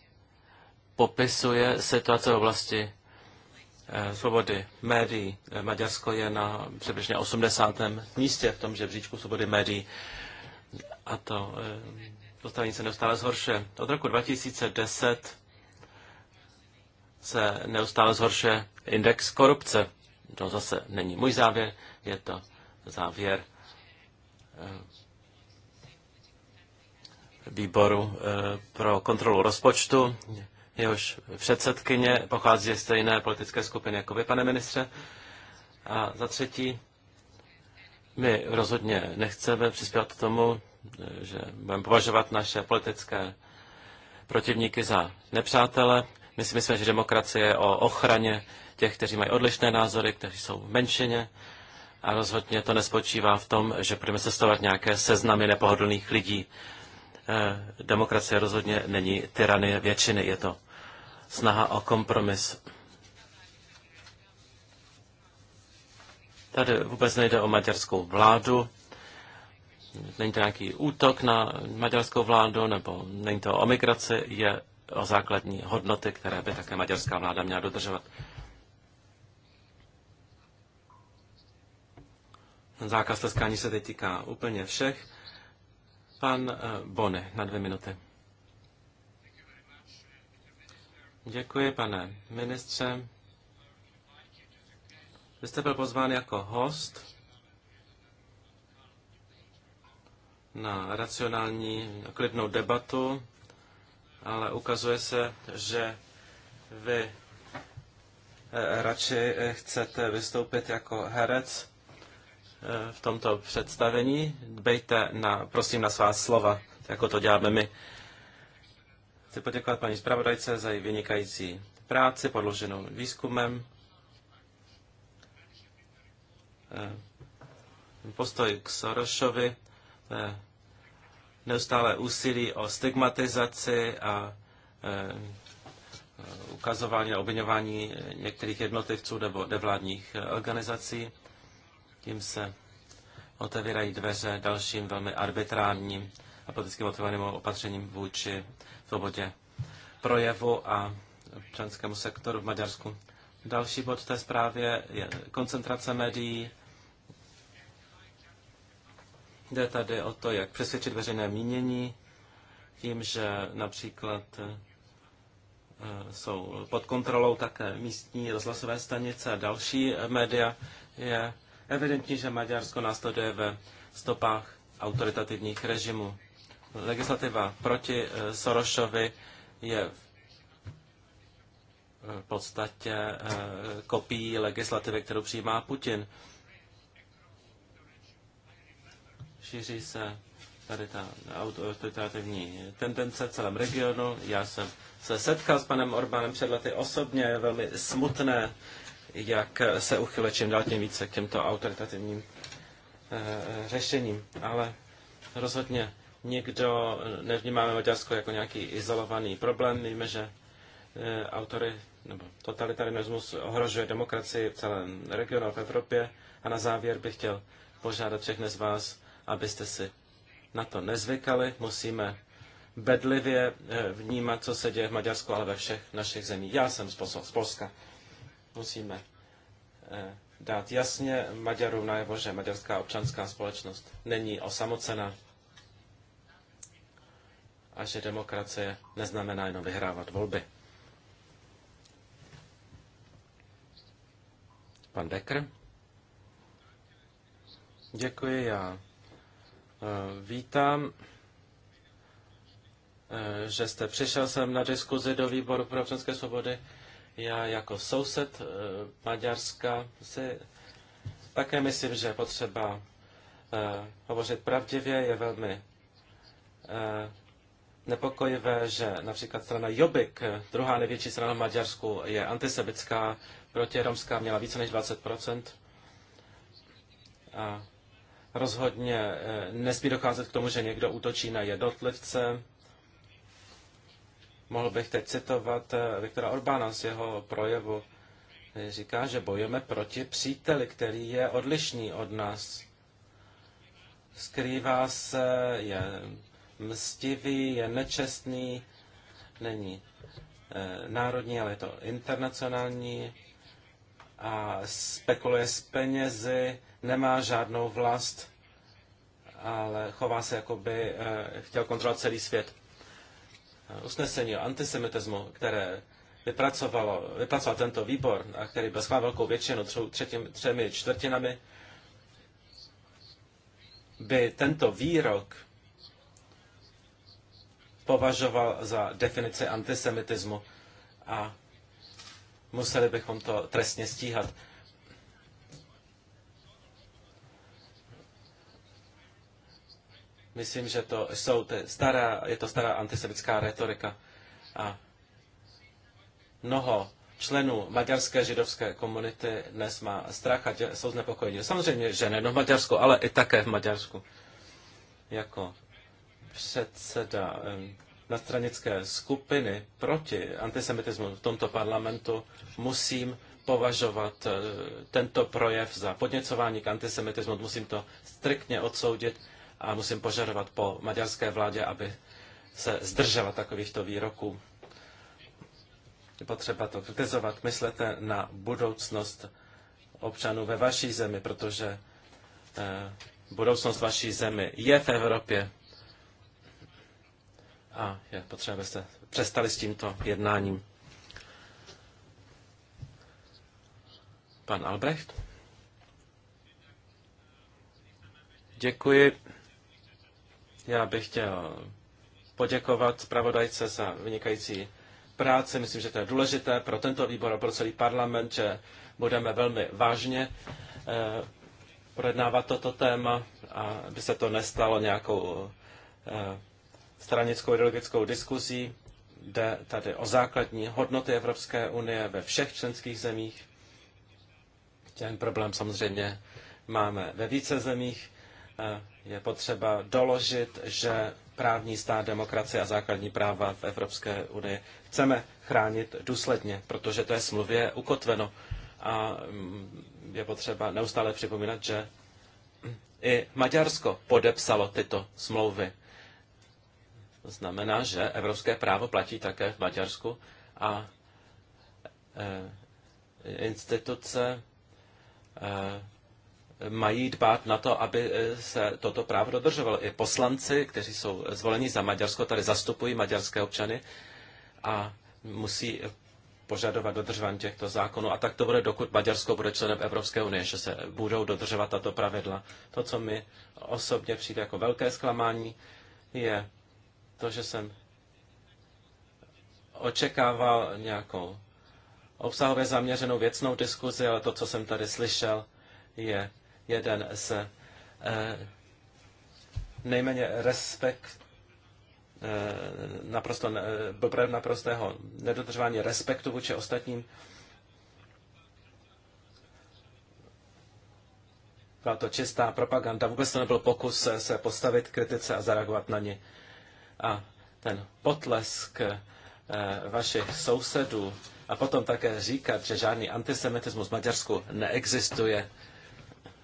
popisuje situace v oblasti eh, svobody médií. Eh, Maďarsko je na přibližně 80. místě v tom žebříčku svobody médií a to postavení eh, se neustále zhoršuje. Od roku 2010 se neustále zhoršuje index korupce. To zase není můj závěr, je to závěr eh, výboru eh, pro kontrolu rozpočtu. Jehož předsedkyně pochází ze stejné politické skupiny jako vy, pane ministře. A za třetí, my rozhodně nechceme přispět k tomu, eh, že budeme považovat naše politické protivníky za nepřátele. My si myslíme, že demokracie je o ochraně těch, kteří mají odlišné názory, kteří jsou v menšině. A rozhodně to nespočívá v tom, že budeme sestavovat nějaké seznamy nepohodlných lidí. Eh, demokracie rozhodně není tyranie většiny, je to snaha o kompromis. Tady vůbec nejde o maďarskou vládu. Není to nějaký útok na maďarskou vládu, nebo není to o migraci, je o základní hodnoty, které by také maďarská vláda měla dodržovat. Ten zákaz tleskání se teď týká úplně všech. Pan eh, Bony na dvě minuty. Děkuji, pane ministře. Vy jste byl pozván jako host na racionální klidnou debatu ale ukazuje se, že vy eh, radši eh, chcete vystoupit jako herec eh, v tomto představení. Dbejte na, prosím na svá slova, jako to děláme my. Chci poděkovat paní zpravodajce za její vynikající práci podloženou výzkumem. Postoj k Sorošovi, to je neustále úsilí o stigmatizaci a e, ukazování a obvinování některých jednotlivců nebo nevládních e, organizací. Tím se otevírají dveře dalším velmi arbitrárním a politicky motivovaným opatřením vůči svobodě projevu a občanskému sektoru v Maďarsku. Další bod té zprávě je koncentrace médií Jde tady o to, jak přesvědčit veřejné mínění tím, že například eh, jsou pod kontrolou také místní rozhlasové stanice a další eh, média. Je evidentní, že Maďarsko následuje ve stopách autoritativních režimů. Legislativa proti eh, Sorošovi je v podstatě kopií legislativy, kterou přijímá Putin. šíří se tady ta autoritativní tendence v celém regionu. Já jsem se setkal s panem Orbánem před lety osobně, je velmi smutné, jak se uchyle čím dál tím více k těmto autoritativním e, řešením. Ale rozhodně nikdo nevnímáme Maďarsko jako nějaký izolovaný problém. Víme, že e, autory nebo totalitarismus ohrožuje demokracii v celém regionu v Evropě. A na závěr bych chtěl požádat všechny z vás, abyste si na to nezvykali. Musíme bedlivě eh, vnímat, co se děje v Maďarsku, ale ve všech našich zemích. Já jsem z Polska. Musíme eh, dát jasně Maďarům najevo, že maďarská občanská společnost není osamocená a že demokracie neznamená jenom vyhrávat volby. Pan Dekr. Děkuji, já Eh, vítám, eh, že jste přišel sem na diskuzi do výboru pro občanské svobody. Já jako soused eh, Maďarska si také myslím, že potřeba hovořit pravdivě. Je velmi nepokojivé, že například strana Jobik, druhá největší strana v Maďarsku, je antisebická, protiromská, měla více než 20 a Rozhodně eh, nesmí docházet k tomu, že někdo útočí na jednotlivce. Mohl bych teď citovat eh, Viktora Orbána z jeho projevu. Eh, říká, že bojujeme proti příteli, který je odlišný od nás. Skrývá se, je mstivý, je nečestný, není národní, ale je to internacionální a spekuluje s penězi, nemá žádnou vlast, ale chová se, jako by eh, chtěl kontrolovat celý svět. Eh, usnesení o antisemitismu, které vypracovalo, vypracoval tento výbor, a který byl schválen velkou většinou, třetím, třemi čtvrtinami, by tento výrok považoval za definici antisemitismu. A museli bychom to trestně stíhat. Myslím, že to jsou ty stará, je to stará antisemická retorika. A mnoho členů maďarské židovské komunity dnes má strach a jsou znepokojeni. Samozřejmě, že ne v Maďarsku, ale i také v Maďarsku. Jako předseda nadstranické skupiny proti antisemitismu v tomto parlamentu, musím považovat eh, tento projev za podněcování k antisemitismu, musím to striktně odsoudit a musím požadovat po maďarské vládě, aby se zdržela takovýchto výroků. Je potřeba to kritizovat. Myslete na budoucnost občanů ve vaší zemi, protože eh, budoucnost vaší zemi je v Evropě a je potřeba, abyste přestali s tímto jednáním. Pan Albrecht. Děkuji. Já bych chtěl poděkovat zpravodajce za vynikající práci. Myslím, že to je důležité pro tento výbor a pro celý parlament, že budeme velmi vážně eh, projednávat toto téma, aby se to nestalo nějakou eh, stranickou ideologickou diskuzí. Jde tady o základní hodnoty Evropské unie ve všech členských zemích. Ten problém samozřejmě máme ve více zemích. Je potřeba doložit, že právní stát, demokracie a základní práva v Evropské unii chceme chránit důsledně, protože to je smluvě ukotveno. A mm, je potřeba neustále připomínat, že i Maďarsko podepsalo tyto smlouvy znamená, že evropské právo platí také v Maďarsku a e, instituce e, mají dbát na to, aby e, se toto právo dodržovalo. I poslanci, kteří jsou zvoleni za Maďarsko, tady zastupují maďarské občany a musí požadovat dodržování těchto zákonů. A tak to bude, dokud Maďarsko bude členem Evropské unie, že se budou dodržovat tato pravidla. To, co mi osobně přijde jako velké zklamání, je to, že jsem očekával nějakou obsahově zaměřenou věcnou diskuzi, ale to, co jsem tady slyšel, je jeden z eh, nejméně respekt, eh, naprosto, eh, naprostého nedodržování respektu vůči ostatním. Byla to čistá propaganda, vůbec to nebyl pokus se, postavit kritice a zareagovat na ně. Eh, a ten potlesk eh, vašich sousedů a potom také říkat, že žádný antisemitismus v Maďarsku neexistuje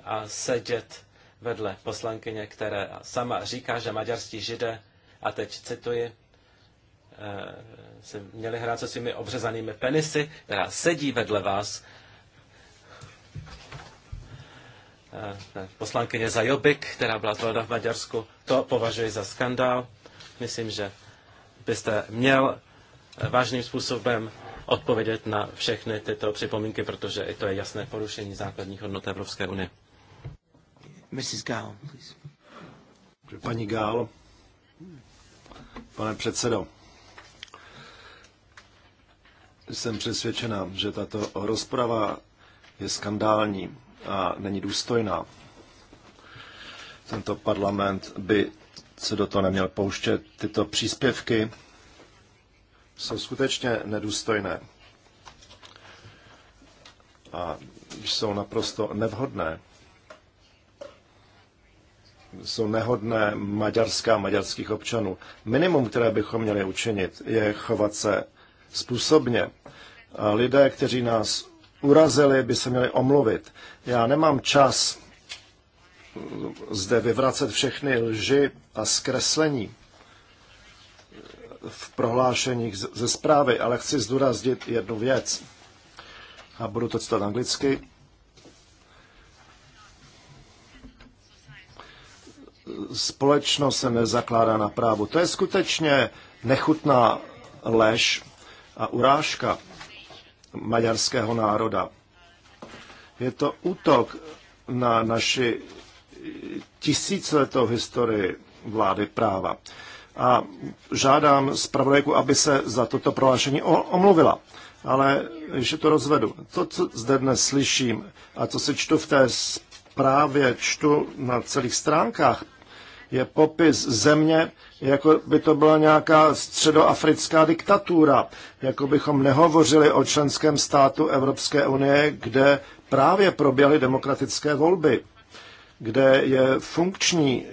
a sedět vedle poslankyně, která sama říká, že maďarští židé, a teď cituji, eh, se měli hrát se svými obřezanými penisy, která sedí vedle vás. Eh, poslankyně Zajobik, která byla zvolena v Maďarsku, to považuji za skandál. Myslím, že byste měl eh, vážným způsobem odpovědět na všechny tyto připomínky, protože i to je jasné porušení základních hodnot Evropské unie. Mrs. Gál, please. Paní Gál, pane předsedo, jsem přesvědčena, že tato rozprava je skandální a není důstojná. Tento parlament by se do toho neměl pouštět. Tyto příspěvky jsou skutečně nedůstojné a jsou naprosto nevhodné. Jsou nehodné maďarská a maďarských občanů. Minimum, které bychom měli učinit, je chovat se způsobně. A lidé, kteří nás urazili, by se měli omluvit. Já nemám čas zde vyvracet všechny lži a zkreslení v prohlášeních ze zprávy, ale chci zdůraznit jednu věc. A budu to citovat anglicky. Společnost se nezakládá na právu. To je skutečně nechutná lež a urážka maďarského národa. Je to útok na naši tisíciletou historii vlády práva. A žádám zpravodajku, aby se za toto prohlášení omluvila. Ale ještě to rozvedu. To, co zde dnes slyším a co si čtu v té zprávě, čtu na celých stránkách, je popis země, jako by to byla nějaká středoafrická diktatura, jako bychom nehovořili o členském státu Evropské unie, kde právě proběhly demokratické volby kde je funkční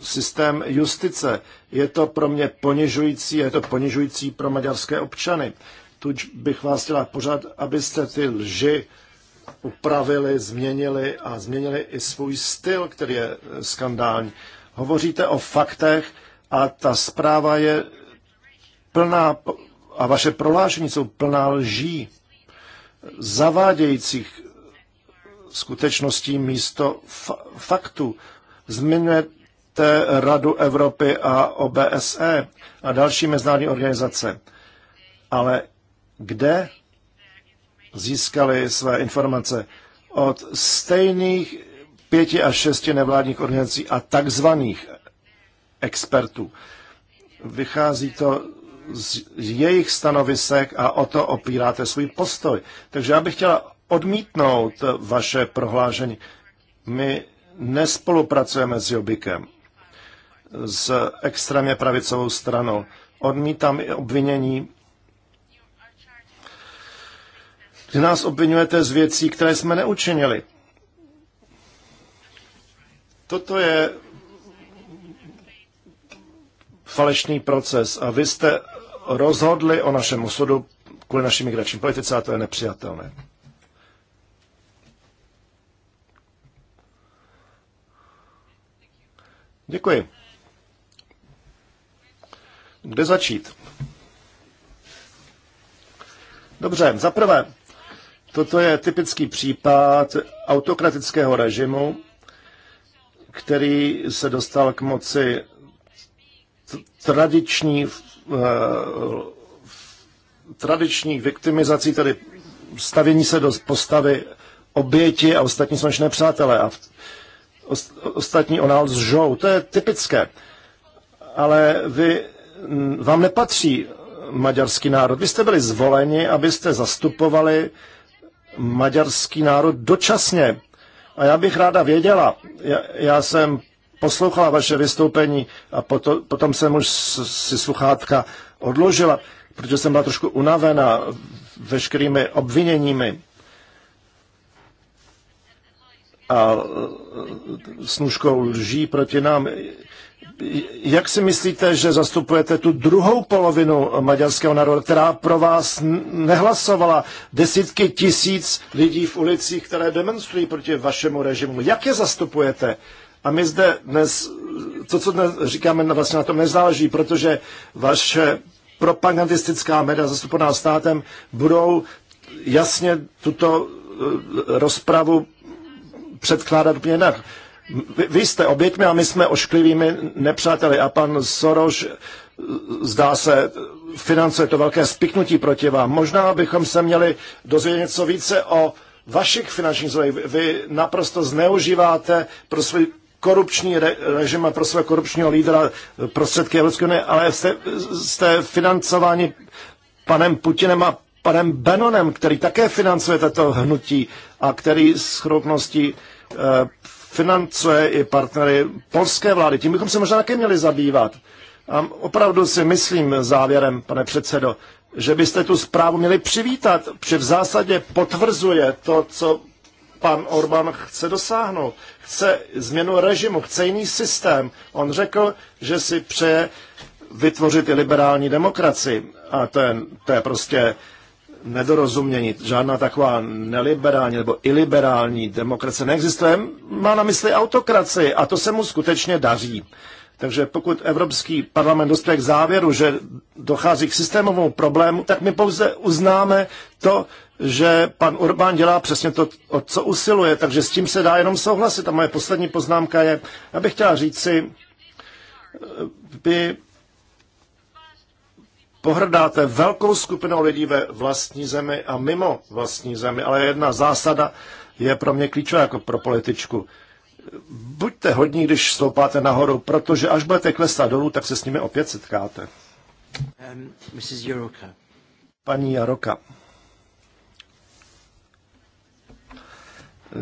systém justice. Je to pro mě ponižující, je to ponižující pro maďarské občany. Tuď bych vás chtěla pořád, abyste ty lži upravili, změnili a změnili i svůj styl, který je skandální. Hovoříte o faktech a ta zpráva je plná a vaše prohlášení jsou plná lží, zavádějících skutečností místo faktu. Zmiňujete Radu Evropy a OBSE a další mezinárodní organizace. Ale kde získali své informace? Od stejných pěti až šesti nevládních organizací a takzvaných expertů. Vychází to z jejich stanovisek a o to opíráte svůj postoj. Takže já bych chtěla odmítnout vaše prohlášení. My nespolupracujeme s Jobikem, s extrémně pravicovou stranou. Odmítám i obvinění, kdy nás obvinujete z věcí, které jsme neučinili. Toto je falešný proces a vy jste rozhodli o našem osudu kvůli naší migrační politice a to je nepřijatelné. Děkuji. Kde začít? Dobře, za prvé, toto je typický případ autokratického režimu, který se dostal k moci tradiční, eh, tradiční viktimizací, tedy stavění se do postavy oběti a ostatní smačné přátelé. A v, ostatní o nás žou. To je typické. Ale vy, vám nepatří maďarský národ. Vy jste byli zvoleni, abyste zastupovali maďarský národ dočasně. A já bych ráda věděla, já, já jsem poslouchala vaše vystoupení a potom, potom jsem už si sluchátka odložila, protože jsem byla trošku unavena veškerými obviněními a snůžkou lží proti nám. Jak si myslíte, že zastupujete tu druhou polovinu maďarského národa, která pro vás nehlasovala desítky tisíc lidí v ulicích, které demonstrují proti vašemu režimu? Jak je zastupujete? A my zde dnes, to, co dnes říkáme, vlastně na tom nezáleží, protože vaše propagandistická média zastupovaná státem budou jasně tuto eh, rozpravu předkládat úplně jinak. Vy, vy jste oběťmi a my jsme ošklivými nepřáteli a pan Soroš eh, zdá se financuje to velké spiknutí proti vám. Možná bychom se měli dozvědět něco více o vašich finančních zdrojích. Vy naprosto zneužíváte pro svůj korupční re, režim a pro svého korupčního lídra eh, prostředky Evropské unie, ale jste, jste financováni panem Putinem a panem Benonem, který také financuje tato hnutí a který s chroupností Eh, financuje i partnery polské vlády. Tím bychom se možná také měli zabývat. A opravdu si myslím závěrem, pane předsedo, že byste tu zprávu měli přivítat, protože v zásadě potvrzuje to, co pan Orbán chce dosáhnout. Chce změnu režimu, chce jiný systém. On řekl, že si přeje vytvořit i liberální demokracii. A to je, to je prostě uh, nedorozumění. Žádná taková neliberální nebo iliberální demokracie neexistuje. Má na mysli autokracii a to se mu skutečně daří. Takže pokud Evropský parlament dospěje k závěru, že dochází k systémovému problému, tak my pouze uznáme to, že pan Urbán dělá přesně to, o co usiluje, takže s tím se dá jenom souhlasit. A moje poslední poznámka je, abych chtěla říci, eh, by pohrdáte velkou skupinou lidí ve vlastní zemi a mimo vlastní zemi. Ale jedna zásada je pro mě klíčová jako pro političku. Buďte hodní, když stoupáte nahoru, protože až budete klesat dolů, tak se s nimi opět setkáte. Um, Mrs. Jaroka. Paní Jaroka.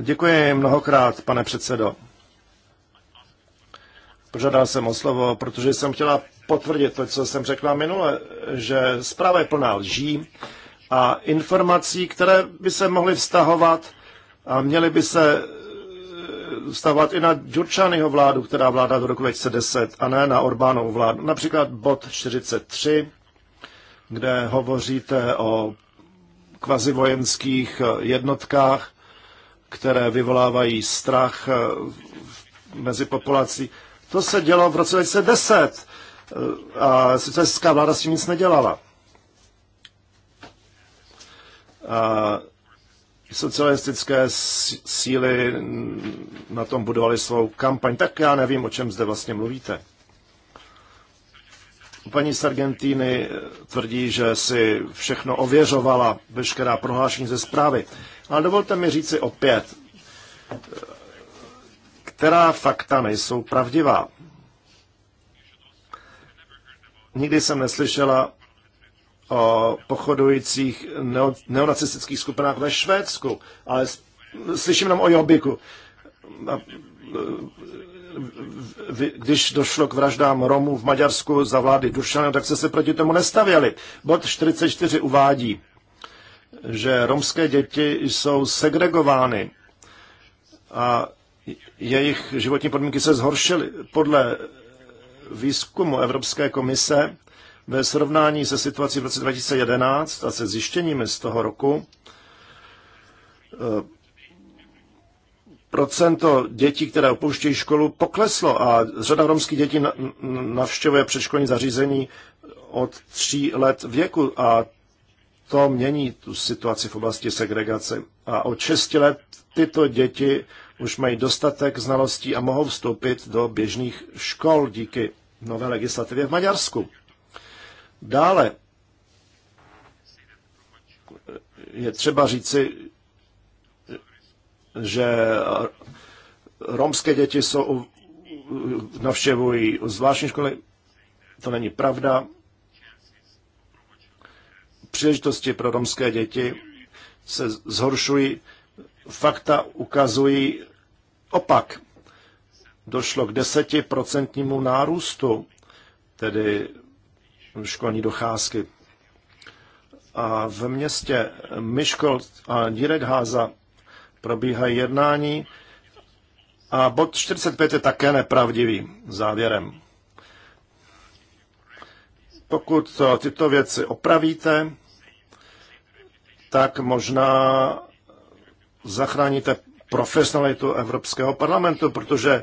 Děkuji mnohokrát, pane předsedo. Požádal jsem o slovo, protože jsem chtěla potvrdit to, co jsem řekla minule, že zpráva je plná lží a informací, které by se mohly vztahovat a měly by se eh, vztahovat i na Džurčányho vládu, která vládá do roku 2010, a ne na Orbánovu vládu. Například bod 43, kde hovoříte o kvazivojenských eh, jednotkách, které vyvolávají strach eh, mezi populací. To se dělo v roce 2010 a socialistická vláda s tím nic nedělala. A socialistické síly na tom budovaly svou kampaň. Tak já nevím, o čem zde vlastně mluvíte. Paní z Argentíny tvrdí, že si všechno ověřovala, veškerá prohlášení ze zprávy. Ale dovolte mi říci opět, která fakta nejsou pravdivá. Nikdy jsem neslyšela o pochodujících neonacistických skupinách ve Švédsku, ale slyším jenom o Jobiku. Když došlo k vraždám Romů v Maďarsku za vlády Dušana, tak se se proti tomu nestavěli. Bod 44 uvádí, že romské děti jsou segregovány a jejich životní podmínky se zhoršily. Podle výzkumu Evropské komise ve srovnání se situací v roce 2011 a se zjištěními z toho roku eh, procento dětí, které opouštějí školu, pokleslo a řada romských dětí navštěvuje předškolní zařízení od tří let věku a to mění tu situaci v oblasti segregace. A od 6 let tyto děti už mají dostatek znalostí a mohou vstoupit do běžných škol díky nové legislativě v Maďarsku. Dále je třeba říci, že romské děti jsou, navštěvují zvláštní školy. To není pravda. Příležitosti pro romské děti se zhoršují. Fakta ukazují opak došlo k desetiprocentnímu nárůstu, tedy školní docházky. A v městě Myškol a Díredháza probíhají jednání a bod 45 je také nepravdivý závěrem. Pokud tyto věci opravíte, tak možná zachráníte profesionalitu Evropského parlamentu, protože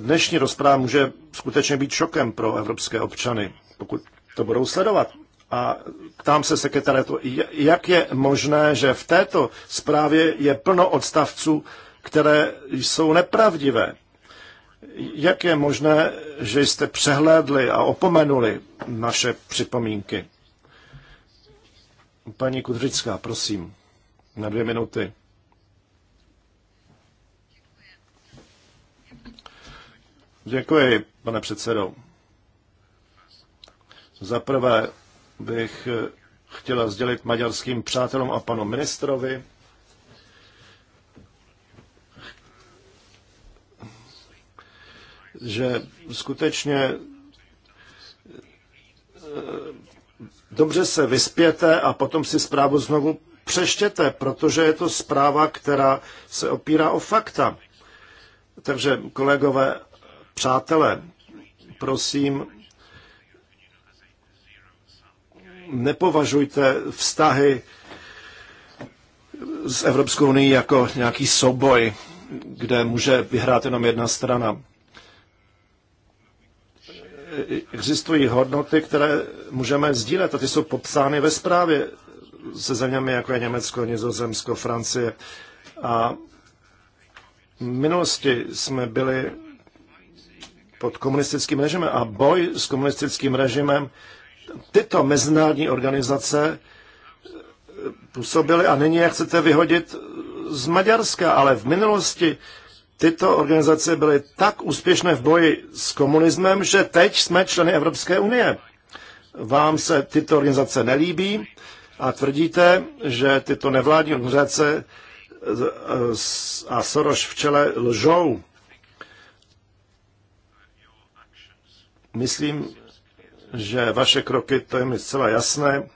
Dnešní rozpráva může skutečně být šokem pro evropské občany, pokud to budou sledovat. A ptám se sekretariatu, jak je možné, že v této zprávě je plno odstavců, které jsou nepravdivé. Jak je možné, že jste přehlédli a opomenuli naše připomínky? Paní Kudřická, prosím, na dvě minuty. Děkuji, pane předsedo. Za prvé bych eh, chtěla sdělit maďarským přátelům a panu ministrovi, že skutečně eh, dobře se vyspěte a potom si zprávu znovu přeštěte, protože je to zpráva, která se opírá o fakta. Takže kolegové Přátelé, prosím, nepovažujte vztahy s Evropskou unii jako nějaký souboj, kde může vyhrát jenom jedna strana. Existují hodnoty, které můžeme sdílet a ty jsou popsány ve zprávě se zeměmi, jako je Německo, Nizozemsko, Francie. A v minulosti jsme byli pod komunistickým režimem a boj s komunistickým režimem. Tyto mezinárodní organizace eh, působily a nyní je chcete vyhodit z Maďarska, ale v minulosti tyto organizace byly tak úspěšné v boji s komunismem, že teď jsme členy Evropské unie. Vám se tyto organizace nelíbí a tvrdíte, že tyto nevládní organizace eh, a Soros v čele lžou. Myslím, že vaše kroky, to je mi zcela jasné,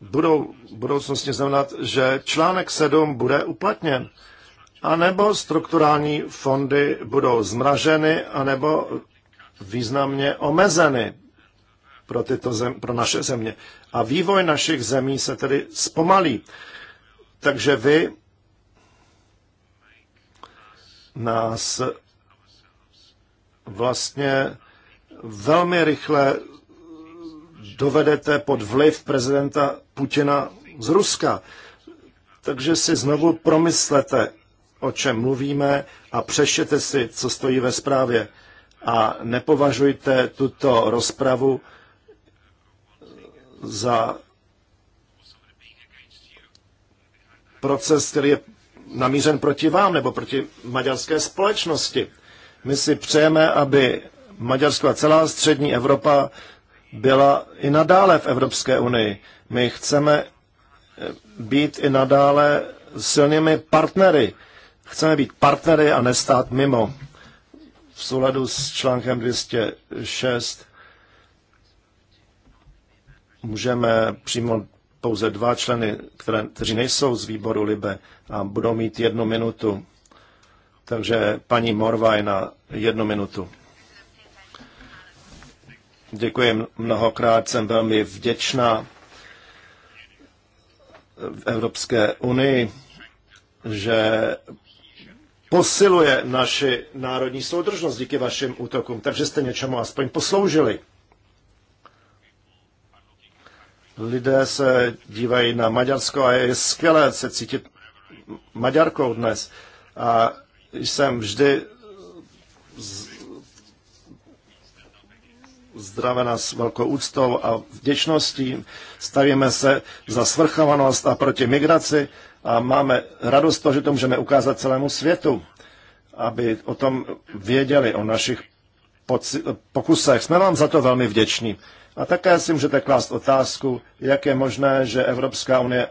budou v budoucnosti znamenat, že článek 7 bude uplatněn, anebo strukturální fondy budou zmraženy, anebo významně omezeny pro, tyto zem, pro naše země. A vývoj našich zemí se tedy zpomalí. Takže vy nás vlastně velmi rychle dovedete pod vliv prezidenta Putina z Ruska. Takže si znovu promyslete, o čem mluvíme a přešete si, co stojí ve zprávě. A nepovažujte tuto rozpravu za proces, který je namířen proti vám nebo proti maďarské společnosti. My si přejeme, aby Maďarsko a celá střední Evropa byla i nadále v Evropské unii. My chceme eh, být i nadále silnými partnery. Chceme být partnery a nestát mimo. V souladu s článkem 206 můžeme přímo pouze dva členy, které, kteří nejsou z výboru Libe a budou mít jednu minutu takže paní Morvaj na jednu minutu. Děkuji mnohokrát, jsem velmi vděčná v Evropské unii, že posiluje naši národní soudržnost díky vašim útokům, takže jste něčemu aspoň posloužili. Lidé se dívají na Maďarsko a je skvělé se cítit Maďarkou dnes. A jsem vždy zdravena s velkou úctou a vděčností. Stavíme se za svrchovanost a proti migraci a máme radost to, že to můžeme ukázat celému světu, aby o tom věděli, o našich pokusech. Jsme vám za to velmi vděční. A také si můžete klást otázku, jak je možné, že Evropská unie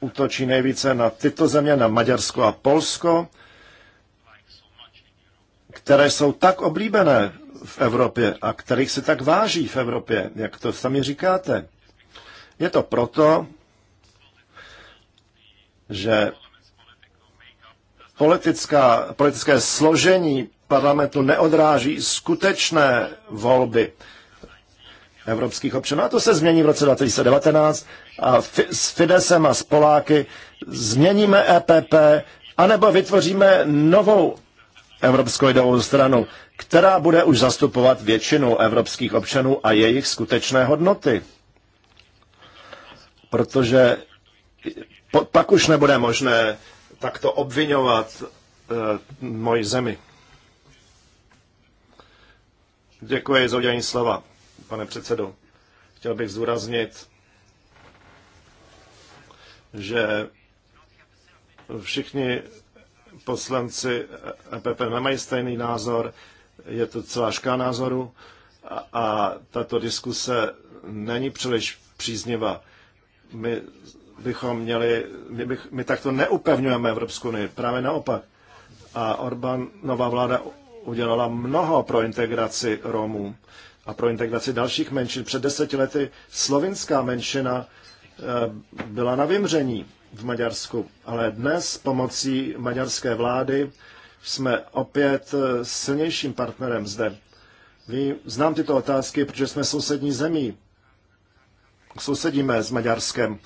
útočí nejvíce na tyto země, na Maďarsko a Polsko, které jsou tak oblíbené v Evropě a kterých se tak váží v Evropě, jak to sami říkáte. Je to proto, že politická, politické složení parlamentu neodráží skutečné volby evropských občanů. A to se změní v roce 2019 a fi, s Fidesem a s Poláky změníme EPP anebo vytvoříme novou Evropskou lidovou stranu, která bude už zastupovat většinu evropských občanů a jejich skutečné hodnoty. Protože po, pak už nebude možné takto obvinovat e, moji zemi. Děkuji za udělení slova, pane předsedo. Chtěl bych zdůraznit, že všichni poslanci EPP nemají stejný názor, je to celá škála názoru a, a tato diskuse není příliš příznivá. My bychom měli, my, bych, my takto neupevňujeme Evropskou unii, právě naopak. A Orbán, nová vláda udělala mnoho pro integraci Romů a pro integraci dalších menšin. Před deseti lety slovinská menšina Eh, byla na vymření v Maďarsku, ale dnes pomocí maďarské vlády jsme opět eh, silnějším partnerem zde. Vy, znám tyto otázky, protože jsme sousední zemí. Sousedíme s Maďarskem.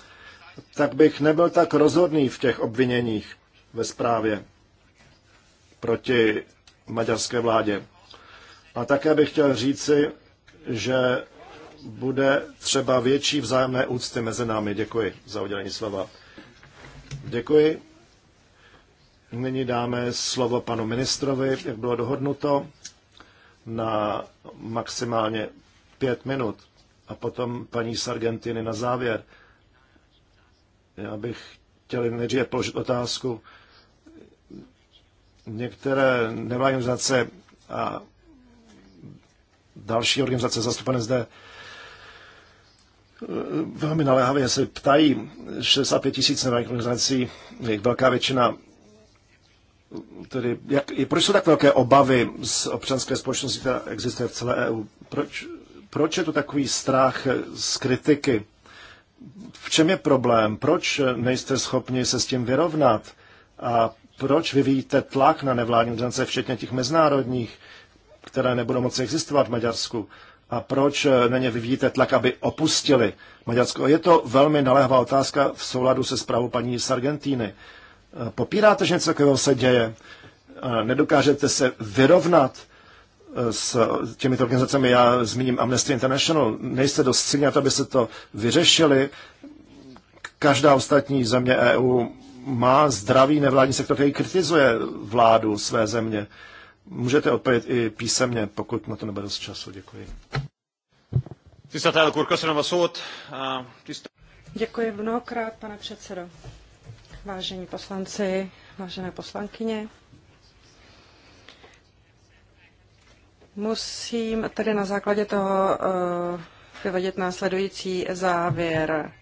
Tak bych nebyl tak rozhodný v těch obviněních ve zprávě proti maďarské vládě. A také bych chtěl říci, že bude třeba větší vzájemné úcty mezi námi. Děkuji za udělení slova. Děkuji. Nyní dáme slovo panu ministrovi, jak bylo dohodnuto, na maximálně pět minut a potom paní Sargentiny na závěr. Já bych chtěl nejdříve položit otázku. Některé nevládní organizace a další organizace zastupené zde Eh, velmi naléhavě se ptají 65 tisíc nevládních organizací, jejich velká většina, tedy jak, proč jsou tak velké obavy z občanské společnosti, která existuje v celé EU? Proč, proč je to takový strach z kritiky? V čem je problém? Proč nejste schopni se s tím vyrovnat? A proč vyvíjíte tlak na nevládní organizace, včetně těch mezinárodních, které nebudou moci existovat v Maďarsku? a proč eh, na ně vyvíjíte tlak, aby opustili Maďarsko. Je to velmi naléhavá otázka v souladu se zprávou paní Sargentíny. Eh, popíráte, že něco takového se děje? Nedokážete se vyrovnat eh, s těmito organizacemi, já zmíním Amnesty International, nejste dost silní na to, aby se to vyřešili. Každá ostatní země EU má zdravý nevládní sektor, který kritizuje vládu své země. Můžete odpovědět i písemně, pokud na to nebude dost času. Děkuji. Děkuji mnohokrát, pane předsedo. Vážení poslanci, vážené poslankyně, musím tedy na základě toho eh, vyvodit následující závěr.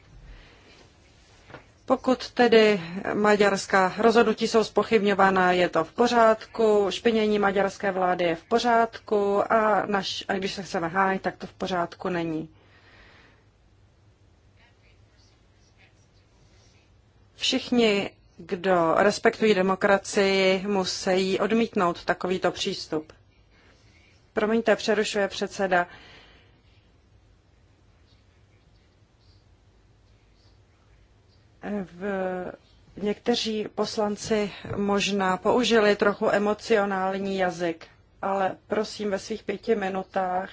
Pokud tedy maďarská rozhodnutí jsou spochybňována, je to v pořádku, špinění maďarské vlády je v pořádku a, naš, a když se chceme hájit, tak to v pořádku není. Všichni, kdo respektují demokracii, musí odmítnout takovýto přístup. Promiňte, přerušuje předseda. Uh, v někteří poslanci možná použili trochu emocionální jazyk, ale prosím ve svých pěti minutách,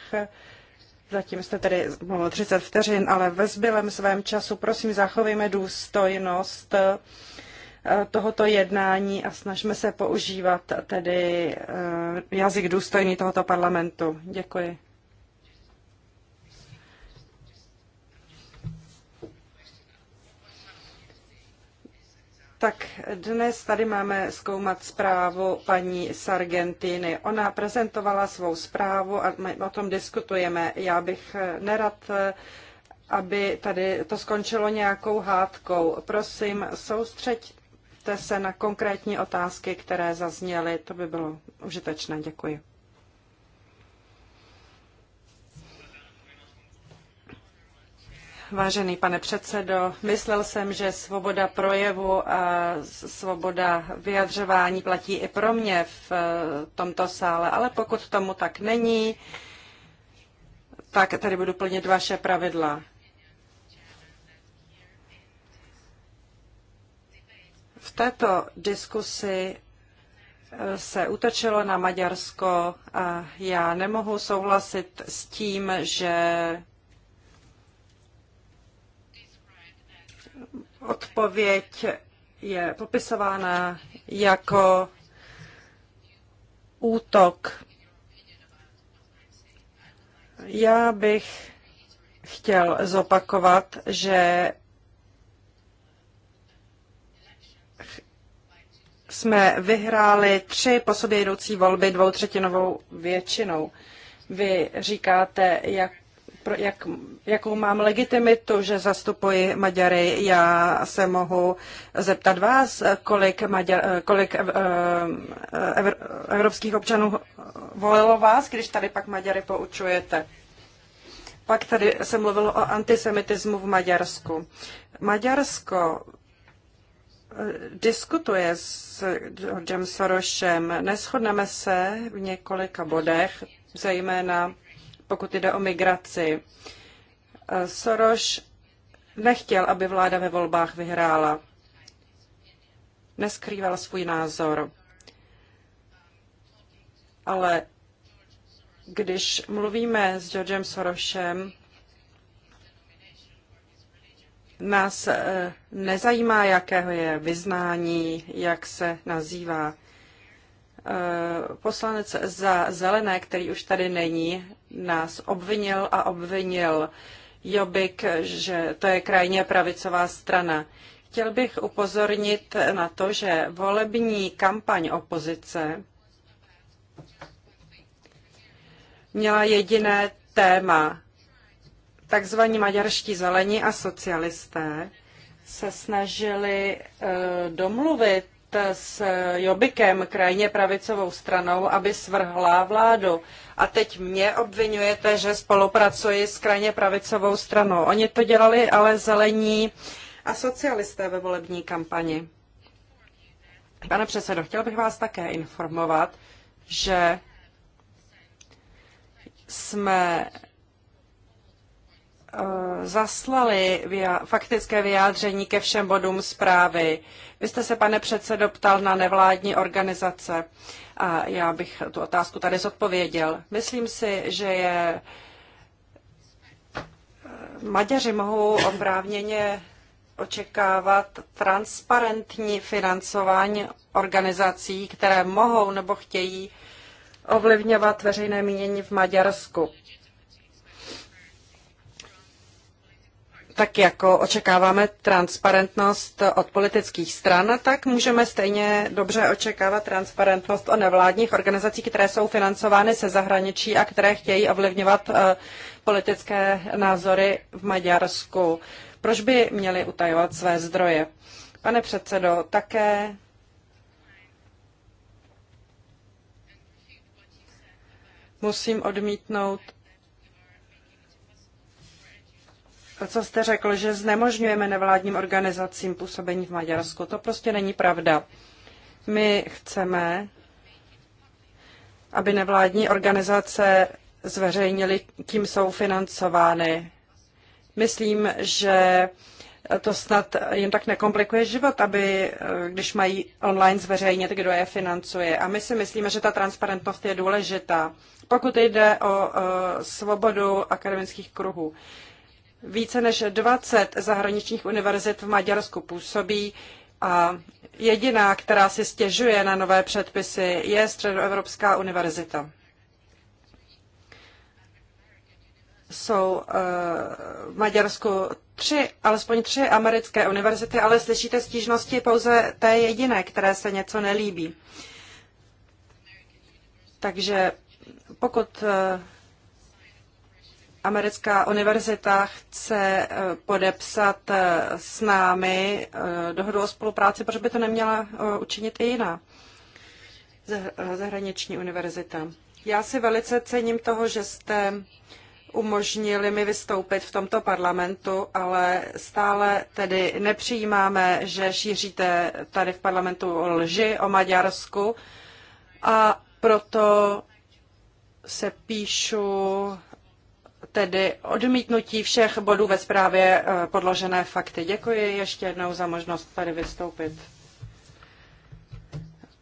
zatím jste tedy mluvil 30 vteřin, ale ve zbylém svém času, prosím, zachovejme důstojnost eh, tohoto jednání a snažme se používat tedy eh, jazyk důstojný tohoto parlamentu. Děkuji. Tak dnes tady máme zkoumat zprávu paní Sargentiny. Ona prezentovala svou zprávu a my o tom diskutujeme. Já bych eh, nerad, eh, aby tady to skončilo nějakou hádkou. Prosím, soustřeďte se na konkrétní otázky, které zazněly. To by bylo užitečné. Děkuji. Vážený pane předsedo, myslel jsem, že svoboda projevu a svoboda vyjadřování platí i pro mě v eh, tomto sále, ale pokud tomu tak není, tak tady budu plnit vaše pravidla. V této diskusi eh, se útočilo na Maďarsko a já nemohu souhlasit s tím, že odpověď je popisována jako útok. Já bych chtěl zopakovat, že jsme vyhráli tři po sobě jdoucí volby dvoutřetinovou většinou. Vy říkáte, jak pro jak, jakou mám legitimitu, že zastupuji Maďary. Já se mohu zeptat vás, kolik, Maďar, kolik eh, eh, ev, evropských občanů volilo vás, když tady pak Maďary poučujete. Pak tady se mluvilo o antisemitismu v Maďarsku. Maďarsko eh, diskutuje s Georgem Sorosem. Neschodneme se v několika bodech, zejména pokud jde o migraci. Eh, Soros nechtěl, aby vláda ve volbách vyhrála. Neskrýval svůj názor. Ale když mluvíme s Georgem Sorosem, nás eh, nezajímá, jakého je vyznání, jak se nazývá. Eh, Poslanec za zelené, který už tady není, nás obvinil a obvinil Jobik, že to je krajně pravicová strana. Chtěl bych upozornit na to, že volební kampaň opozice měla jediné téma. Takzvaní maďarští zelení a socialisté se snažili eh, domluvit s Jobikem, krajně pravicovou stranou, aby svrhla vládu. A teď mě obvinujete, že spolupracuji s krajně pravicovou stranou. Oni to dělali ale zelení a socialisté ve volební kampani. Pane předsedo, chtěl bych vás také informovat, že jsme Eh, zaslali faktické vyjádření ke všem bodům zprávy. Vy jste se, pane předsedo, ptal na nevládní organizace a já bych tu otázku tady zodpověděl. Myslím si, že je eh, Maďaři mohou oprávněně očekávat transparentní financování organizací, které mohou nebo chtějí ovlivňovat veřejné mínění v Maďarsku. tak jako očekáváme transparentnost od politických stran, tak můžeme stejně dobře očekávat transparentnost o nevládních organizací, které jsou financovány se zahraničí a které chtějí ovlivňovat eh, politické názory v Maďarsku. Proč by měli utajovat své zdroje? Pane předsedo, také musím odmítnout co jste řekl, že znemožňujeme nevládním organizacím působení v Maďarsku. To prostě není pravda. My chceme, aby nevládní organizace zveřejnili, kým jsou financovány. Myslím, že to snad jim tak nekomplikuje život, aby, eh, když mají online zveřejnit, kdo je financuje. A my si myslíme, že ta transparentnost je důležitá, pokud jde o eh, svobodu akademických kruhů. Více než 20 zahraničních univerzit v Maďarsku působí a jediná, která si stěžuje na nové předpisy, je Středoevropská univerzita. Jsou eh, v Maďarsku tři, alespoň tři americké univerzity, ale slyšíte stížnosti pouze té jediné, které se něco nelíbí. Takže pokud eh, americká univerzita chce eh, podepsat eh, s námi eh, dohodu o spolupráci, proč by to neměla učinit i jiná zahraniční univerzita. Já si velice cením toho, že jste umožnili mi vystoupit v tomto parlamentu, ale stále tedy nepřijímáme, že šíříte tady v parlamentu lži o Maďarsku a proto se píšu tedy odmítnutí všech bodů ve zprávě eh, podložené fakty. Děkuji ještě jednou za možnost tady vystoupit.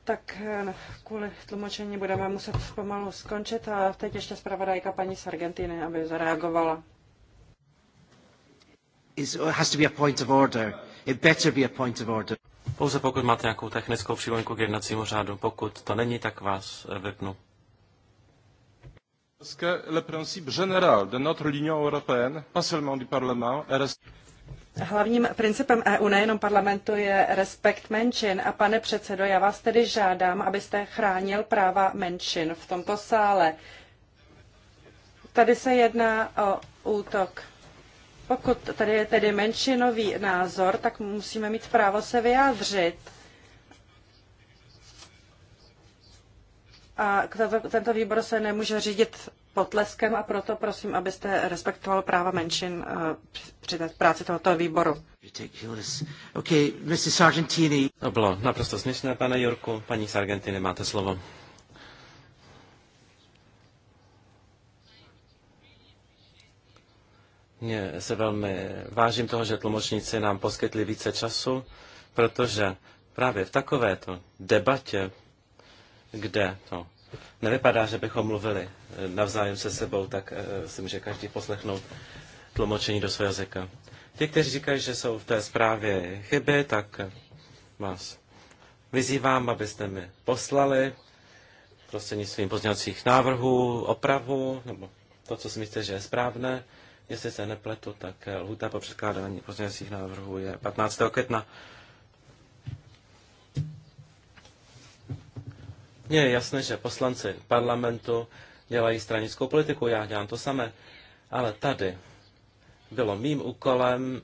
Tak eh, kvůli tlumočení budeme muset pomalu skončit a teď ještě zpravodajka paní z Argentiny, aby zareagovala. Pouze pokud máte nějakou technickou přílohu k jednacímu řádu, pokud to není, tak vás eh, vypnu. Hlavním principem EU, nejenom parlamentu, je respekt menšin. A pane předsedo, já vás tedy žádám, abyste chránil práva menšin v tomto sále. Tady se jedná o útok. Pokud tady je tedy menšinový názor, tak musíme mít právo se vyjádřit. A tento výbor se nemůže řídit potleskem a proto prosím, abyste respektoval práva menšin eh, při práci tohoto výboru. Okay, Mrs. Argentini. To bylo naprosto směšné, pane Jurku. Paní sargentini máte slovo. Mě se velmi vážím toho, že tlumočníci nám poskytli více času, protože právě v takovéto debatě kde to nevypadá, že bychom mluvili eh, navzájem se sebou, tak eh, si může každý poslechnout tlumočení do svého jazyka. Ti, kteří říkají, že jsou v té zprávě chyby, tak eh, vás vyzývám, abyste mi poslali prostřednictvím pozdělacích návrhů, opravu, nebo to, co si myslíte, že je správné. Jestli se nepletu, tak lhůta po předkládání pozdělacích návrhů je 15. května. Mně je jasné, že poslanci parlamentu dělají stranickou politiku, já dělám to samé, ale tady bylo mým úkolem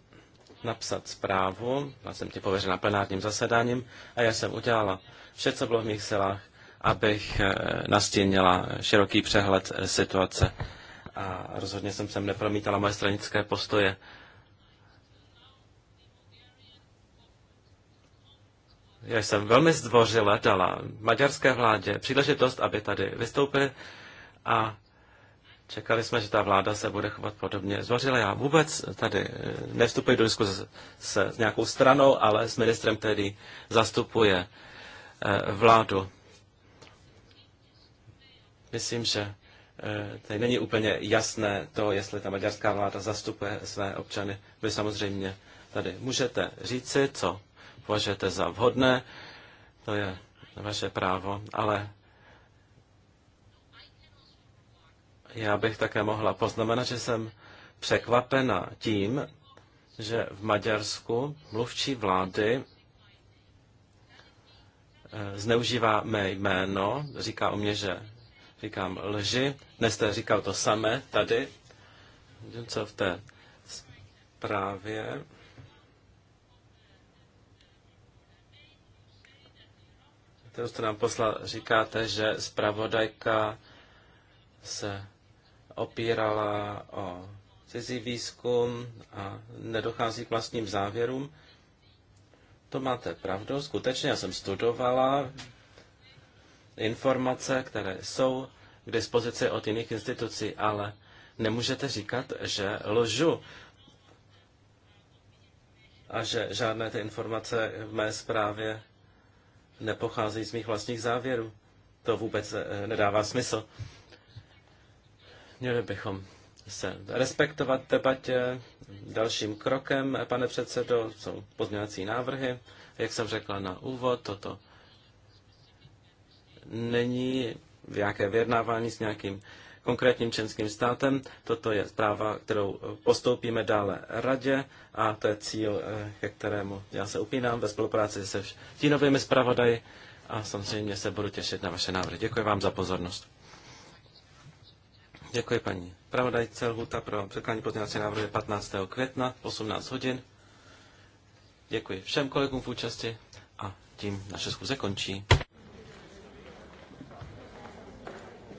napsat zprávu, já jsem ti pověřena plenárním zasedáním a já jsem udělala vše, co bylo v mých silách, abych eh, nastínila široký přehled situace. A rozhodně jsem sem nepromítala moje stranické postoje. já jsem velmi zdvořile dala maďarské vládě příležitost, aby tady vystoupili a čekali jsme, že ta vláda se bude chovat podobně zdvořile. Já vůbec tady eh, nevstupuji do diskuze s, s nějakou stranou, ale s ministrem, který zastupuje eh, vládu. Myslím, že eh, tady není úplně jasné to, jestli ta maďarská vláda zastupuje své občany. Vy samozřejmě tady můžete říci, co považujete za vhodné, to je vaše právo, ale já bych také mohla poznamenat, že jsem překvapena tím, že v Maďarsku mluvčí vlády eh, zneužívá mé jméno, říká o mě, že říkám lži. Dnes jste říkal to samé tady, co v té zprávě. kterou jste nám poslal, říkáte, že zpravodajka se opírala o cizí výzkum a nedochází k vlastním závěrům. To máte pravdu, skutečně já jsem studovala informace, které jsou k dispozici od jiných institucí, ale nemůžete říkat, že lžu a že žádné ty informace v mé zprávě nepocházejí z mých vlastních závěrů. To vůbec eh, nedává smysl. Měli bychom se respektovat debatě. Dalším krokem, eh, pane předsedo, jsou pozměňovací návrhy. Jak jsem řekla na úvod, toto není nějaké vyjednávání s nějakým konkrétním členským státem. Toto je zpráva, kterou postoupíme dále radě a to je cíl, eh, ke kterému já se upínám ve spolupráci se stínovými zpravodaji a samozřejmě se budu těšit na vaše návrhy. Děkuji vám za pozornost. Děkuji paní pravodajce. Lhuta pro překladní pozměňovací návrhu 15. května 18 hodin. Děkuji všem kolegům v účasti a tím naše schůze končí.